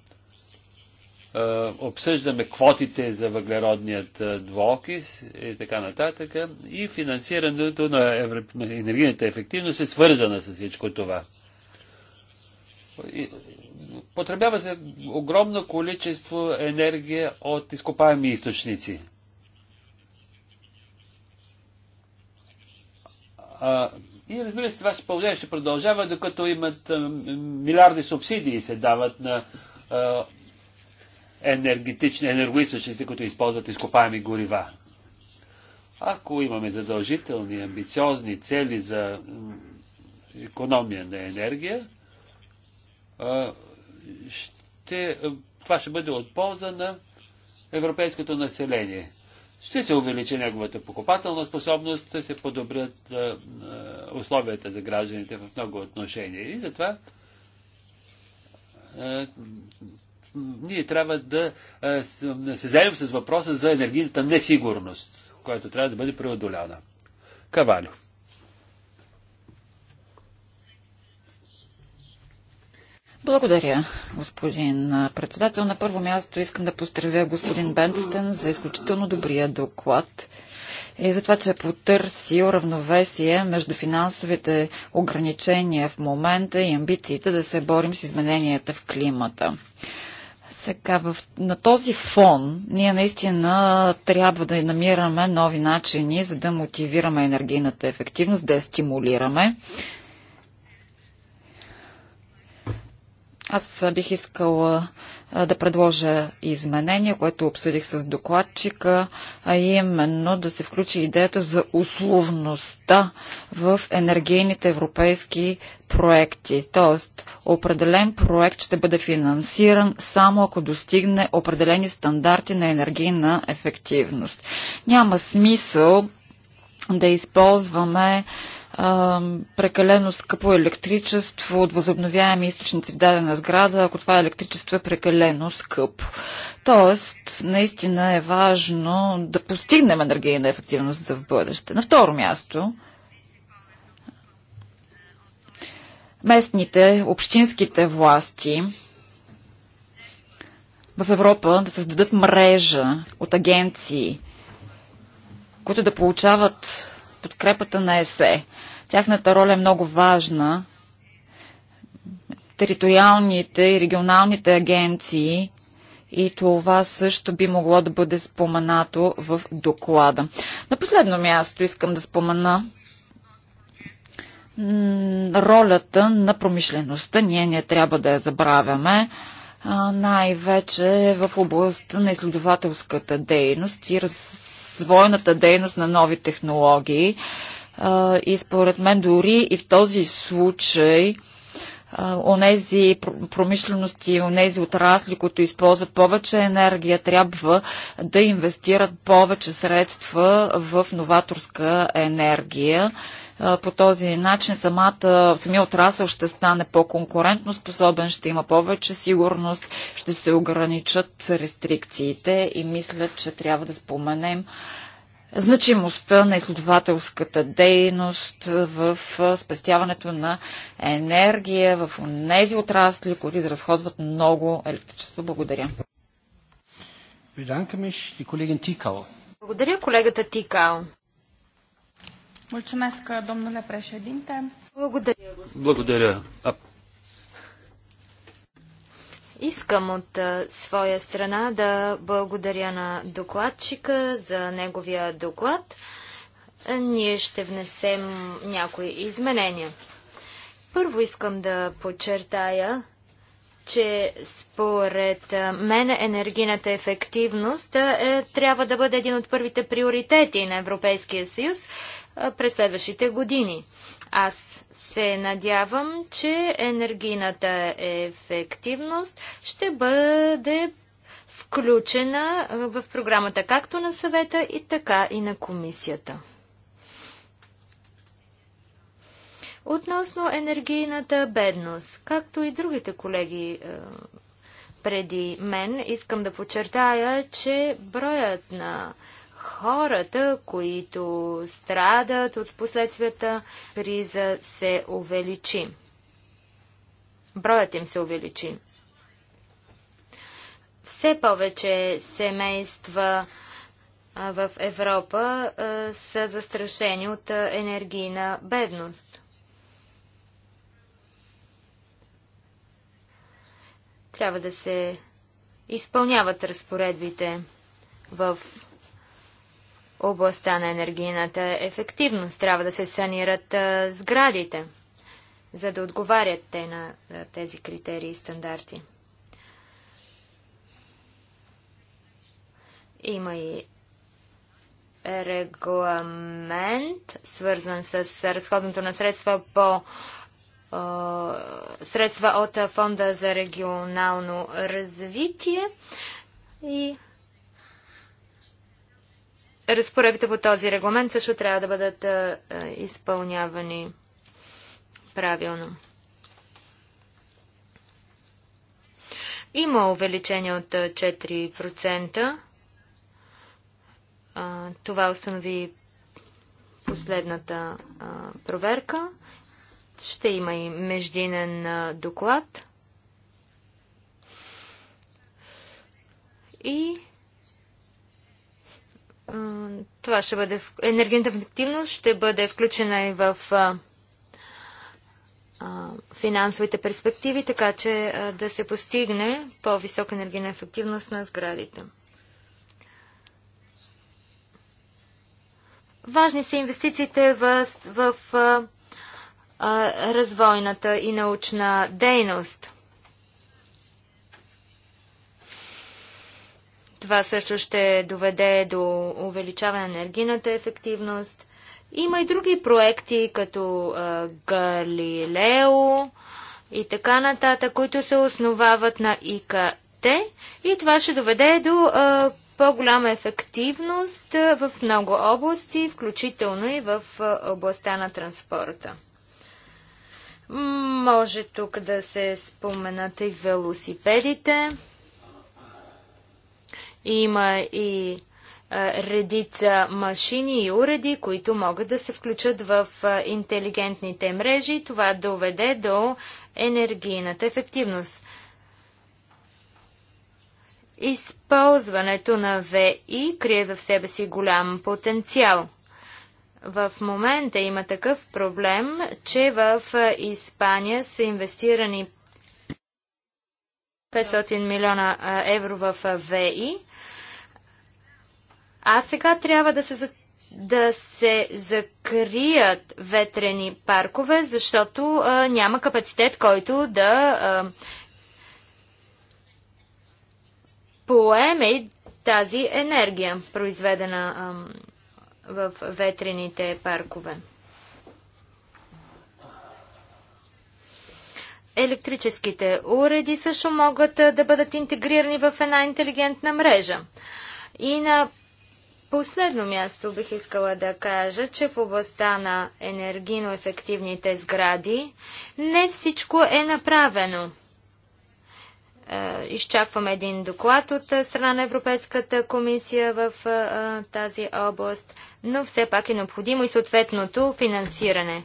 Обсъждаме квотите за въглеродният двокис и така нататък. И финансирането на енергийната ефективност е свързана с всичко това потребява се огромно количество енергия от изкопаеми източници. А, и разбира се, това ще продължава ще продължава, докато имат а, милиарди субсидии се дават на а, енергетични енергоисточници, които използват изкопаеми горива. Ако имаме задължителни, амбициозни цели за економия на енергия, ще, е, това ще бъде от полза на европейското население. Ще се увеличи неговата покупателна способност, ще се подобрят а, е, е, условията за гражданите в много отношения. И затова а, ние трябва да се заем с въпроса за енергийната несигурност, която трябва да бъде преодоляна. Кавалю. Благодаря, господин председател. На първо място искам да поздравя господин Бенстен за изключително добрия доклад и за това, че е потърсил равновесие между финансовите ограничения в момента и амбициите да се борим с измененията в климата. Сега в, на този фон ние наистина трябва да намираме нови начини, за да мотивираме енергийната ефективност, да я стимулираме Аз бих искала да предложа изменение, което обсъдих с докладчика, а именно да се включи идеята за условността в енергийните европейски проекти. Тоест, определен проект ще бъде финансиран само ако достигне определени стандарти на енергийна ефективност. Няма смисъл да използваме а, прекалено скъпо електричество от възобновяеми източници в дадена сграда, ако това електричество е прекалено скъпо. Тоест, наистина е важно да постигнем енергийна ефективност за в бъдеще. На второ място, местните, общинските власти в Европа да създадат мрежа от агенции, които да получават подкрепата на ЕСЕ. Тяхната роля е много важна. Териториалните и регионалните агенции и това също би могло да бъде споменато в доклада. На последно място искам да спомена ролята на промишлеността. Ние не трябва да я забравяме най-вече в областта на изследователската дейност и раз, свойната дейност на нови технологии. и според мен дори и в този случай онези промишлености, онези отрасли, които използват повече енергия, трябва да инвестират повече средства в новаторска енергия по този начин самата, самия отрасъл ще стане по-конкурентно способен, ще има повече сигурност, ще се ограничат рестрикциите и мисля, че трябва да споменем значимостта на изследователската дейност в спестяването на енергия в тези отрасли, които изразходват много електричество. Благодаря. Благодаря колегата Тикал. Mulțumesc, domnule președinte. Благодаря. Благодаря. А... Искам от своя страна да благодаря на докладчика за неговия доклад. ние ще внесем някои изменения. Първо искам да подчертая, че според мен енергийната ефективност е, трябва да бъде един от първите приоритети на Европейския съюз през следващите години. Аз се надявам, че енергийната ефективност ще бъде включена в програмата както на съвета и така и на комисията. Относно енергийната бедност, както и другите колеги преди мен, искам да подчертая, че броят на хората, които страдат от последствията, криза се увеличи. Броят им се увеличи. Все повече семейства в Европа са застрашени от енергийна бедност. Трябва да се изпълняват разпоредбите в областта на енергийната ефективност. Трябва да се санират а, сградите, за да отговарят те на а, тези критерии и стандарти. Има и регламент, свързан с разходното на средства по а, средства от Фонда за регионално развитие и разпоредбите по този регламент също трябва да бъдат а, изпълнявани правилно. Има увеличение от 4%. А, това установи последната а, проверка. Ще има и междинен а, доклад. И това ще бъде, енергийната ефективност ще бъде включена и в финансовите перспективи, така че да се постигне по-висока енергийна ефективност на сградите. Важни са инвестициите в, в а, развойната и научна дейност. Това също ще доведе до увеличаване на енергийната ефективност. Има и други проекти, като а, Галилео и така нататък, които се основават на ИКТ. И това ще доведе до по-голяма ефективност в много области, включително и в а, областта на транспорта. Може тук да се споменат и велосипедите. Има и редица машини и уреди, които могат да се включат в интелигентните мрежи. Това доведе до енергийната ефективност. Използването на ВИ крие в себе си голям потенциал. В момента има такъв проблем, че в Испания са инвестирани 500 милиона евро в ВИ. А сега трябва да се, да се закрият ветрени паркове, защото а, няма капацитет, който да а, поеме тази енергия, произведена а, в ветрените паркове. електрическите уреди също могат да бъдат интегрирани в една интелигентна мрежа. И на последно място бих искала да кажа, че в областта на енергийно ефективните сгради не всичко е направено. Е, изчакваме един доклад от е, страна на Европейската комисия в е, тази област, но все пак е необходимо и съответното финансиране.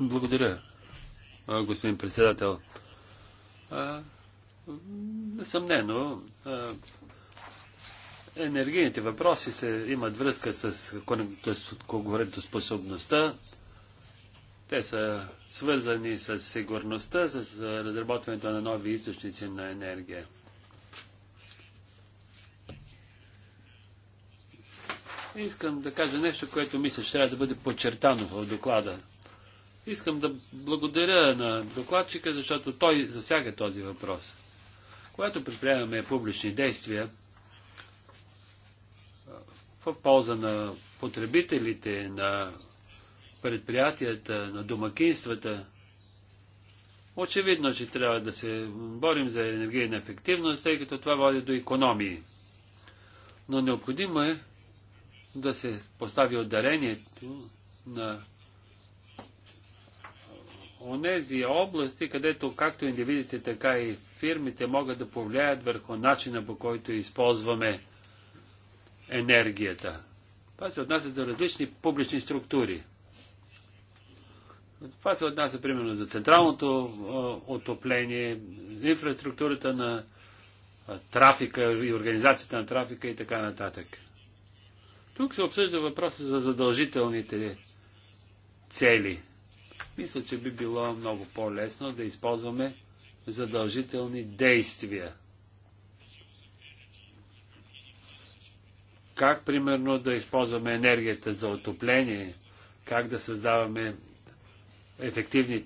Благодаря господин председател. Несъмнено, енергийните въпроси се, имат връзка с конкурентоспособността. Те са свързани с сигурността, с разработването на нови източници на енергия. Искам да кажа нещо, което мисля, че трябва да бъде подчертано в доклада. Искам да благодаря на докладчика, защото той засяга този въпрос. Когато предприемаме публични действия в полза на потребителите, на предприятията, на домакинствата, очевидно, че трябва да се борим за енергийна ефективност, тъй като това води до економии. Но необходимо е да се постави ударението на онези области, където както индивидите, така и фирмите могат да повлияят върху начина по който използваме енергията. Това се отнася за различни публични структури. Това се отнася примерно за централното отопление, инфраструктурата на трафика и организацията на трафика и така нататък. Тук се обсъжда въпроса за задължителните цели. Мисля, че би било много по-лесно да използваме задължителни действия. Как, примерно, да използваме енергията за отопление, как да създаваме ефективни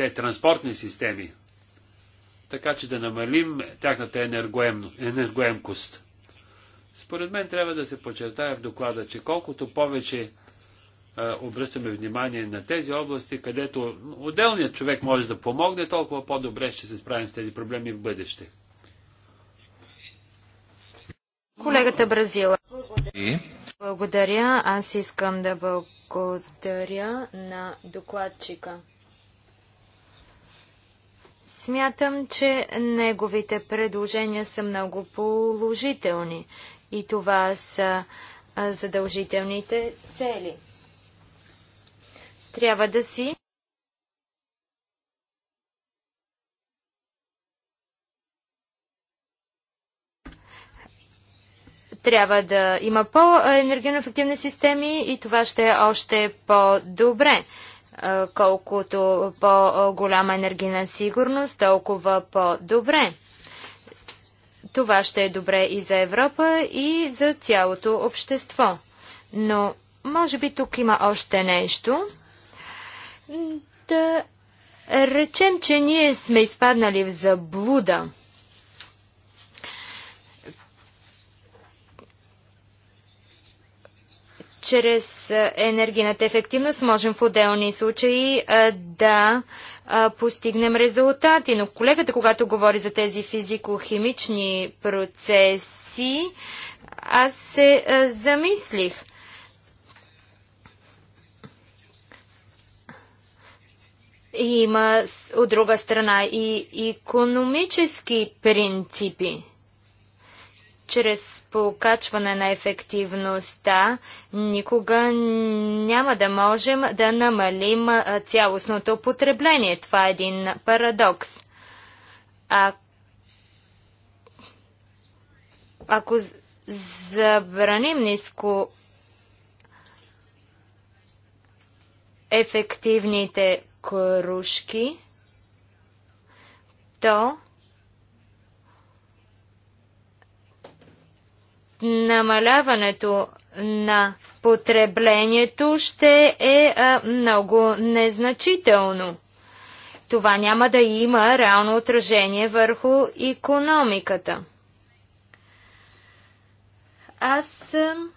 е, транспортни системи, така че да намалим тяхната енергоем, енергоемкост. Според мен трябва да се подчертая в доклада, че колкото повече обръщаме внимание на тези области, където отделният човек може да помогне, толкова по-добре ще се справим с тези проблеми в бъдеще. Колегата Бразила. Благодаря. Аз искам да благодаря на докладчика. Смятам, че неговите предложения са много положителни и това са задължителните цели. Трябва да си трябва да има по-енергийно ефективни системи и това ще е още по-добре. Е, колкото по-голяма енергийна сигурност, толкова по-добре. Това ще е добре и за Европа, и за цялото общество. Но, може би тук има още нещо да речем, че ние сме изпаднали в заблуда. чрез енергийната ефективност можем в отделни случаи да постигнем резултати. Но колегата, когато говори за тези физико-химични процеси, аз се замислих. Има от друга страна и економически принципи. Чрез покачване на ефективността никога няма да можем да намалим цялостното потребление. Това е един парадокс. А... Ако забраним ниско ефективните кружки, то намаляването на потреблението ще е а, много незначително. Това няма да има реално отражение върху економиката. Аз съм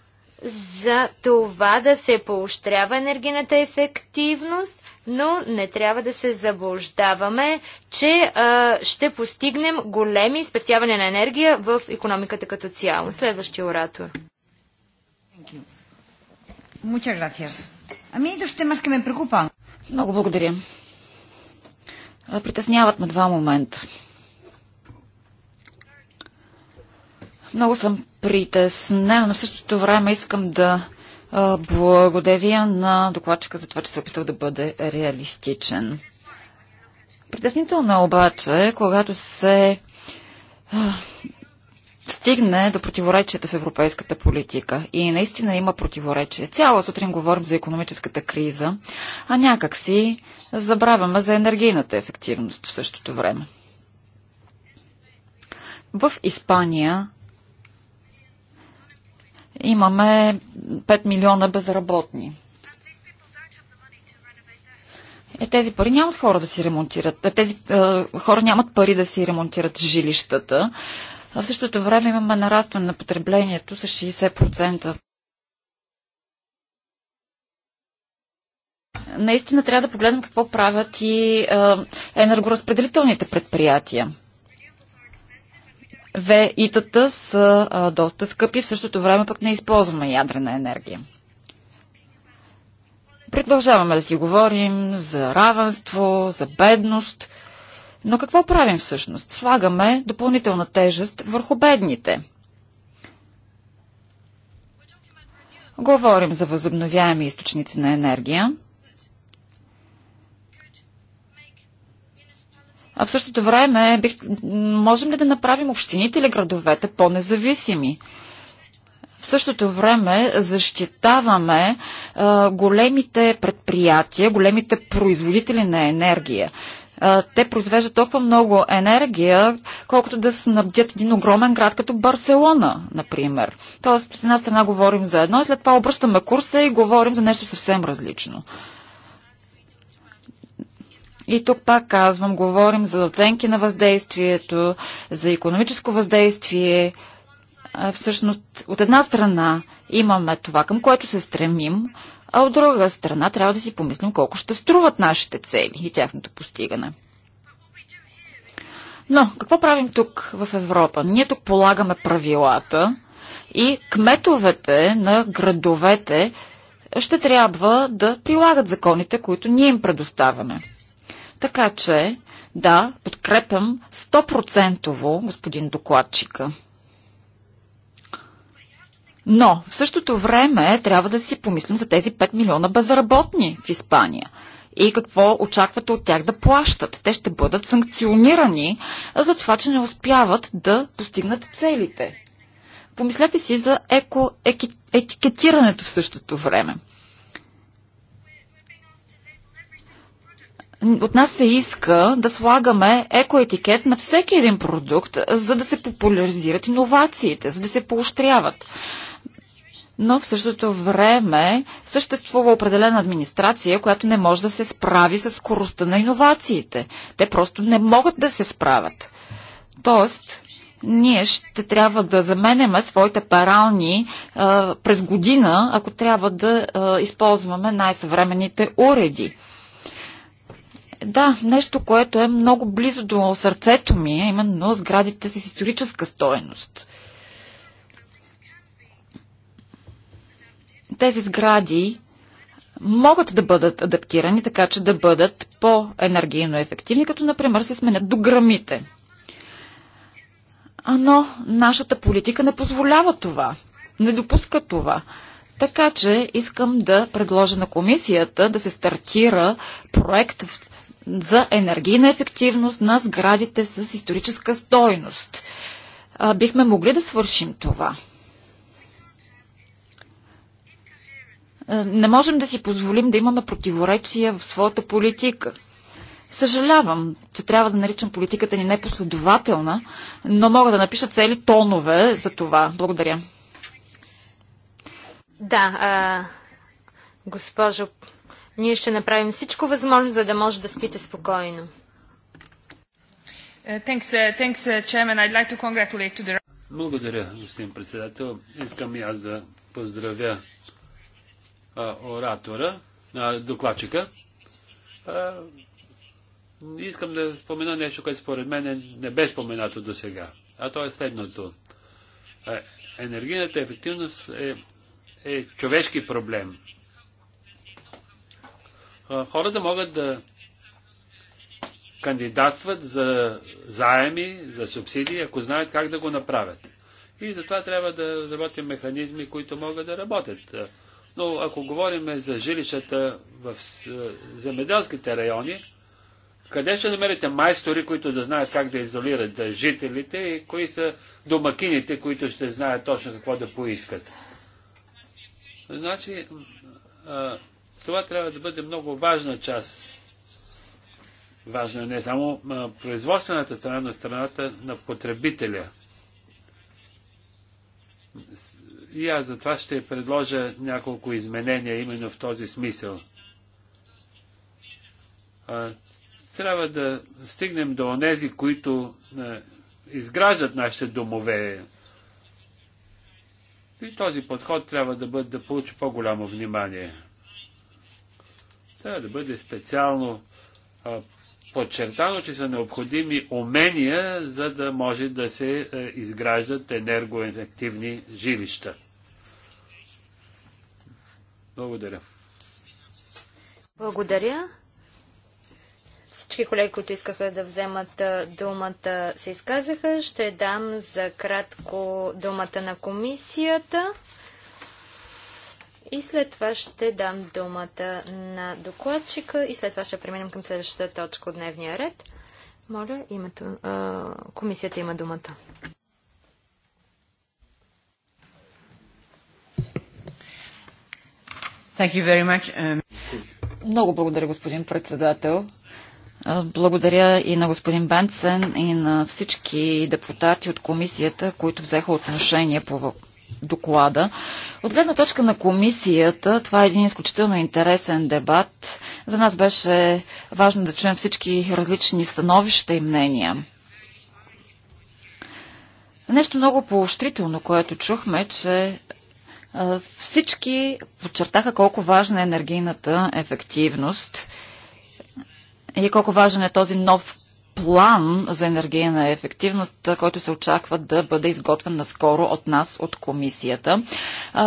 за това да се поощрява енергийната ефективност, но не трябва да се заблуждаваме, че а, ще постигнем големи спестяване на енергия в економиката като цяло. Следващия оратор. Много благодаря. Притесняват ме два момента. Много съм притеснена, но в същото време искам да благодаря на докладчика за това, че се е опитал да бъде реалистичен. Притеснително е обаче, когато се стигне до противоречията в европейската политика. И наистина има противоречие. Цяла сутрин говорим за економическата криза, а някак си забравяме за енергийната ефективност в същото време. В Испания имаме 5 милиона безработни. Е, тези пари нямат хора да си ремонтират. Е, тези е, хора нямат пари да си ремонтират жилищата. А в същото време имаме нарастване на потреблението с 60%. Наистина трябва да погледнем какво правят и е, енергоразпределителните предприятия. ВИ-тата са а, доста скъпи, в същото време пък не използваме ядрена енергия. Продължаваме да си говорим за равенство, за бедност, но какво правим всъщност? Слагаме допълнителна тежест върху бедните. Говорим за възобновяеми източници на енергия – А в същото време, бих, можем ли да направим общините или градовете по-независими? В същото време защитаваме а, големите предприятия, големите производители на енергия. А, те произвеждат толкова много енергия, колкото да снабдят един огромен град като Барселона, например. Тоест, от една страна говорим за едно, след това обръщаме курса и говорим за нещо съвсем различно. И тук пак казвам, говорим за оценки на въздействието, за економическо въздействие. Всъщност, от една страна имаме това, към което се стремим, а от друга страна трябва да си помислим колко ще струват нашите цели и тяхното постигане. Но какво правим тук в Европа? Ние тук полагаме правилата и кметовете на градовете ще трябва да прилагат законите, които ние им предоставяме. Така че, да, подкрепям 100% господин докладчика. Но в същото време трябва да си помислим за тези 5 милиона безработни в Испания и какво очаквате от тях да плащат. Те ще бъдат санкционирани за това, че не успяват да постигнат целите. Помислете си за еко етикетирането в същото време. от нас се иска да слагаме екоетикет на всеки един продукт, за да се популяризират иновациите, за да се поощряват. Но в същото време съществува определена администрация, която не може да се справи с скоростта на иновациите. Те просто не могат да се справят. Тоест, ние ще трябва да заменяме своите парални а, през година, ако трябва да а, използваме най-съвременните уреди. Да, нещо, което е много близо до сърцето ми, е именно сградите с историческа стоеност. Тези сгради могат да бъдат адаптирани така, че да бъдат по-енергийно ефективни, като например се сменят до грамите. Но нашата политика не позволява това, не допуска това. Така че искам да предложа на комисията да се стартира проект в за енергийна ефективност на сградите с историческа стойност. Бихме могли да свършим това. Не можем да си позволим да имаме противоречия в своята политика. Съжалявам, че трябва да наричам политиката ни непоследователна, но мога да напиша цели тонове за това. Благодаря. Да, а, госпожо ние ще направим всичко възможно, за да може да спите спокойно. Е, е, е, Благодаря, господин председател. Искам и аз да поздравя а, оратора, а, докладчика. А, искам да спомена нещо, което според мен не бе споменато до сега. А то е следното. Енергийната ефективност е, е човешки проблем хората могат да кандидатстват за заеми, за субсидии, ако знаят как да го направят. И затова трябва да разработим механизми, които могат да работят. Но ако говорим за жилищата в земеделските райони, къде ще намерите майстори, които да знаят как да изолират жителите и кои са домакините, които ще знаят точно какво да поискат? Значи, а, това трябва да бъде много важна част. Важна е не само производствената страна, но страната на потребителя. И аз за това ще предложа няколко изменения именно в този смисъл. А, трябва да стигнем до онези, които а, изграждат нашите домове. И този подход трябва да бъде да получи по-голямо внимание. Трябва да бъде специално а, подчертано, че са необходими умения, за да може да се а, изграждат енергоефективни жилища. Благодаря. Благодаря. Всички колеги, които искаха да вземат думата, се изказаха. Ще дам за кратко думата на комисията. И след това ще дам думата на докладчика и след това ще преминем към следващата точка от дневния ред. Моля, името, а, комисията има думата. Thank you very much. Um... Много благодаря, господин председател. Благодаря и на господин Бенцен и на всички депутати от комисията, които взеха отношение по доклада. От гледна точка на комисията, това е един изключително интересен дебат. За нас беше важно да чуем всички различни становища и мнения. Нещо много поощрително, което чухме, че всички подчертаха колко важна е енергийната ефективност и колко важен е този нов план за енергийна ефективност, който се очаква да бъде изготвен наскоро от нас, от комисията.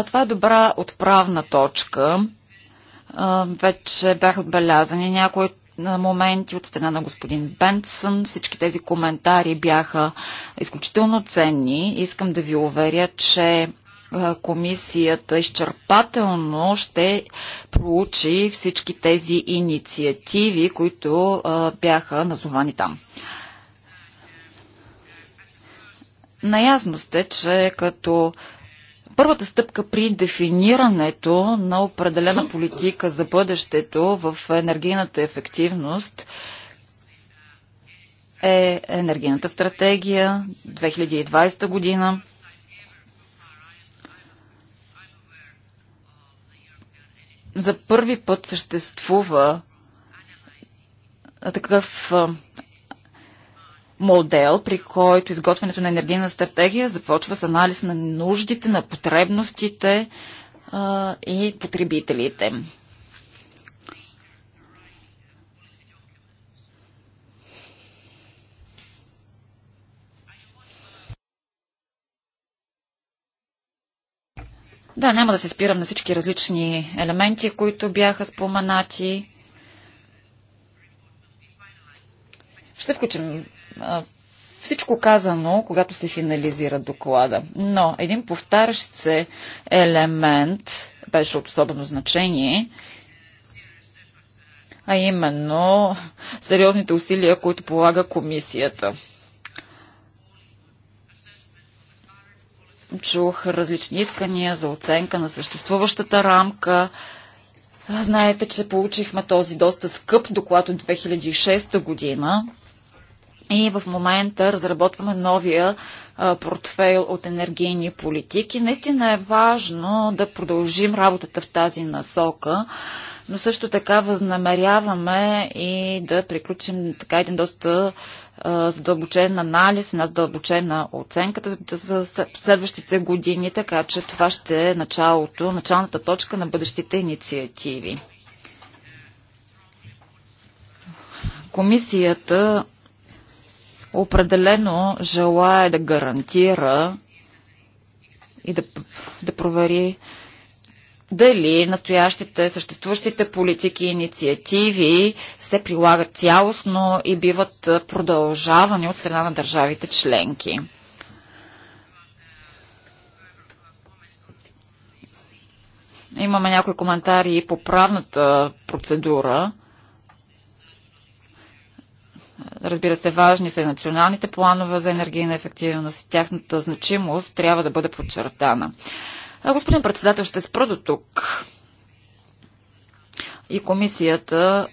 Това е добра отправна точка. Вече бяха отбелязани някои моменти от страна на господин Бенсън. Всички тези коментари бяха изключително ценни. Искам да ви уверя, че комисията изчерпателно ще проучи всички тези инициативи, които бяха назовани там. Наясно сте, че като първата стъпка при дефинирането на определена политика за бъдещето в енергийната ефективност е енергийната стратегия 2020 година. за първи път съществува такъв модел, при който изготвянето на енергийна стратегия започва с анализ на нуждите, на потребностите и потребителите. Да, няма да се спирам на всички различни елементи, които бяха споменати. Ще включим всичко казано, когато се финализира доклада. Но един повтарящ се елемент беше от особено значение, а именно сериозните усилия, които полага комисията. Чух различни искания за оценка на съществуващата рамка. Знаете, че получихме този доста скъп доклад от 2006 година и в момента разработваме новия портфейл от енергийни политики. Наистина е важно да продължим работата в тази насока, но също така възнамеряваме и да приключим така един доста задълбочен анализ, една задълбочена оценка за следващите години, така че това ще е началото, началната точка на бъдещите инициативи. Комисията определено желая да гарантира и да, да провери дали настоящите, съществуващите политики и инициативи се прилагат цялостно и биват продължавани от страна на държавите членки. Имаме някои коментари по правната процедура. Разбира се, важни са и националните планове за енергийна ефективност. Тяхната значимост трябва да бъде подчертана. Господин председател, ще спра до тук. И комисията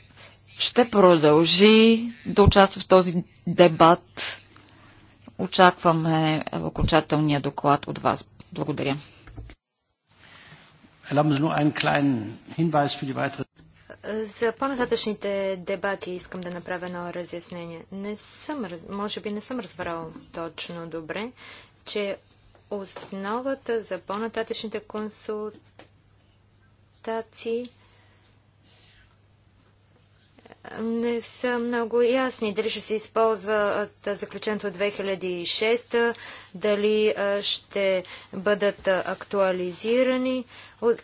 ще продължи да участва в този дебат. Очакваме окончателния доклад от вас. Благодаря. За по-нататъчните дебати искам да направя едно разяснение. Не съм, може би не съм разбрал точно добре, че основата за по-нататъчните консултации не са много ясни. Дали ще се използва заключението от 2006, дали ще бъдат актуализирани.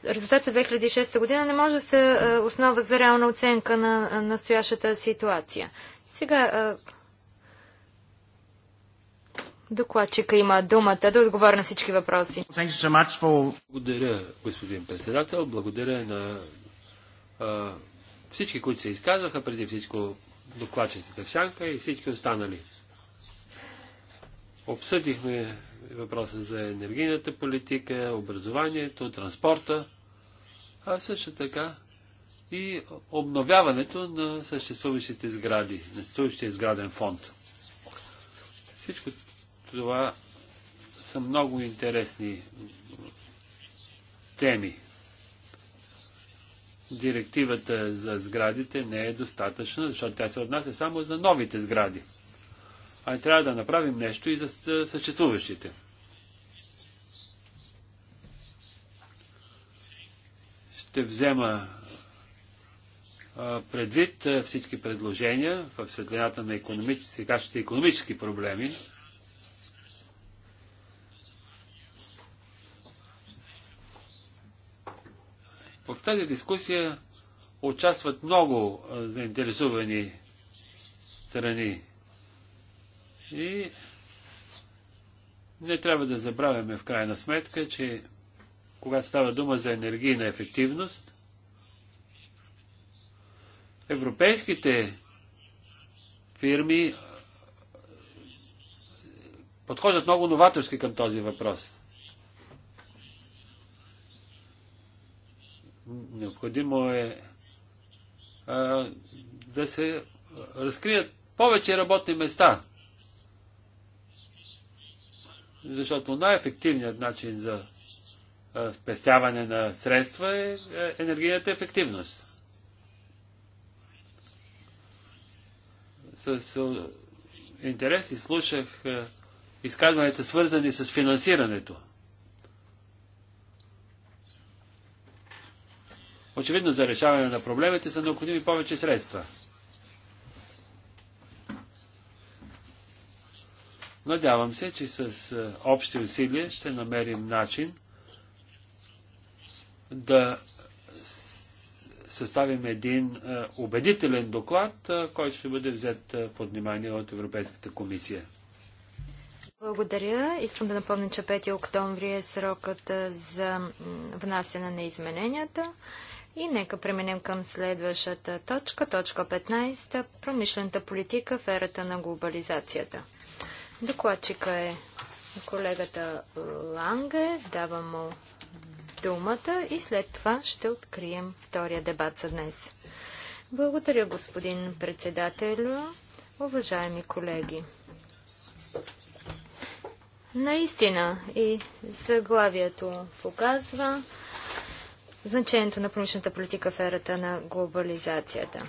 Резултатът от 2006 година не може да се основа за реална оценка на настоящата ситуация. Сега Докладчика има думата да отговори на всички въпроси. Благодаря, господин председател. Благодаря на а, всички, които се изказаха, преди всичко докладчиците шанка и всички останали. Обсъдихме въпроса за енергийната политика, образованието, транспорта, а също така и обновяването на съществуващите сгради, на съществуващия сграден фонд. Всичко това са много интересни теми. Директивата за сградите не е достатъчна, защото тя се отнася само за новите сгради. А трябва да направим нещо и за съществуващите. Ще взема предвид всички предложения в светлината на економически, економически проблеми В тази дискусия участват много заинтересувани страни. И не трябва да забравяме в крайна сметка, че когато става дума за енергийна ефективност, европейските фирми подхождат много новаторски към този въпрос. Необходимо е а, да се разкрият повече работни места, защото най-ефективният начин за спестяване на средства е, е енергийната ефективност. С интерес и слушах изказванията, свързани с финансирането. Очевидно за решаване на проблемите са необходими повече средства. Надявам се, че с е, общи усилия ще намерим начин да съставим един е, убедителен доклад, е, който ще бъде взет под внимание от Европейската комисия. Благодаря. Искам да напомня, че 5 октомври е срокът за внасяне на измененията. И нека преминем към следващата точка, точка 15, промишлената политика в ерата на глобализацията. Докладчика е колегата Ланге, давам му думата и след това ще открием втория дебат за днес. Благодаря, господин председателю, уважаеми колеги. Наистина и заглавието показва, значението на промишлената политика в ерата на глобализацията.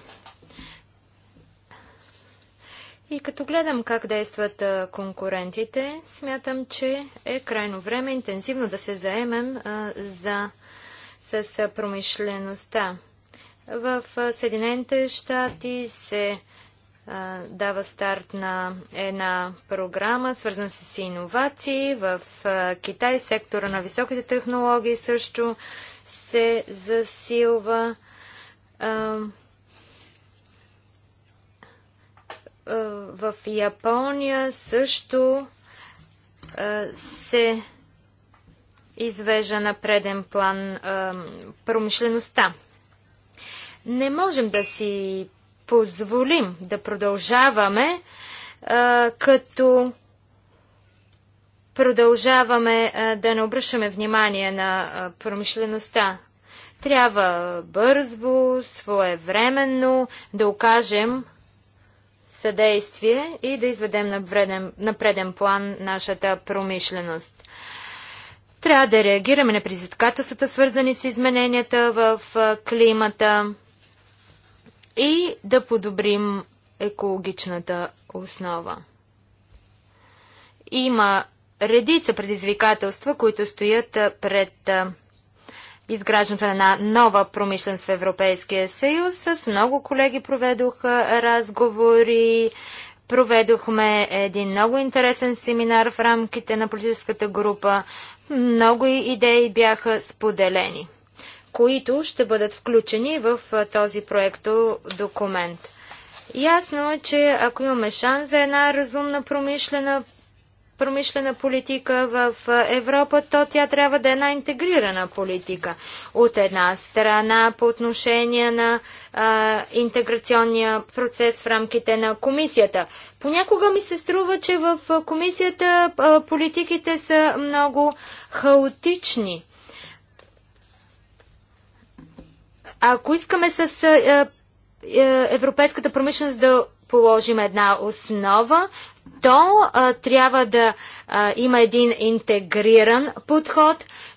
И като гледам как действат конкурентите, смятам, че е крайно време интензивно да се заемем за, с промишлеността. В Съединените щати се дава старт на една програма, свързана с иновации. В Китай сектора на високите технологии също се засилва а, а, в Япония също а, се извежда на преден план промишлеността. Не можем да си позволим да продължаваме като продължаваме а, да не обръщаме внимание на а, промишлеността. Трябва бързо, своевременно да окажем съдействие и да изведем на преден, на преден план нашата промишленост. Трябва да реагираме на предизвикателствата, свързани с измененията в климата и да подобрим екологичната основа. Има редица предизвикателства, които стоят пред изграждането на нова промишленост в Европейския съюз. С много колеги проведох разговори, проведохме един много интересен семинар в рамките на политическата група. Много идеи бяха споделени, които ще бъдат включени в този проекто документ. Ясно е, че ако имаме шанс за една разумна промишлена промишлена политика в Европа, то тя трябва да е една интегрирана политика. От една страна по отношение на а, интеграционния процес в рамките на комисията. Понякога ми се струва, че в комисията а, политиките са много хаотични. Ако искаме с а, европейската промишленост да положим една основа, то а, трябва да а, има един интегриран подход,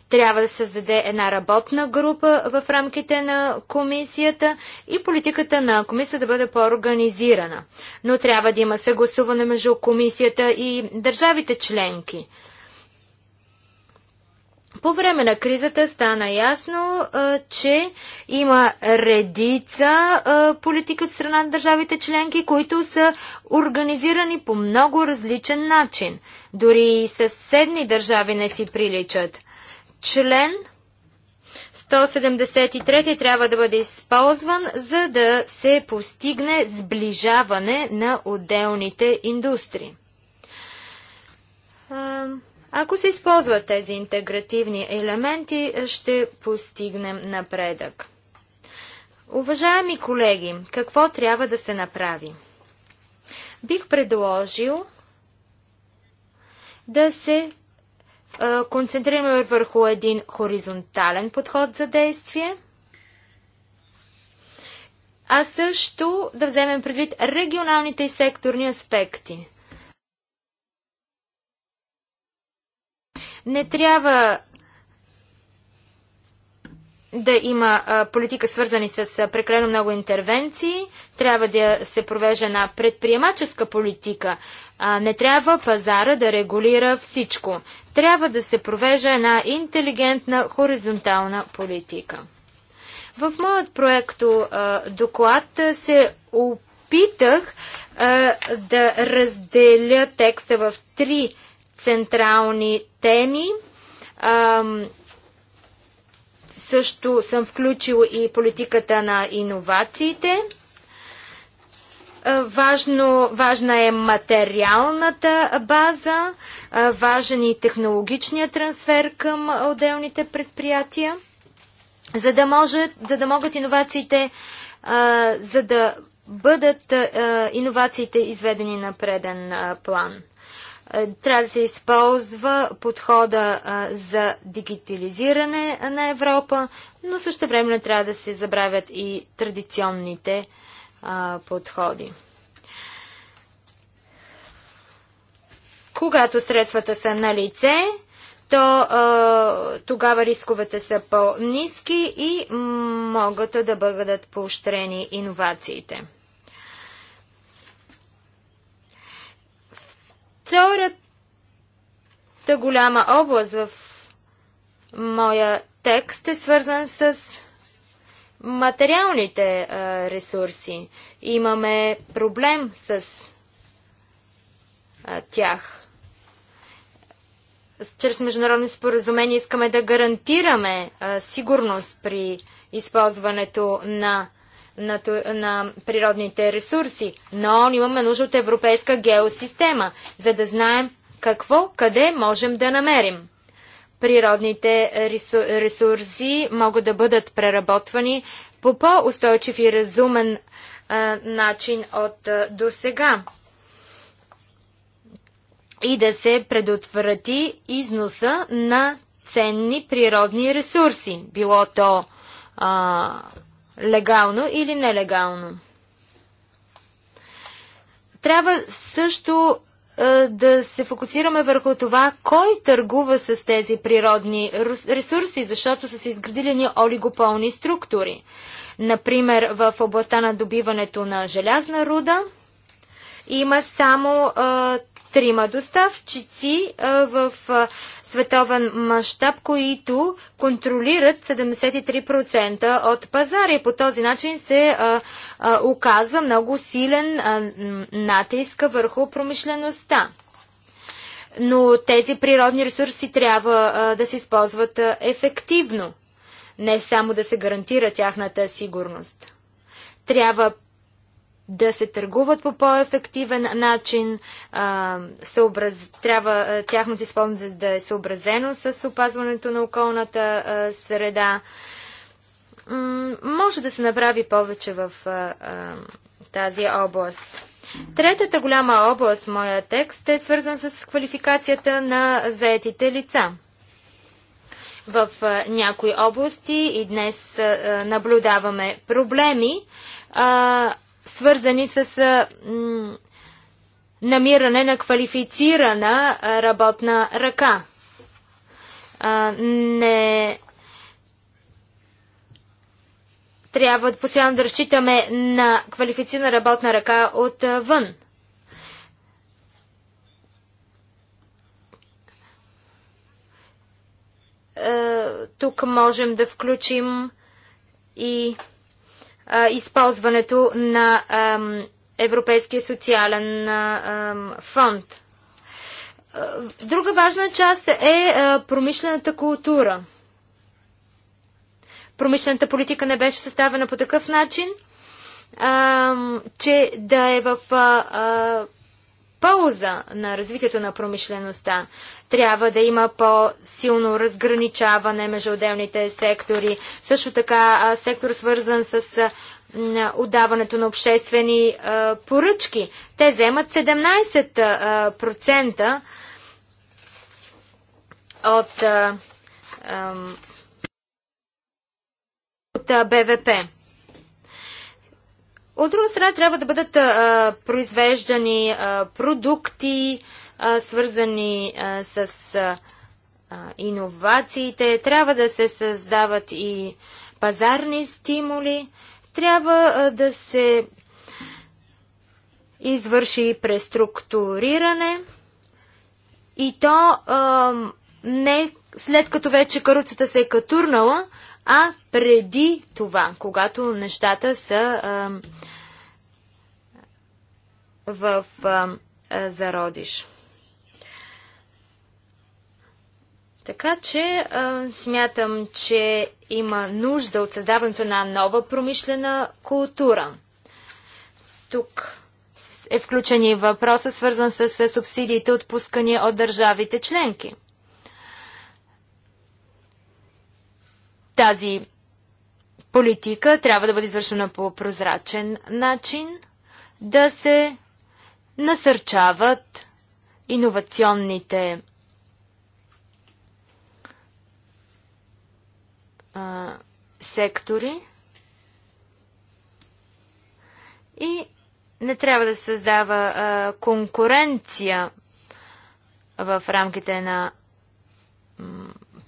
трябва да създаде една работна група в рамките на комисията и политиката на комисията да бъде по-организирана. Но трябва да има съгласуване между комисията и държавите членки. По време на кризата стана ясно, че има редица политики от страна на държавите членки, които са организирани по много различен начин. Дори и съседни държави не си приличат. Член 173 трябва да бъде използван, за да се постигне сближаване на отделните индустрии. Ако се използват тези интегративни елементи, ще постигнем напредък. Уважаеми колеги, какво трябва да се направи? Бих предложил да се концентрираме върху един хоризонтален подход за действие, а също да вземем предвид регионалните и секторни аспекти. Не трябва да има политика свързани с прекалено много интервенции, трябва да се провежда на предприемаческа политика. не трябва пазара да регулира всичко. Трябва да се провежда една интелигентна хоризонтална политика. В моят проект, доклад се опитах да разделя текста в три централни теми. Ам, също съм включил и политиката на иновациите. Важно, важна е материалната база, важен и технологичният трансфер към отделните предприятия, за да, може, за да могат иновациите, за да бъдат иновациите изведени на преден план. Е, трябва да се използва подхода за дигитализиране на Европа, но също време трябва да се забравят и традиционните подходи. Когато средствата са на лице, то тогава рисковете са по-низки и могат да бъдат поощрени иновациите. Втората голяма област в моя текст е свързан с материалните а, ресурси. Имаме проблем с а, тях. Чрез международни споразумения искаме да гарантираме а, сигурност при използването на на, на природните ресурси, но имаме нужда от европейска геосистема, за да знаем какво, къде можем да намерим. Природните ресурси могат да бъдат преработвани по по-устойчив и разумен а, начин от а, досега и да се предотврати износа на ценни природни ресурси, било то а, легално или нелегално. Трябва също е, да се фокусираме върху това, кой търгува с тези природни ресурси, защото са се изградили ни олигополни структури. Например, в областта на добиването на желязна руда има само е, трима доставчици в световен мащаб, които контролират 73% от пазара и по този начин се оказва много силен натиск върху промишлеността. Но тези природни ресурси трябва да се използват ефективно, не само да се гарантира тяхната сигурност. Трябва да се търгуват по по-ефективен начин. А, съобраз... Трябва тяхното използване да е съобразено с опазването на околната а, среда. М може да се направи повече в а, тази област. Третата голяма област моя текст е свързан с квалификацията на заетите лица. В някои области и днес наблюдаваме проблеми, свързани с намиране на квалифицирана работна ръка. Не трябва постоянно да разчитаме на квалифицирана работна ръка отвън. Тук можем да включим и а, използването на а, Европейския социален а, фонд. Друга важна част е а, промишлената култура. Промишлената политика не беше съставена по такъв начин, а, че да е в а, полза на развитието на промишлеността. Трябва да има по-силно разграничаване между отделните сектори. Също така сектор свързан с отдаването на обществени поръчки. Те вземат 17% от, от БВП. От друга страна трябва да бъдат а, произвеждани а, продукти, а, свързани а, с а, иновациите, трябва да се създават и пазарни стимули, трябва а, да се извърши преструктуриране и то а, не след като вече каруцата се е катурнала, а преди това, когато нещата са а, в а, зародиш. Така че а, смятам, че има нужда от създаването на нова промишлена култура. Тук е включен и въпроса, свързан с, с субсидиите, отпускани от държавите членки. Тази политика трябва да бъде извършена по прозрачен начин, да се насърчават иновационните а, сектори и не трябва да се създава а, конкуренция в рамките на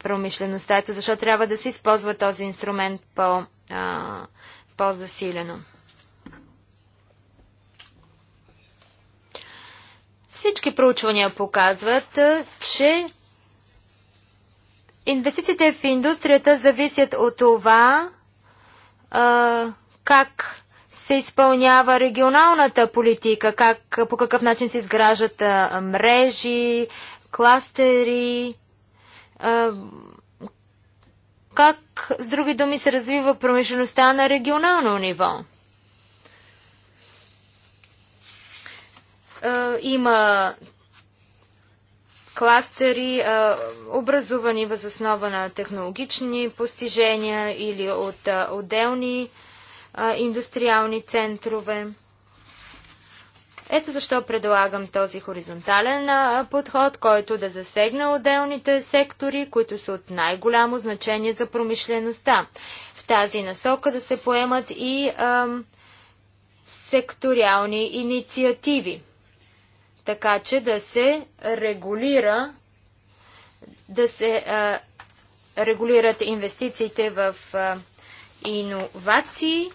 промишлеността. Ето защо трябва да се използва този инструмент по, а, по-засилено. Всички проучвания показват, че инвестициите в индустрията зависят от това а, как се изпълнява регионалната политика, как, по какъв начин се изграждат мрежи, кластери, как, с други думи, се развива промишлеността на регионално ниво. Има кластери, образувани въз основа на технологични постижения или от отделни индустриални центрове. Ето защо предлагам този хоризонтален подход, който да засегне отделните сектори, които са от най-голямо значение за промишлеността. В тази насока да се поемат и ам, секториални инициативи, така че да се регулира да се а, регулират инвестициите в а, иновации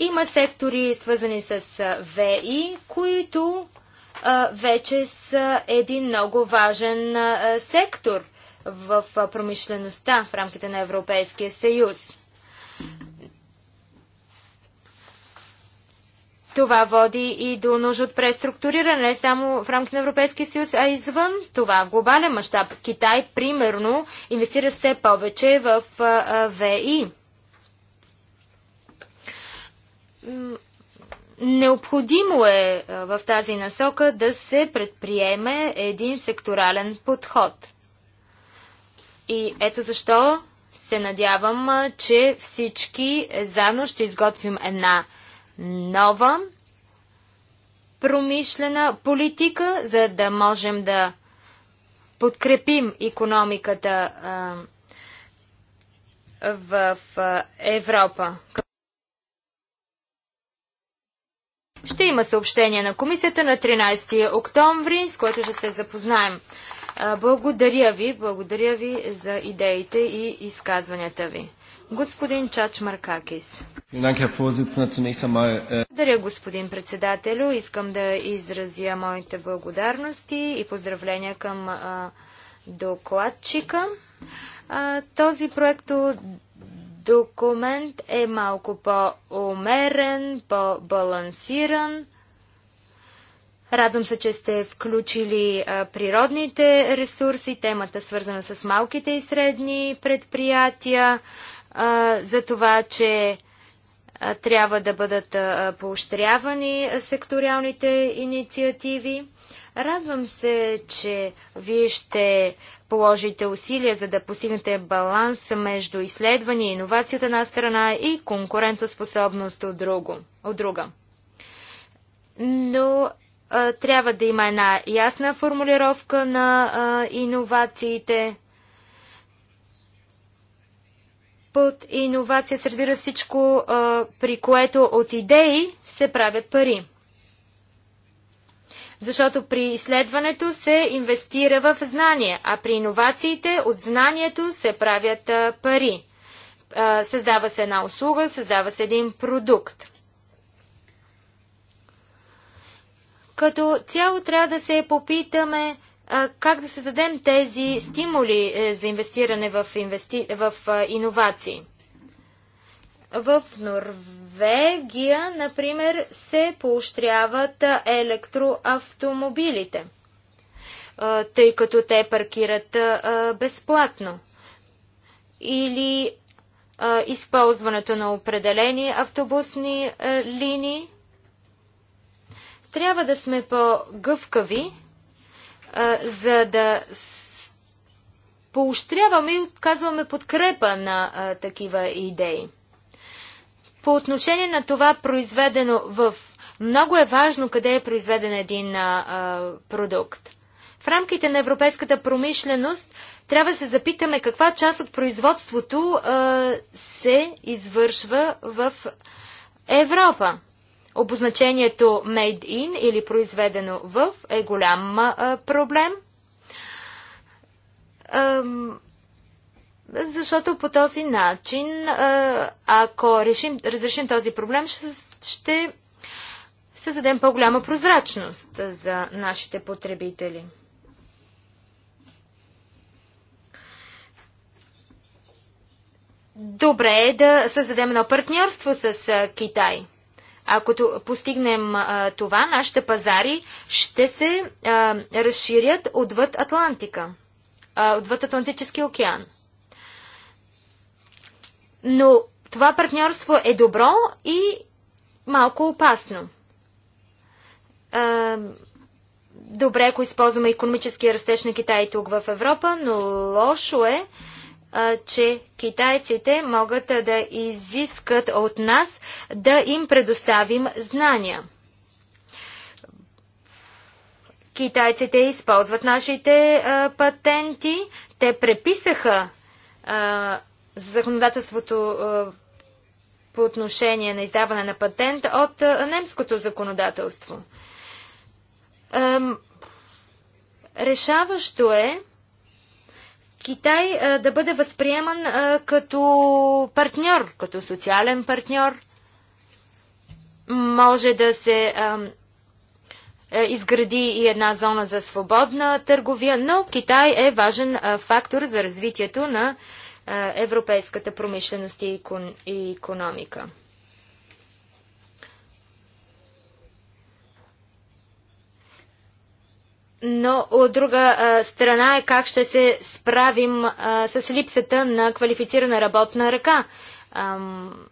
има сектори, свързани с ВИ, които вече са един много важен сектор в промишлеността в рамките на Европейския съюз. Това води и до нужда от преструктуриране, не само в рамките на Европейския съюз, а извън това. глобален мащаб Китай, примерно, инвестира все повече в ВИ. Необходимо е в тази насока да се предприеме един секторален подход. И ето защо се надявам, че всички заедно ще изготвим една нова промишлена политика, за да можем да подкрепим економиката в Европа. Ще има съобщение на комисията на 13 октомври, с което ще се запознаем. Благодаря ви, благодаря ви за идеите и изказванията ви. Господин Чач Маркакис. Äh, благодаря, господин председателю. Искам да изразя моите благодарности и поздравления към докладчика. този проект документ е малко по-умерен, по-балансиран. Радвам се, че сте включили природните ресурси, темата свързана с малките и средни предприятия, за това, че трябва да бъдат поощрявани секториалните инициативи. Радвам се, че вие ще положите усилия, за да постигнете баланс между изследвания и иновацията една страна и конкурентоспособност от, друго, от друга. Но а, трябва да има една ясна формулировка на а, иновациите под иновация се разбира всичко, при което от идеи се правят пари. Защото при изследването се инвестира в знание, а при иновациите от знанието се правят пари. създава се една услуга, създава се един продукт. Като цяло трябва да се попитаме как да създадем тези стимули е, за инвестиране в, инвести... в иновации. В Норвегия, например, се поощряват електроавтомобилите, тъй като те паркират безплатно. Или използването на определени автобусни линии. Трябва да сме по-гъвкави за да поощряваме и отказваме подкрепа на такива идеи. По отношение на това произведено в... Много е важно къде е произведен един а, продукт. В рамките на европейската промишленост трябва да се запитаме каква част от производството а, се извършва в Европа. Обозначението made in или произведено в е голям а, проблем. Ам, защото по този начин, ако решим, разрешим този проблем, ще, ще създадем по-голяма прозрачност за нашите потребители. Добре е да създадем едно партньорство с Китай. Ако постигнем това, нашите пазари ще се разширят отвъд Атлантика, отвъд Атлантическия океан. Но това партньорство е добро и малко опасно. Добре, ако използваме економическия растеж на Китай тук в Европа, но лошо е, че китайците могат да изискат от нас да им предоставим знания. Китайците използват нашите а, патенти. Те преписаха а, законодателството а, по отношение на издаване на патент от а, немското законодателство. А, решаващо е, Китай а, да бъде възприеман а, като партньор, като социален партньор. Може да се а, е, изгради и една зона за свободна търговия, но Китай е важен фактор за развитието на европейската промишленост и економика. но от друга а, страна е как ще се справим а, с липсата на квалифицирана работна ръка. Ам...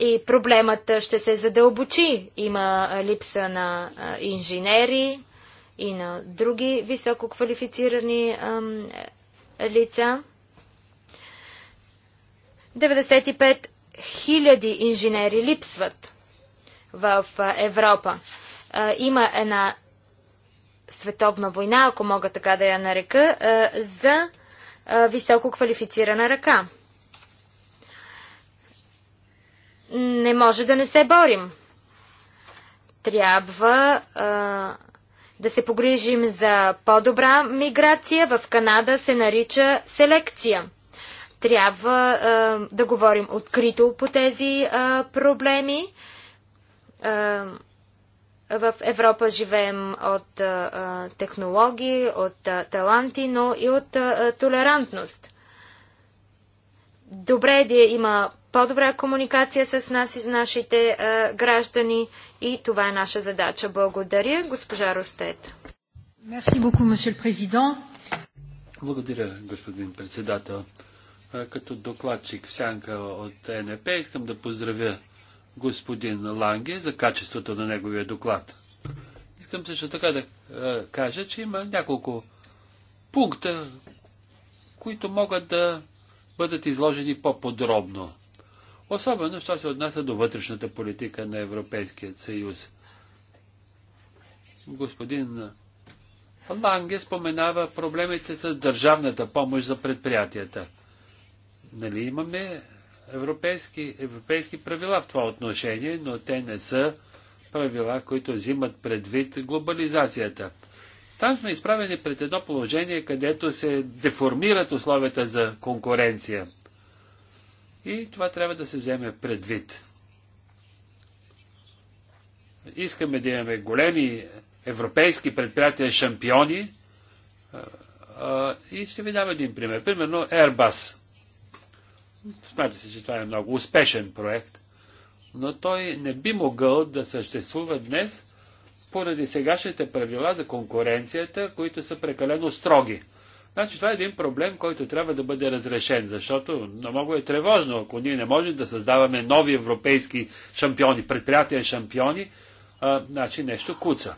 И проблемът ще се задълбочи. Има липса на а, инженери и на други високо квалифицирани ам, лица. 95 хиляди инженери липсват в Европа има една световна война, ако мога така да я нарека, за високо квалифицирана ръка. Не може да не се борим. Трябва да се погрижим за по-добра миграция. В Канада се нарича селекция. Трябва а, да говорим открито по тези а, проблеми. А, в Европа живеем от а, технологии, от а, таланти, но и от а, толерантност. Добре е да има по-добра комуникация с нас и с нашите а, граждани и това е наша задача. Благодаря, госпожа Ростет. Благодаря, господин председател. Като докладчик в сянка от ЕНП искам да поздравя господин Ланге за качеството на неговия доклад. Искам също така да кажа, че има няколко пункта, които могат да бъдат изложени по-подробно. Особено, що се отнася до вътрешната политика на Европейския съюз. Господин Ланге споменава проблемите с държавната помощ за предприятията. Нали имаме европейски, европейски правила в това отношение, но те не са правила, които взимат предвид глобализацията. Там сме изправени пред едно положение, където се деформират условията за конкуренция. И това трябва да се вземе предвид. Искаме да имаме големи европейски предприятия шампиони. и ще ви дам един пример. Примерно Airbus. Смята се, че това е много успешен проект, но той не би могъл да съществува днес поради сегашните правила за конкуренцията, които са прекалено строги. Значи това е един проблем, който трябва да бъде разрешен, защото много е тревожно, ако ние не можем да създаваме нови европейски шампиони, предприятия шампиони, а, значи нещо куца.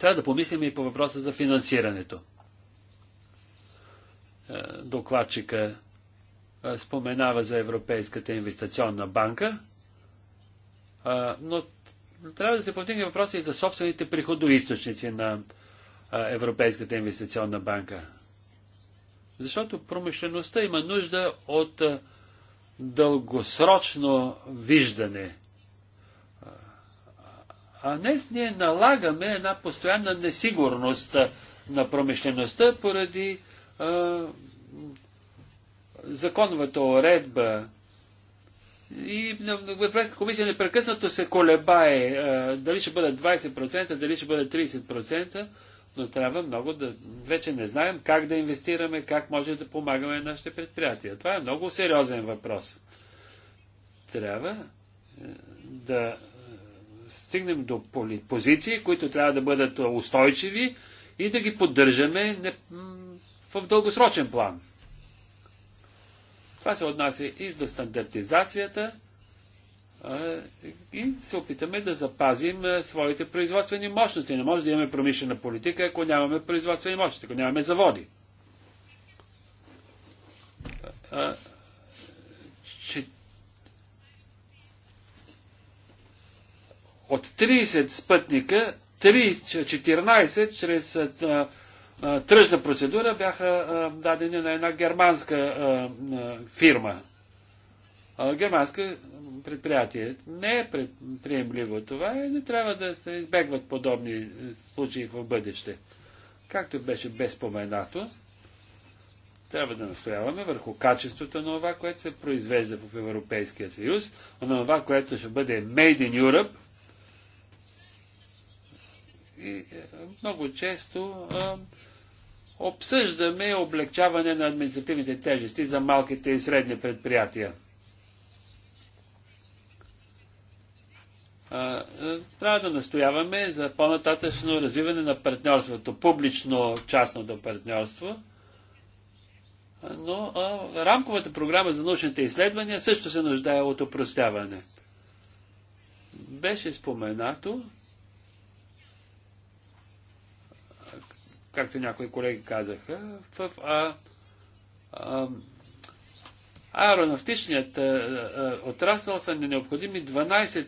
Трябва да помислим и по въпроса за финансирането. Е, докладчика споменава за Европейската инвестиционна банка, но трябва да се повдигне въпроса и за собствените приходоисточници на Европейската инвестиционна банка. Защото промишлеността има нужда от дългосрочно виждане. А днес ние налагаме една постоянна несигурност на промишлеността поради законовата уредба и Европейската комисия непрекъснато се колебае дали ще бъде 20%, дали ще бъде 30%, но трябва много да... Вече не знаем как да инвестираме, как може да помагаме нашите предприятия. Това е много сериозен въпрос. Трябва е, да е, стигнем до позиции, които трябва да бъдат устойчиви и да ги поддържаме в дългосрочен план. Това се отнася и до стандартизацията и се опитаме да запазим своите производствени мощности. Не може да имаме промишлена политика, ако нямаме производствени мощности, ако нямаме заводи. От 30 спътника, 3, 14 чрез тръжна процедура бяха дадени на една германска фирма. Германска предприятие. Не е предприемливо това и не трябва да се избегват подобни случаи в бъдеще. Както беше безпоменато, трябва да настояваме върху качеството на това, което се произвежда в Европейския съюз, а на това, което ще бъде Made in Europe. И е, много често а, обсъждаме облегчаване на административните тежести за малките и средни предприятия. Трябва да настояваме за по-нататъчно развиване на партньорството, публично-частното партньорство, но а, рамковата програма за научните изследвания също се нуждае от опростяване. Беше споменато, както някои колеги казаха, в а, а, аеронавтичният а, а, отрасъл са необходими 12,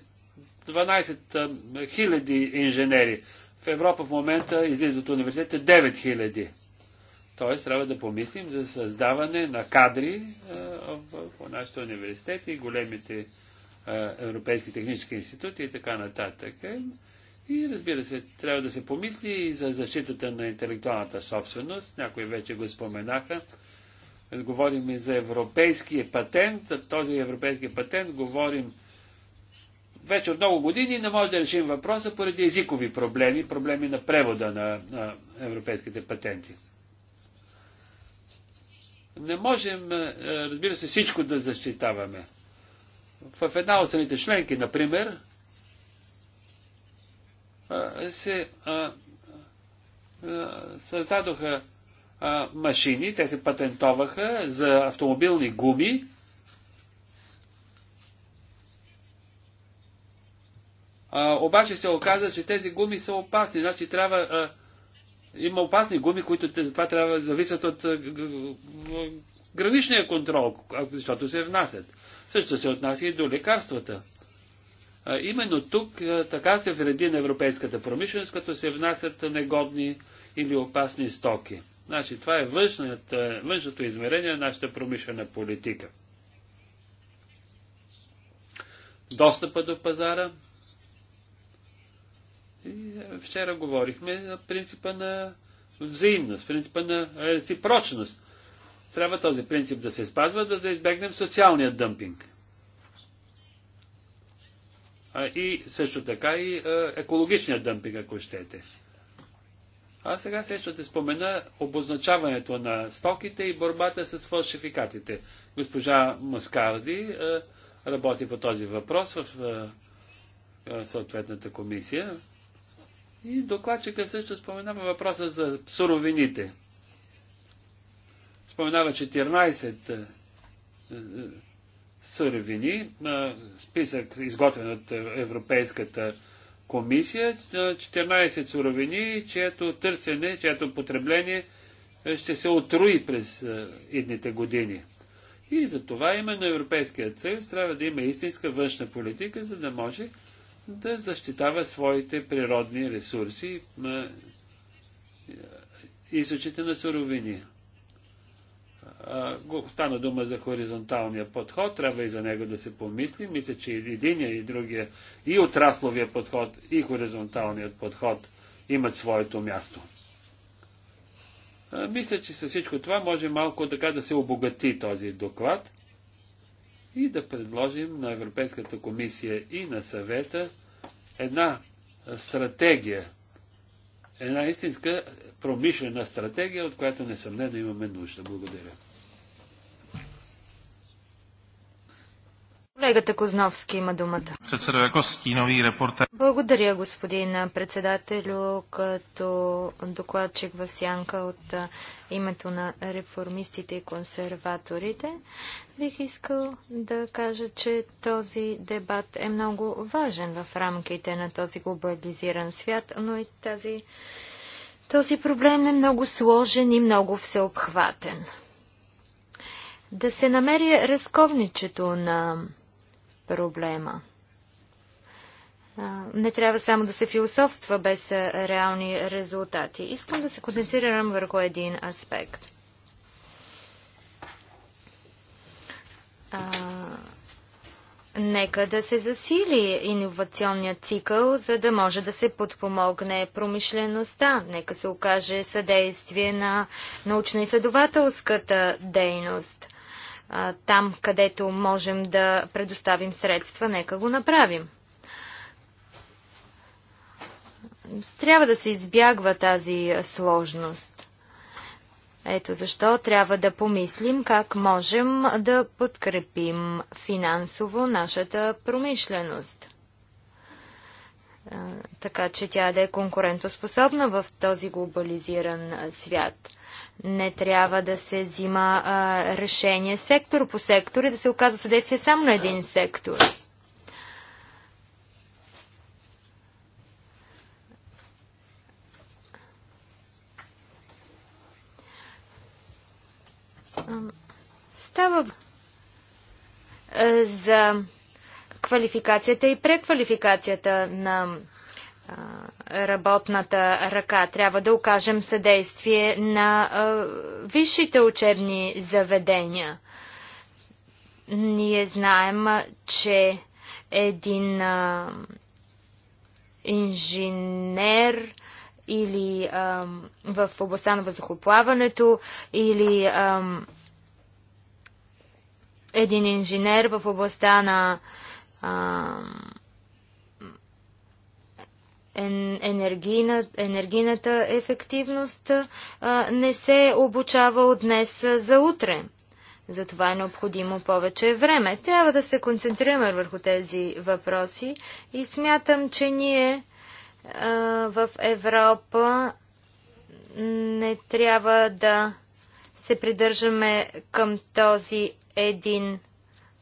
000 инженери. В Европа в момента излизат от университета 9 000. Тоест, трябва да помислим за създаване на кадри а, в, в нашите университети, големите а, европейски технически институти и така нататък. И разбира се, трябва да се помисли и за защитата на интелектуалната собственост. Някои вече го споменаха. Говорим и за европейския патент. Този европейски патент говорим вече от много години не може да решим въпроса поради езикови проблеми, проблеми на превода на, на европейските патенти. Не можем, е, разбира се, всичко да защитаваме. В една от страните членки, например, се създадоха машини, те се патентоваха за автомобилни гуми. А, обаче се оказа, че тези гуми са опасни. Значи трябва. А, има опасни гуми, които това трябва да зависят от граничния контрол, защото се внасят. Също се отнася и до лекарствата. Именно тук така се вреди на европейската промишленост, като се внасят негодни или опасни стоки. Значи, това е външната, външното измерение на нашата промишлена политика. Достъпа до пазара. И вчера говорихме за принципа на взаимност, принципа на реципрочност. Трябва този принцип да се спазва, да, да избегнем социалния дъмпинг а, и също така и а, екологичния дъмпинг, ако щете. А сега се ще спомена обозначаването на стоките и борбата с фалшификатите. Госпожа Маскарди а, работи по този въпрос в а, а, съответната комисия. И докладчика също споменава въпроса за суровините. Споменава 14 суровини, списък изготвен от Европейската комисия, 14 суровини, чието търсене, чието потребление ще се отруи през едните години. И за това именно Европейският съюз трябва да има истинска външна политика, за да може да защитава своите природни ресурси, източите на суровини стана дума за хоризонталния подход, трябва и за него да се помисли. Мисля, че и единия и другия, и отрасловия подход, и хоризонталният подход имат своето място. Мисля, че с всичко това може малко така да се обогати този доклад и да предложим на Европейската комисия и на съвета една стратегия, една истинска промишлена стратегия, от която несъмнено имаме нужда. Благодаря. Колегата Кузновски има думата. Председател, ако стинови Благодаря, господин председателю, като докладчик в сянка от името на реформистите и консерваторите. Бих искал да кажа, че този дебат е много важен в рамките на този глобализиран свят, но и тази, този проблем е много сложен и много всеобхватен. Да се намери разковничето на проблема. Не трябва само да се философства без реални резултати. Искам да се концентрирам върху един аспект. нека да се засили иновационният цикъл, за да може да се подпомогне промишлеността. Нека се окаже съдействие на научно-изследователската дейност – там, където можем да предоставим средства, нека го направим. Трябва да се избягва тази сложност. Ето защо трябва да помислим как можем да подкрепим финансово нашата промишленост така че тя да е конкурентоспособна в този глобализиран свят. Не трябва да се взима а, решение сектор по сектор и да се оказва съдействие само на един сектор. Става за квалификацията и преквалификацията на работната ръка. Трябва да окажем съдействие на висшите учебни заведения. Ние знаем, че един инженер или в областта на въздухоплаването или един инженер в областта на ам, енергийна, енергийната ефективност а, не се обучава от днес за утре. Затова е необходимо повече време. Трябва да се концентрираме върху тези въпроси и смятам, че ние а, в Европа не трябва да се придържаме към този един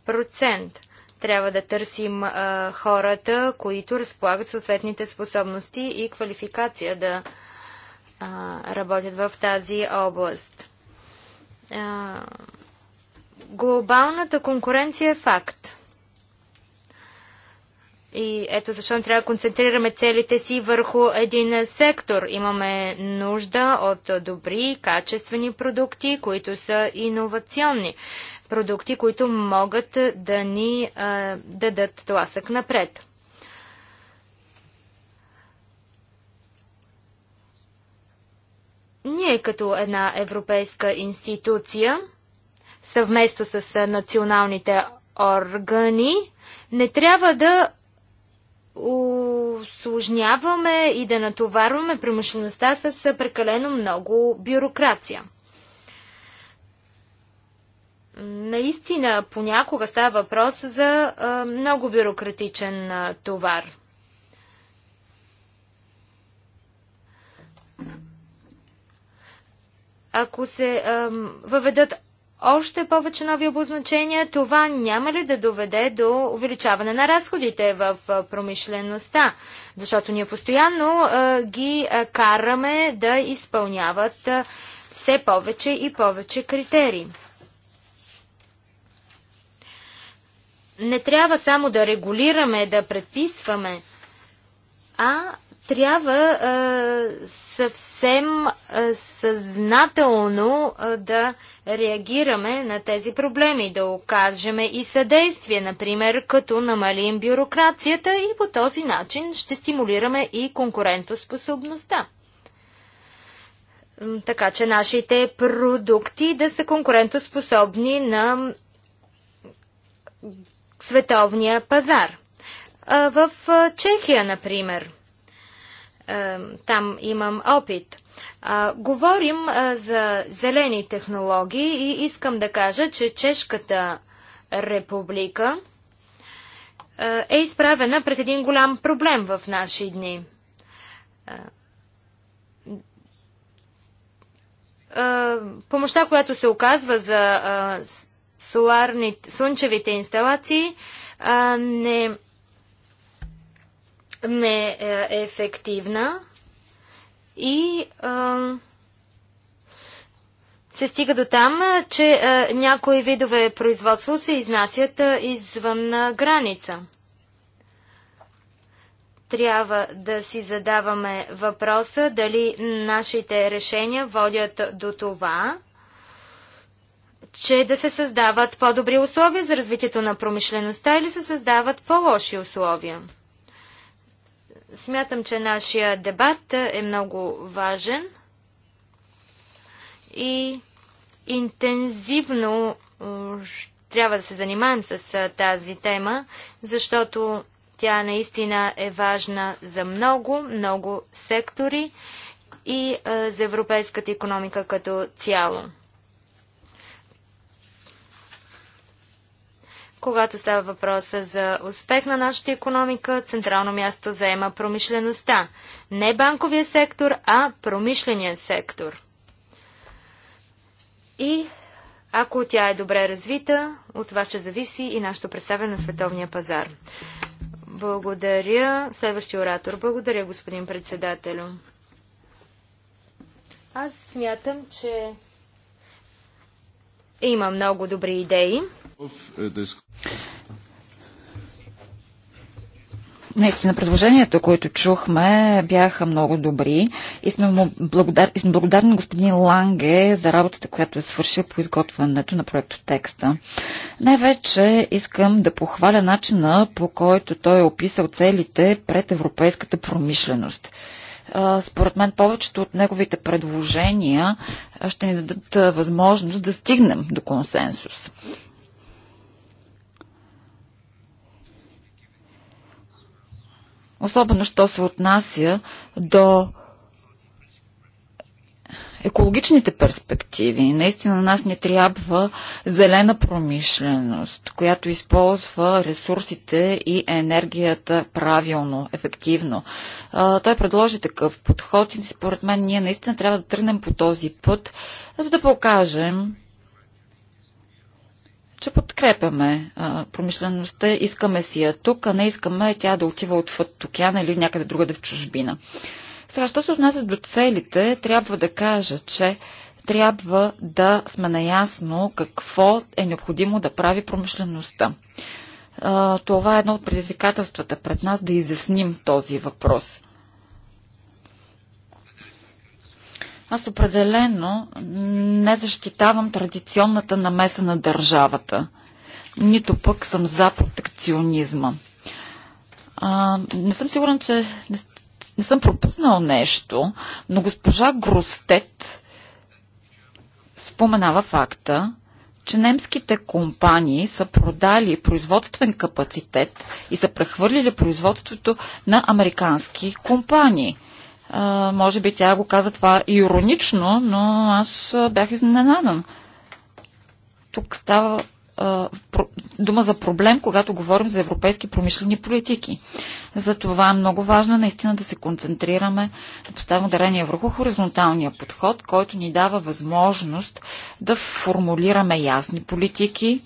процент. Трябва да търсим а, хората, които разполагат съответните способности и квалификация да а, работят в тази област. А, глобалната конкуренция е факт. И ето защо трябва да концентрираме целите си върху един сектор. Имаме нужда от добри, качествени продукти, които са иновационни. Продукти, които могат да ни а, дадат тласък напред. Ние като една европейска институция, съвместно с националните органи, не трябва да усложняваме и да натоварваме промишлеността с прекалено много бюрокрация. Наистина, понякога става въпрос за много бюрократичен товар. Ако се въведат още повече нови обозначения, това няма ли да доведе до увеличаване на разходите в промишлеността? Защото ние постоянно ги караме да изпълняват все повече и повече критерии. Не трябва само да регулираме, да предписваме, а трябва съвсем съзнателно да реагираме на тези проблеми, да окажеме и съдействие, например, като намалим бюрокрацията и по този начин ще стимулираме и конкурентоспособността така че нашите продукти да са конкурентоспособни на световния пазар. В Чехия, например, там имам опит. говорим за зелени технологии и искам да кажа, че Чешката република е, е изправена пред един голям проблем в наши дни. Е, е, помощта, която се оказва за слънчевите инсталации, не не е ефективна и а, се стига до там, че а, е, някои видове производство се изнасят а, е, извън а, е, граница. Трябва да си задаваме въпроса дали нашите решения водят до това, че да се създават по-добри условия за развитието на промишлеността или се създават по-лоши условия. Смятам, че нашия дебат е много важен и интензивно трябва да се занимаем с тази тема, защото тя наистина е важна за много, много сектори и за европейската економика като цяло. Когато става въпроса за успех на нашата економика, централно място заема промишлеността. Не банковия сектор, а промишления сектор. И ако тя е добре развита, от това ще зависи и нашето представяне на световния пазар. Благодаря. Следващия оратор. Благодаря, господин председателю. Аз смятам, че има много добри идеи. Наистина, предложенията, които чухме, бяха много добри и сме, му благодар... и сме благодарни господин Ланге за работата, която е свършил по изготвянето на проекто текста. Най-вече искам да похваля начина, по който той е описал целите пред европейската промишленост. Според мен повечето от неговите предложения ще ни дадат възможност да стигнем до консенсус. особено що се отнася до екологичните перспективи. Наистина нас не трябва зелена промишленост, която използва ресурсите и енергията правилно, ефективно. А, той предложи такъв подход и според мен ние наистина трябва да тръгнем по този път, за да покажем, че подкрепяме а, промишлеността, искаме си я тук, а не искаме тя да отива от океана или някъде другаде в чужбина. Сега, що се отнася до целите, трябва да кажа, че трябва да сме наясно какво е необходимо да прави промишлеността. А, това е едно от предизвикателствата пред нас да изясним този въпрос. Аз определено не защитавам традиционната намеса на държавата, нито пък съм за протекционизма. А, не съм сигурен, че не, не съм пропуснал нещо, но госпожа Гростет споменава факта, че немските компании са продали производствен капацитет и са прехвърлили производството на американски компании. А, може би тя го каза това иронично, но аз бях изненадан. Тук става дума за проблем, когато говорим за европейски промишлени политики. Затова е много важно наистина да се концентрираме, да поставим ударение върху хоризонталния подход, който ни дава възможност да формулираме ясни политики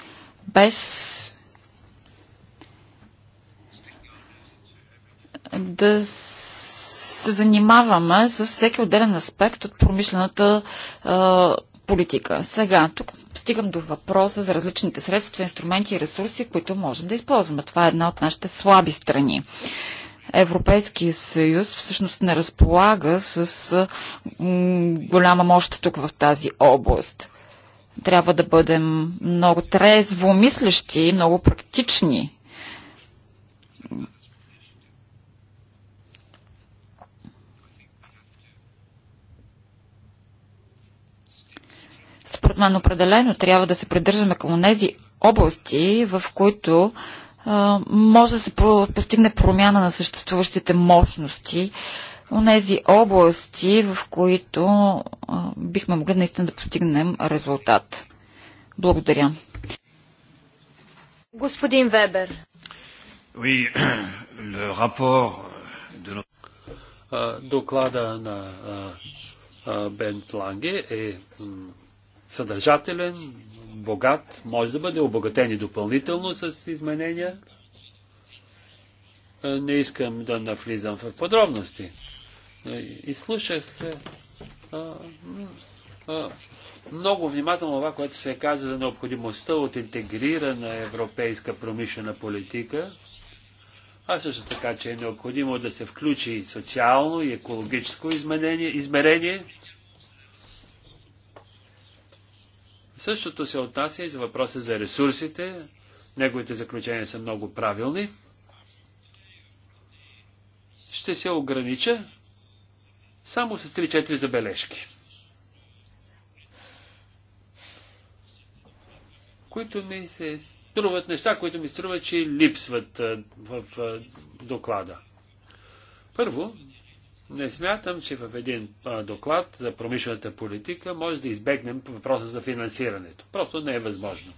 без да се занимаваме с всеки отделен аспект от промишлената а, политика. Сега, тук стигам до въпроса за различните средства, инструменти и ресурси, които можем да използваме. Това е една от нашите слаби страни. Европейския съюз всъщност не разполага с голяма мощ тук в тази област. Трябва да бъдем много трезво мислещи, много практични според мен определено трябва да се придържаме към тези области, в които а, може да се постигне промяна на съществуващите мощности, онези области, в които а, бихме могли наистина да постигнем резултат. Благодаря. Господин Вебер. Oui, le rapport de uh, Доклада на Бент Ланге е съдържателен, богат, може да бъде обогатен и допълнително с изменения. Е, не искам да навлизам в подробности. Е, и слушах е, а, а, много внимателно това, което се каза за необходимостта от интегрирана европейска промишлена политика, а също така, че е необходимо да се включи социално и екологическо измерение. измерение Същото се отнася и за въпроса за ресурсите. Неговите заключения са много правилни. Ще се огранича само с 3-4 забележки, които ми се струват неща, които ми струват, че липсват в доклада. Първо, не смятам, че в един а, доклад за промишлената политика може да избегнем въпроса за финансирането. Просто не е възможно.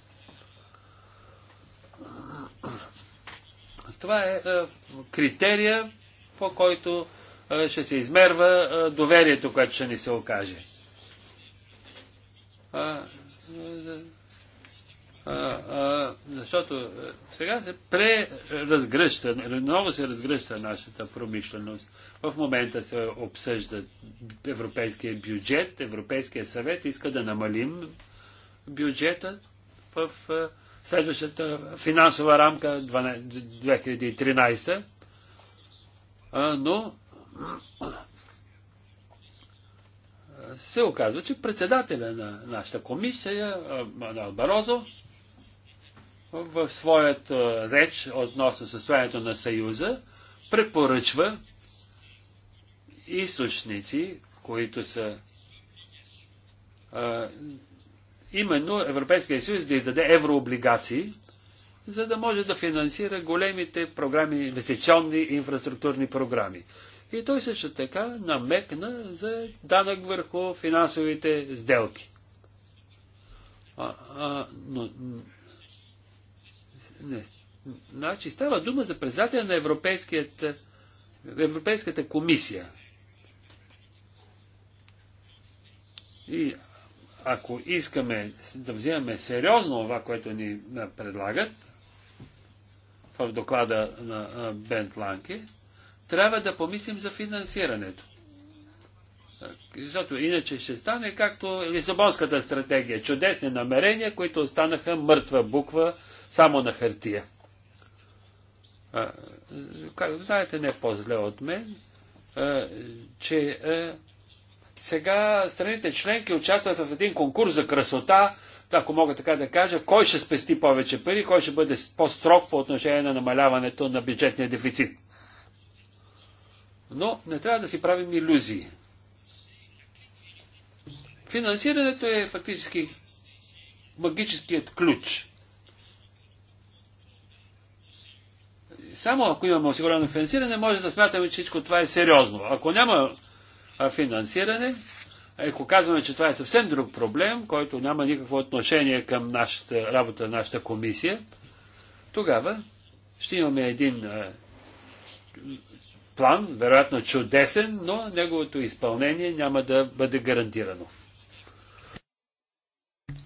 Това е а, критерия, по който а, ще се измерва а, доверието, което ще ни се окаже. А, защото е, сега се преразгръща, много се разгръща нашата промишленост. В момента се обсъжда европейския бюджет, Европейския съвет иска да намалим бюджета в е, следващата финансова рамка 2013, но се оказва, че председателя на нашата комисия, е, Манал Барозо, в своята реч относно състоянието на Съюза препоръчва източници, които са а, именно Европейския съюз да издаде еврооблигации, за да може да финансира големите програми, инвестиционни и инфраструктурни програми. И той също така намекна за данък върху финансовите сделки. А, а, но не, значи става дума за председателя на Европейската комисия. И ако искаме да вземаме сериозно това, което ни предлагат в доклада на Бент Ланке, трябва да помислим за финансирането. Защото иначе ще стане както Лисабонската стратегия. Чудесни намерения, които останаха мъртва буква само на хартия. А, как знаете, не е по-зле от мен, а, че а, сега страните членки участват в един конкурс за красота, ако мога така да кажа, кой ще спести повече пари, кой ще бъде по-строг по отношение на намаляването на бюджетния дефицит. Но не трябва да си правим иллюзии. Финансирането е фактически магическият ключ Само ако имаме осигурено финансиране, може да смятаме, че всичко това е сериозно. Ако няма финансиране, ако казваме, че това е съвсем друг проблем, който няма никакво отношение към нашата работа, нашата комисия, тогава ще имаме един план, вероятно чудесен, но неговото изпълнение няма да бъде гарантирано.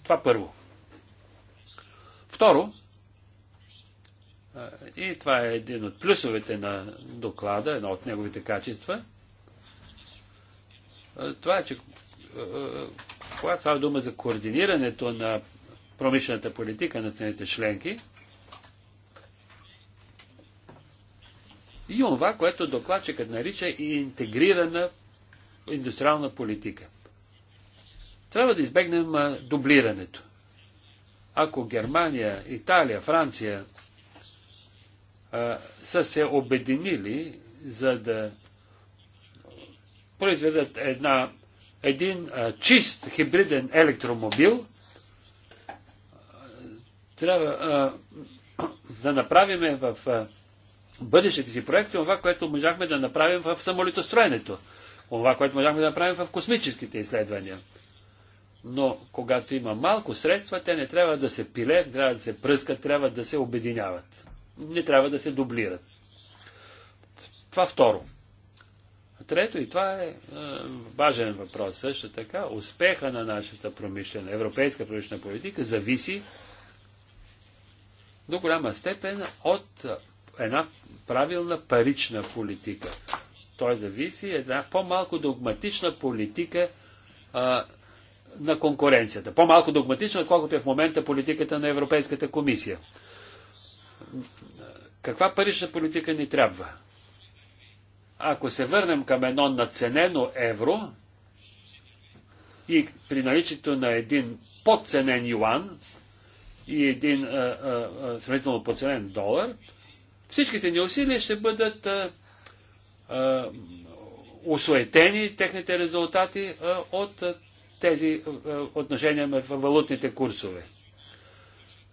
Това първо. Второ, и това е един от плюсовете на доклада, едно от неговите качества. Това е, че когато става дума за координирането на промишлената политика на страните членки, и това, което докладчикът нарича и интегрирана индустриална политика. Трябва да избегнем дублирането. Ако Германия, Италия, Франция са се обединили, за да произведат една, един а, чист хибриден електромобил. Трябва а, да направим в а, бъдещите си проекти това, което можахме да направим в самолетостроенето, това, което можахме да направим в космическите изследвания. Но когато има малко средства, те не трябва да се пиле, трябва да се пръскат, трябва да се обединяват не трябва да се дублират. Това второ. Трето, и това е, е важен въпрос също така, успеха на нашата промишлена, европейска промишлена политика зависи до голяма степен от една правилна парична политика. Той зависи една по-малко догматична политика а, на конкуренцията. По-малко догматична, колкото е в момента политиката на Европейската комисия каква парична политика ни трябва? Ако се върнем към едно наценено евро и при наличието на един подценен юан и един сравнително подценен долар, всичките ни усилия ще бъдат осуетени техните резултати а, от а, тези а, отношения в валутните курсове.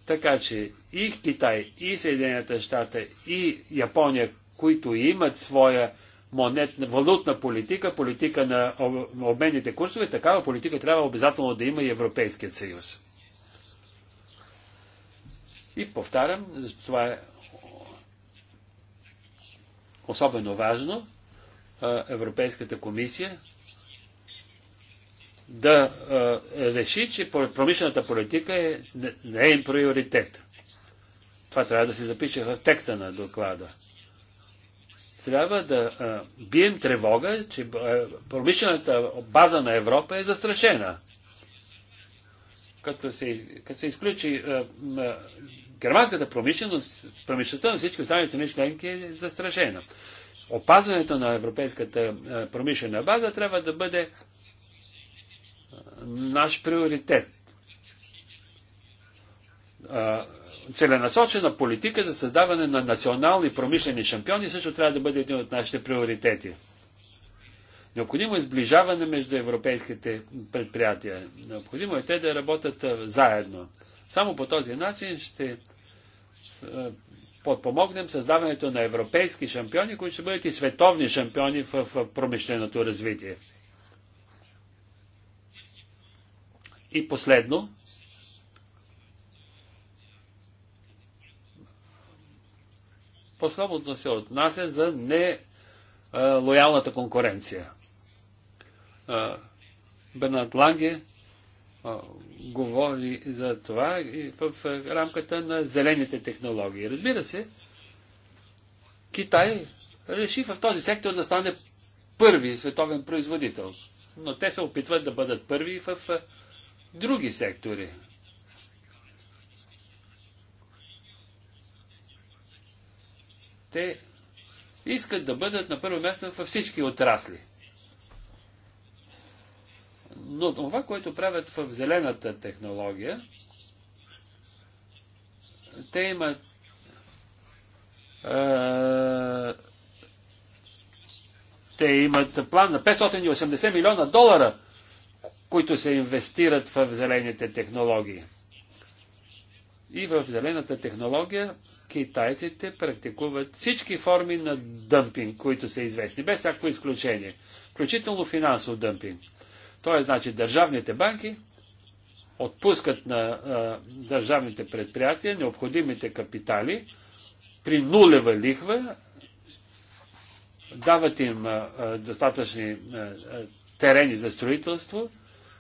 Така че и Китай, и Съединените щата, и Япония, които имат своя монетна, валутна политика, политика на обменните курсове, такава политика трябва обязателно да има и Европейският съюз. И повтарям, това е особено важно, Европейската комисия да реши, че промишлената политика е неин е приоритет. Това трябва да се запише в текста на доклада. Трябва да а, бием тревога, че а, промишлената база на Европа е застрашена. Като се, като се изключи а, а, германската промишленост, промишлеността на всички останали страни членки е застрашена. Опазването на европейската промишлена база трябва да бъде наш приоритет целенасочена политика за създаване на национални промишлени шампиони също трябва да бъде един от нашите приоритети. Необходимо е сближаване между европейските предприятия. Необходимо е те да работят заедно. Само по този начин ще подпомогнем създаването на европейски шампиони, които ще бъдат и световни шампиони в промишленото развитие. И последно, по-слабото се отнася за нелоялната конкуренция. А, Ланге говори за това и в рамката на зелените технологии. Разбира се, Китай реши в този сектор да стане първи световен производител. Но те се опитват да бъдат първи в други сектори. Те искат да бъдат на първо място във всички отрасли. Но това, което правят в зелената технология, те имат е, те имат план на 580 милиона долара, които се инвестират в зелените технологии. И в зелената технология китайците практикуват всички форми на дъмпинг, които са известни, без всяко изключение, включително финансов дъмпинг. Тоест, значи, държавните банки отпускат на а, държавните предприятия необходимите капитали при нулева лихва, дават им а, а, достатъчни а, а, терени за строителство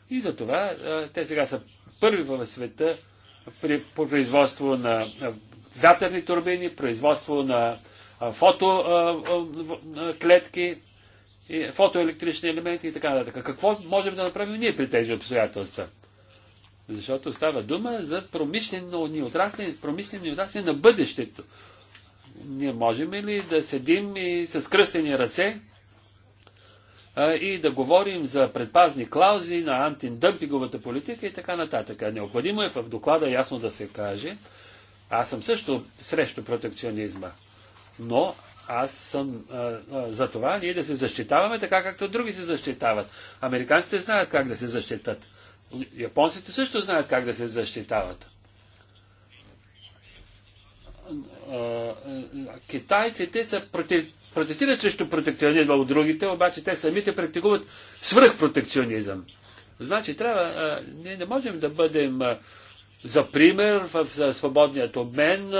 и за това а, те сега са първи в света при производство на вятърни турбини, производство на фотоклетки, фотоелектрични елементи и така нататък. Какво можем да направим ние при тези обстоятелства? Защото става дума за промишлено ни отрасли, промишлени отрасли на бъдещето. Ние можем ли да седим и с кръстени ръце а, и да говорим за предпазни клаузи на антидъмпинговата политика и така нататък. Необходимо е в доклада ясно да се каже, аз съм също срещу протекционизма, но аз съм а, а, за това ние да се защитаваме така, както други се защитават. Американците знаят как да се защитат. Японците също знаят как да се защитават. китайците са против, протестират срещу протекционизма от другите, обаче те самите практикуват свръхпротекционизъм. Значи трябва, а, ние не можем да бъдем а, за пример в свободният обмен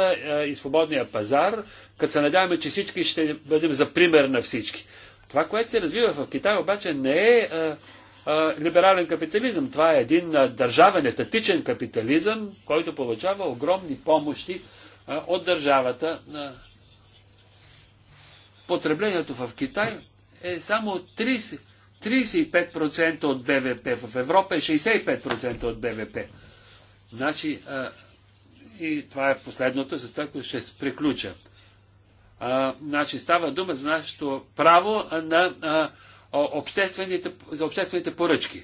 и свободния пазар, като се надяваме, че всички ще бъдем за пример на всички. Това, което се развива в Китай, обаче не е либерален капитализъм. Това е един държавен, етатичен капитализъм, който получава огромни помощи от държавата. Потреблението в Китай е само 30, 35% от БВП, в Европа е 65% от БВП. Значи, а, и това е последното, с което ще приключа. А, значи, става дума за нашето право на а, обществените, за обществените поръчки.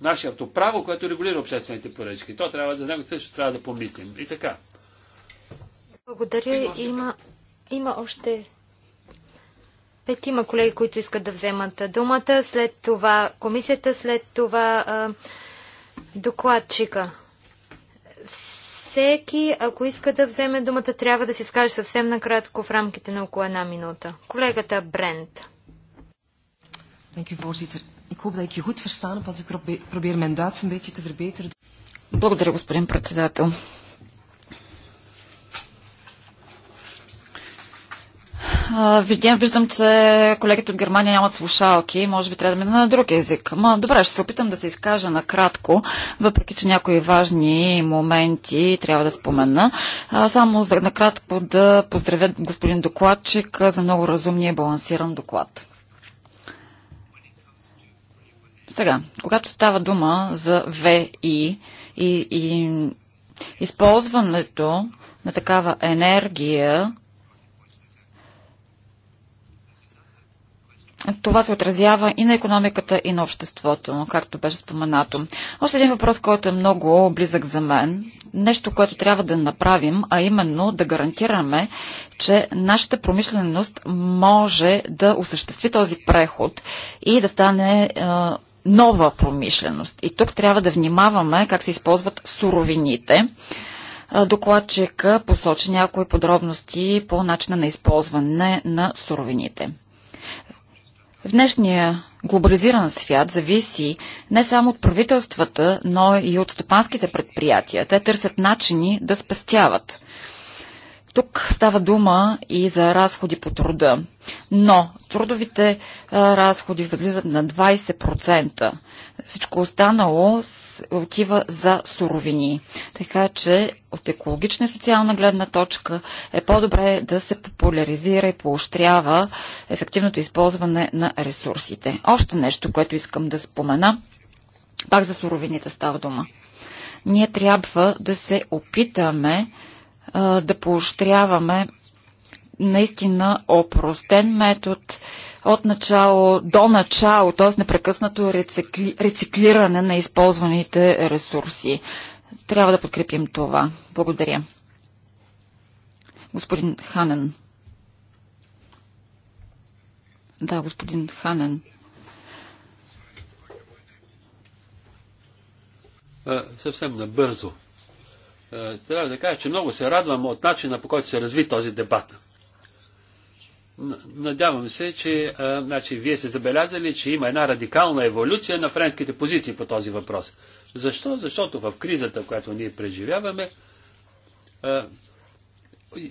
Нашето право, което регулира обществените поръчки. То трябва да него също трябва да помислим. И така. Благодаря. Има, има още петима колеги, които искат да вземат думата. След това комисията, след това Докладчика. Всеки, ако иска да вземе думата, трябва да се скаже съвсем накратко в рамките на около една минута. Колегата Брент. Благодаря, господин председател. Видям, виждам, че колегите от Германия нямат слушалки. Може би трябва да мина на друг език. Ма, добре, ще се опитам да се изкажа накратко, въпреки че някои важни моменти трябва да спомена. А, само за, накратко да поздравя господин докладчик за много разумния и балансиран доклад. Сега, когато става дума за ВИ и, и използването на такава енергия, Това се отразява и на економиката, и на обществото, както беше споменато. Още един въпрос, който е много близък за мен. Нещо, което трябва да направим, а именно да гарантираме, че нашата промишленост може да осъществи този преход и да стане е, нова промишленост. И тук трябва да внимаваме как се използват суровините докладчика посочи някои подробности по начина на използване на суровините в днешния глобализиран свят зависи не само от правителствата, но и от стопанските предприятия. Те търсят начини да спестяват. Тук става дума и за разходи по труда, но трудовите разходи възлизат на 20%. Всичко останало отива за суровини. Така че от екологична и социална гледна точка е по-добре да се популяризира и поощрява ефективното използване на ресурсите. Още нещо, което искам да спомена, пак за суровините става дума. Ние трябва да се опитаме да поощряваме наистина опростен метод от начало до начало, т.е. непрекъснато рецикли... рециклиране на използваните ресурси. Трябва да подкрепим това. Благодаря. Господин Ханен. Да, господин Ханен. А, съвсем набързо. Е, трябва да кажа, че много се радвам от начина по който се разви този дебат. Надявам се, че а, е, значи, вие сте забелязали, че има една радикална еволюция на френските позиции по този въпрос. Защо? Защото в кризата, която ние преживяваме, а, е,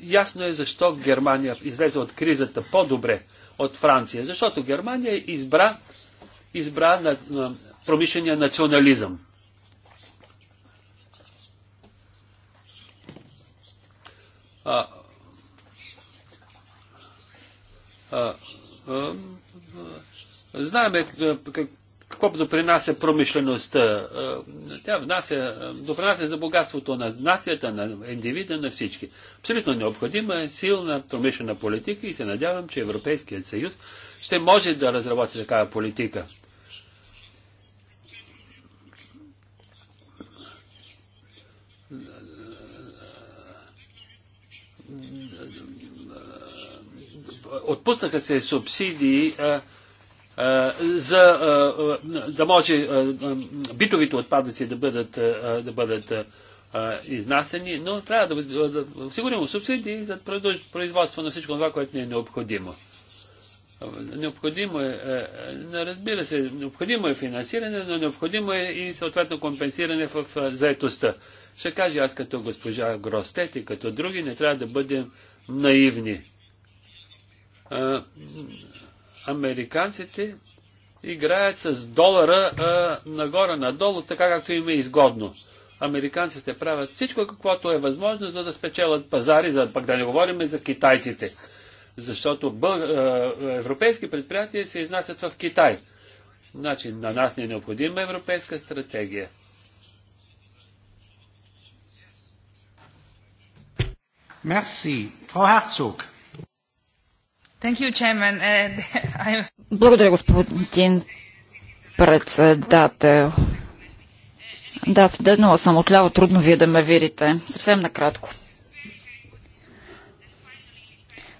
ясно е защо Германия излезе от кризата по-добре от Франция. Защото Германия избра, избра на, на промишления национализъм. а, а, а, знаеме какво допринася промишлеността. Тя внася, допринася за богатството на нацията, на индивида, на всички. Абсолютно необходима е силна промишлена политика и се надявам, че Европейският съюз ще може да разработи такава политика. отпуснаха се субсидии а, а, за а, да може битовите отпадъци да бъдат, да бъдат изнасени, но трябва да, да, осигурим субсидии за производство на всичко това, което ни е необходимо. Необходимо е, е разбира се, необходимо е финансиране, но необходимо е и съответно компенсиране в заетостта. Ще кажа аз като госпожа Гростет и като други, не трябва да бъдем наивни американците играят с долара нагоре-надолу, така както им е изгодно. Американците правят всичко, каквото е възможно, за да спечелят пазари, за пък да не говорим за китайците. Защото бъл... европейски предприятия се изнасят в Китай. Значи на нас не е необходима европейска стратегия. Мерси. Фрау Харцог. Uh, Благодаря, господин председател. Да, седнала съм отляво, трудно вие да ме видите. Съвсем накратко.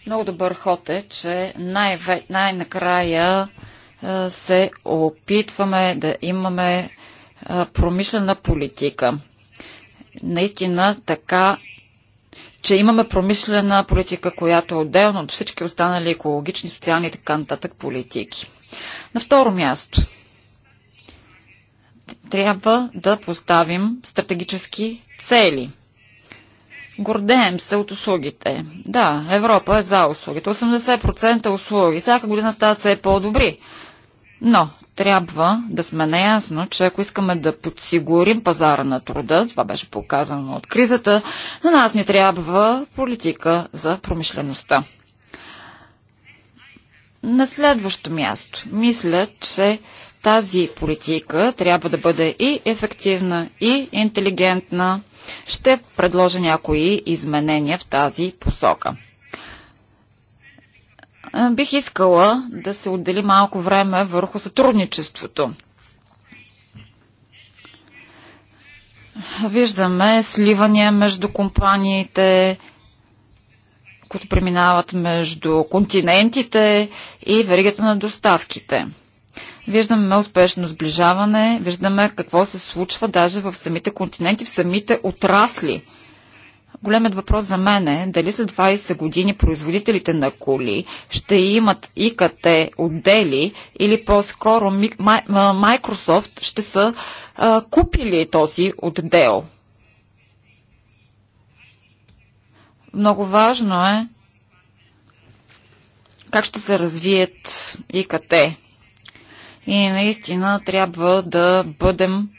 Много добър ход е, че най-накрая най се опитваме да имаме промишлена политика. Наистина така че имаме промишлена политика, която е отделна от всички останали екологични, социални и така нататък политики. На второ място, трябва да поставим стратегически цели. Гордеем се от услугите. Да, Европа е за услугите. 80% услуги. Всяка година стават все по-добри. Но трябва да сме наясно, че ако искаме да подсигурим пазара на труда, това беше показано от кризата, на нас ни трябва политика за промишлеността. На следващо място, мисля, че тази политика трябва да бъде и ефективна, и интелигентна. Ще предложа някои изменения в тази посока бих искала да се отдели малко време върху сътрудничеството. Виждаме сливания между компаниите, които преминават между континентите и веригата на доставките. Виждаме успешно сближаване, виждаме какво се случва даже в самите континенти, в самите отрасли. Големият въпрос за мен е дали след 20 години производителите на коли ще имат ИКТ отдели или по-скоро Microsoft ще са а, купили този отдел. Много важно е как ще се развият ИКТ. И наистина трябва да бъдем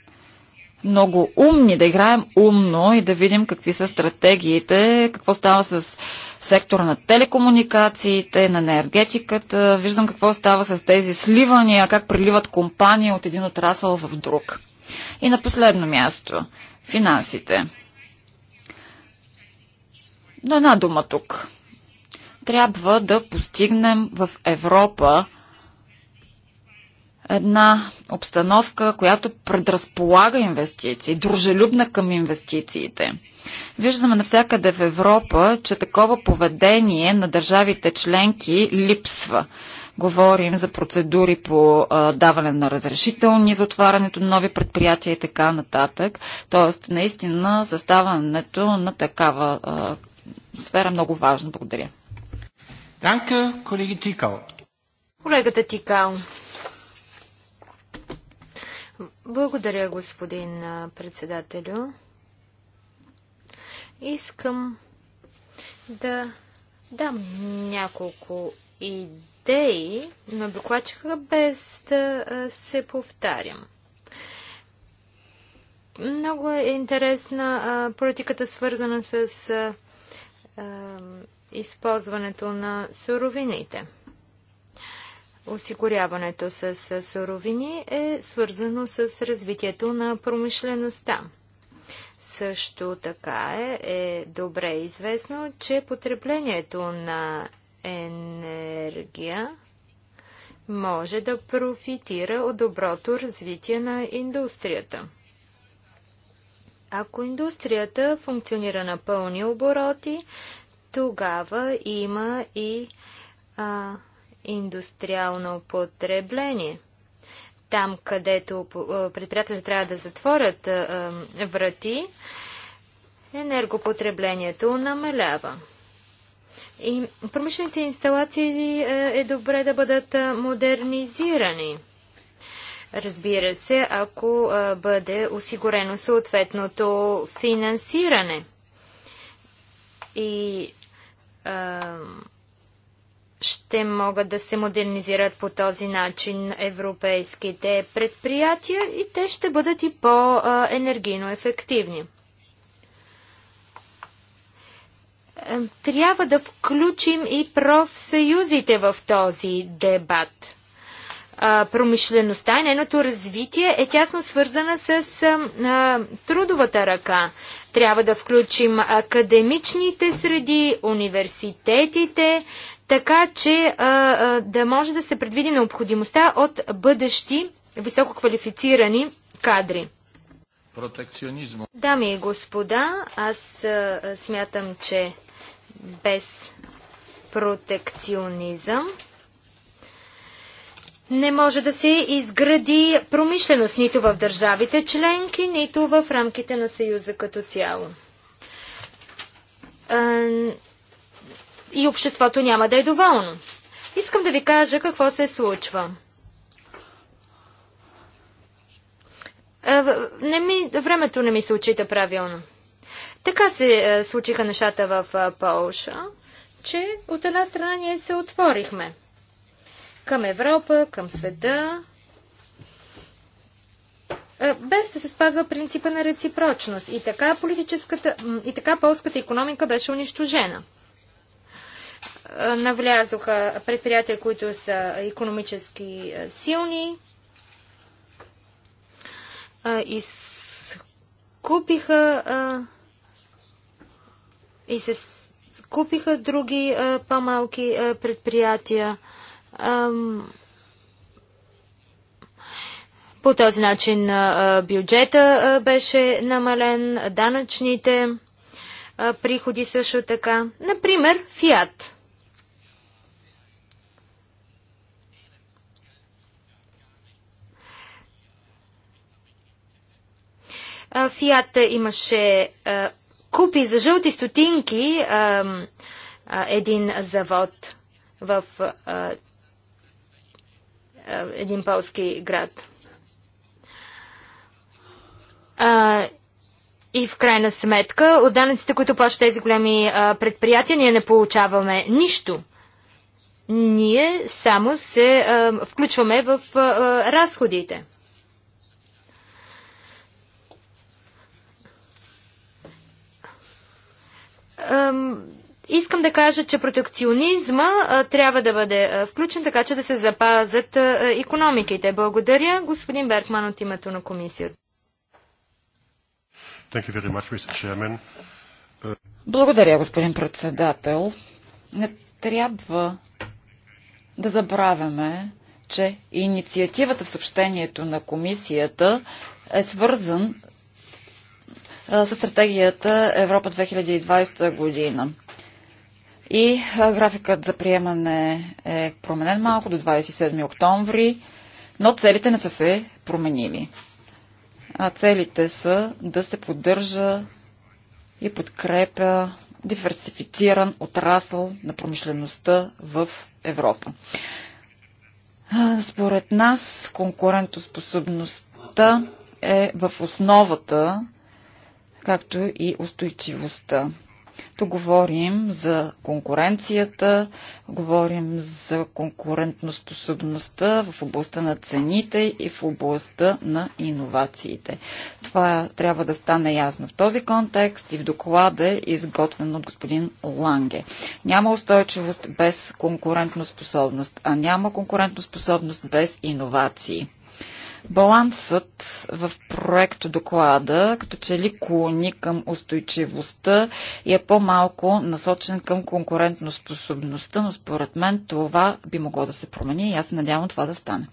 много умни, да играем умно и да видим какви са стратегиите, какво става с сектора на телекомуникациите, на енергетиката. Виждам какво става с тези сливания, как приливат компании от един отрасъл в друг. И на последно място финансите. Но една дума тук. Трябва да постигнем в Европа една обстановка, която предразполага инвестиции, дружелюбна към инвестициите. Виждаме навсякъде в Европа, че такова поведение на държавите членки липсва. Говорим за процедури по а, даване на разрешителни, отварянето на нови предприятия и така нататък. Тоест, наистина, съставането на такава а, сфера е много важно. Благодаря. Данка, колеги Тикал. Колегата Тикал. Благодаря, господин председателю. Искам да дам няколко идеи на докладчика, без да се повтарям. Много е интересна политиката, свързана с използването на суровините осигуряването с суровини е свързано с развитието на промишлеността. Също така е, е добре известно, че потреблението на енергия може да профитира от доброто развитие на индустрията. Ако индустрията функционира на пълни обороти, тогава има и а, индустриално потребление. Там, където предприятията трябва да затворят врати, енергопотреблението намалява. И промишлените инсталации е добре да бъдат модернизирани. Разбира се, ако бъде осигурено съответното финансиране. И а, ще могат да се модернизират по този начин европейските предприятия и те ще бъдат и по-енергийно ефективни. Е, трябва да включим и профсъюзите в този дебат. Промишлеността и нейното развитие е тясно свързана с трудовата ръка. Трябва да включим академичните среди, университетите, така че а, а, да може да се предвиди необходимостта от бъдещи висококвалифицирани кадри. Протекционизма. Дами и господа, аз а, смятам, че без протекционизъм не може да се изгради промишленост нито в държавите членки, нито в рамките на Съюза като цяло и обществото няма да е доволно. Искам да ви кажа какво се случва. Е, не ми, времето не ми се очита правилно. Така се е, случиха нещата в е, Полша, че от една страна ние се отворихме към Европа, към света, без да се спазва принципа на реципрочност. И така, политическата, и така полската економика беше унищожена навлязоха предприятия, които са економически силни, купиха и се купиха други по-малки предприятия. По този начин бюджета беше намален, данъчните приходи също така. Например, Фиат. Фиат имаше купи за жълти стотинки един завод в един полски град. И в крайна сметка, от данъците, които плащат тези големи а, предприятия, ние не получаваме нищо. Ние само се а, включваме в а, разходите. Искам да кажа, че протекционизма а, трябва да бъде а, включен, така че да се запазят а, економиките. Благодаря, господин Беркман, от името на комисията. Much, Благодаря, господин председател. Не трябва да забравяме, че инициативата в съобщението на комисията е свързан със стратегията Европа 2020 година. И графикът за приемане е променен малко до 27 октомври, но целите не са се променили. А целите са да се поддържа и подкрепя диверсифициран отрасъл на промишлеността в Европа. Според нас конкурентоспособността е в основата както и устойчивостта. Тук говорим за конкуренцията, говорим за конкурентноспособността в областта на цените и в областта на иновациите. Това трябва да стане ясно в този контекст и в доклада, изготвен от господин Ланге. Няма устойчивост без конкурентноспособност, а няма конкурентноспособност без иновации. Балансът в проекто доклада, като че ли клони към устойчивостта и е по-малко насочен към конкурентноспособността, но според мен това би могло да се промени и аз се надявам това да стане.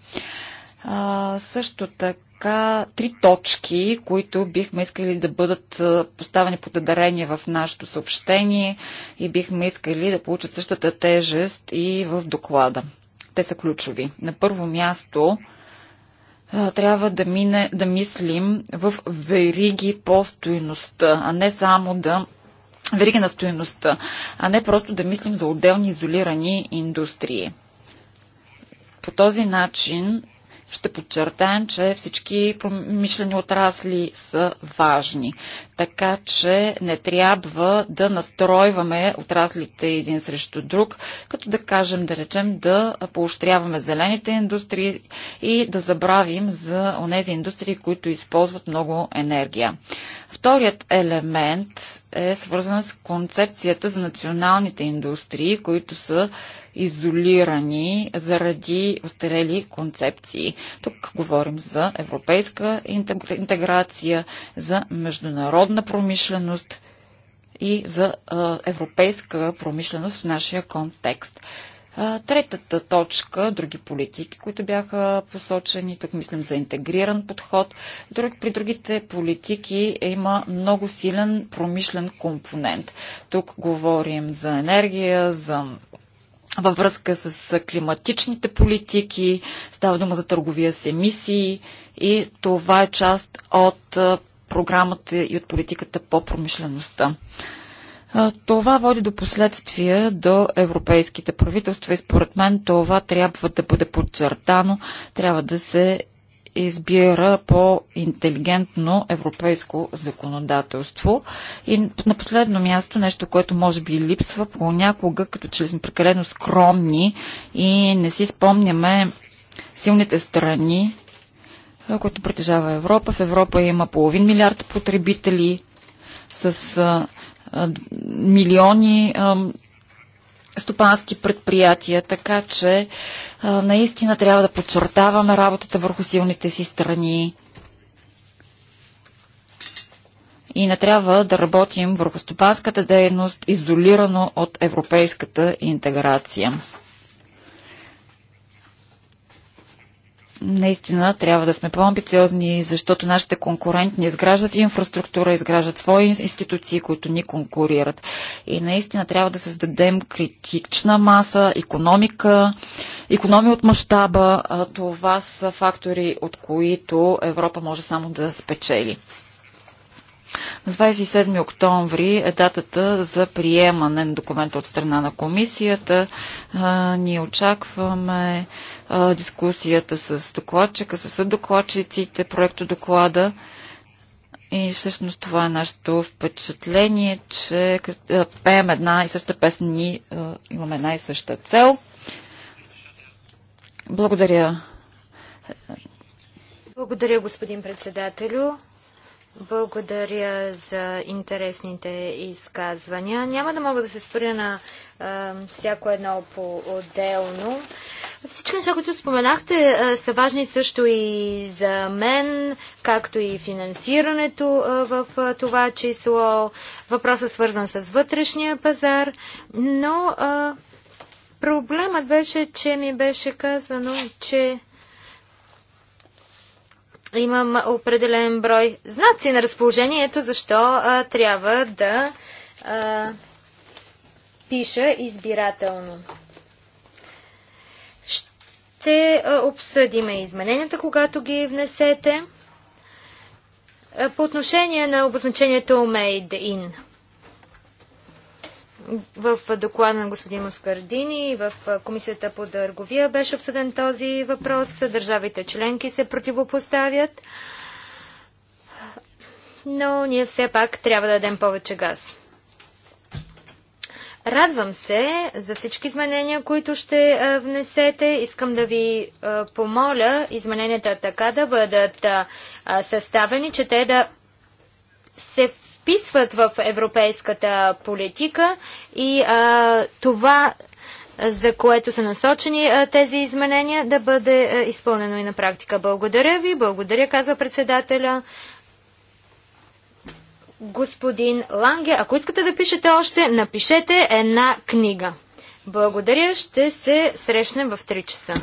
А, също така така три точки, които бихме искали да бъдат поставени под дарение в нашето съобщение и бихме искали да получат същата тежест и в доклада. Те са ключови. На първо място трябва да, мине, да мислим в вериги по стоеността, а не само да Вериги на стоеността, а не просто да мислим за отделни изолирани индустрии. По този начин ще подчертаем, че всички промишлени отрасли са важни, така че не трябва да настройваме отраслите един срещу друг, като да кажем, да речем, да поощряваме зелените индустрии и да забравим за онези индустрии, които използват много енергия. Вторият елемент е свързан с концепцията за националните индустрии, които са изолирани заради устарели концепции. Тук говорим за европейска интеграция, за международна промишленост и за европейска промишленост в нашия контекст. Третата точка, други политики, които бяха посочени, тук мислим за интегриран подход. Друг, при другите политики има много силен промишлен компонент. Тук говорим за енергия, за във връзка с климатичните политики, става дума за търговия с емисии и това е част от програмата и от политиката по промишлеността. Това води до последствия до европейските правителства и според мен това трябва да бъде подчертано, трябва да се избира по-интелигентно европейско законодателство. И на последно място, нещо, което може би липсва понякога, като че сме прекалено скромни и не си спомняме силните страни, които притежава Европа. В Европа има половин милиард потребители с милиони стопански предприятия, така че наистина трябва да подчертаваме работата върху силните си страни и не трябва да работим върху стопанската дейност изолирано от европейската интеграция. наистина трябва да сме по-амбициозни, защото нашите конкурентни изграждат инфраструктура, изграждат свои институции, които ни конкурират. И наистина трябва да създадем критична маса, економика, економия от мащаба. Това са фактори, от които Европа може само да спечели. На 27 октомври е датата за приемане на документа от страна на комисията. А, ние очакваме а, дискусията с докладчика, с докладчиците, проекто доклада. И всъщност това е нашето впечатление, че пеем една и съща песен, ние имаме една и съща цел. Благодаря. Благодаря, господин председателю. Благодаря за интересните изказвания. Няма да мога да се спря на а, всяко едно по-отделно. Всички неща, които споменахте, са важни също и за мен, както и финансирането в това число. Въпросът е свързан с вътрешния пазар, но а, проблемът беше, че ми беше казано, че имам определен брой знаци на разположение. Ето защо а, трябва да а, пиша избирателно. Ще а, обсъдиме измененията, когато ги внесете. А, по отношение на обозначението Made in – в доклада на господин Маскардини и в Комисията по дърговия беше обсъден този въпрос. Държавите членки се противопоставят, но ние все пак трябва да дадем повече газ. Радвам се за всички изменения, които ще внесете. Искам да ви помоля измененията така да бъдат съставени, че те да се вписват в европейската политика и а, това, за което са насочени а, тези изменения, да бъде а, изпълнено и на практика. Благодаря ви, благодаря, казва председателя. Господин Ланге, ако искате да пишете още, напишете една книга. Благодаря, ще се срещнем в 3 часа.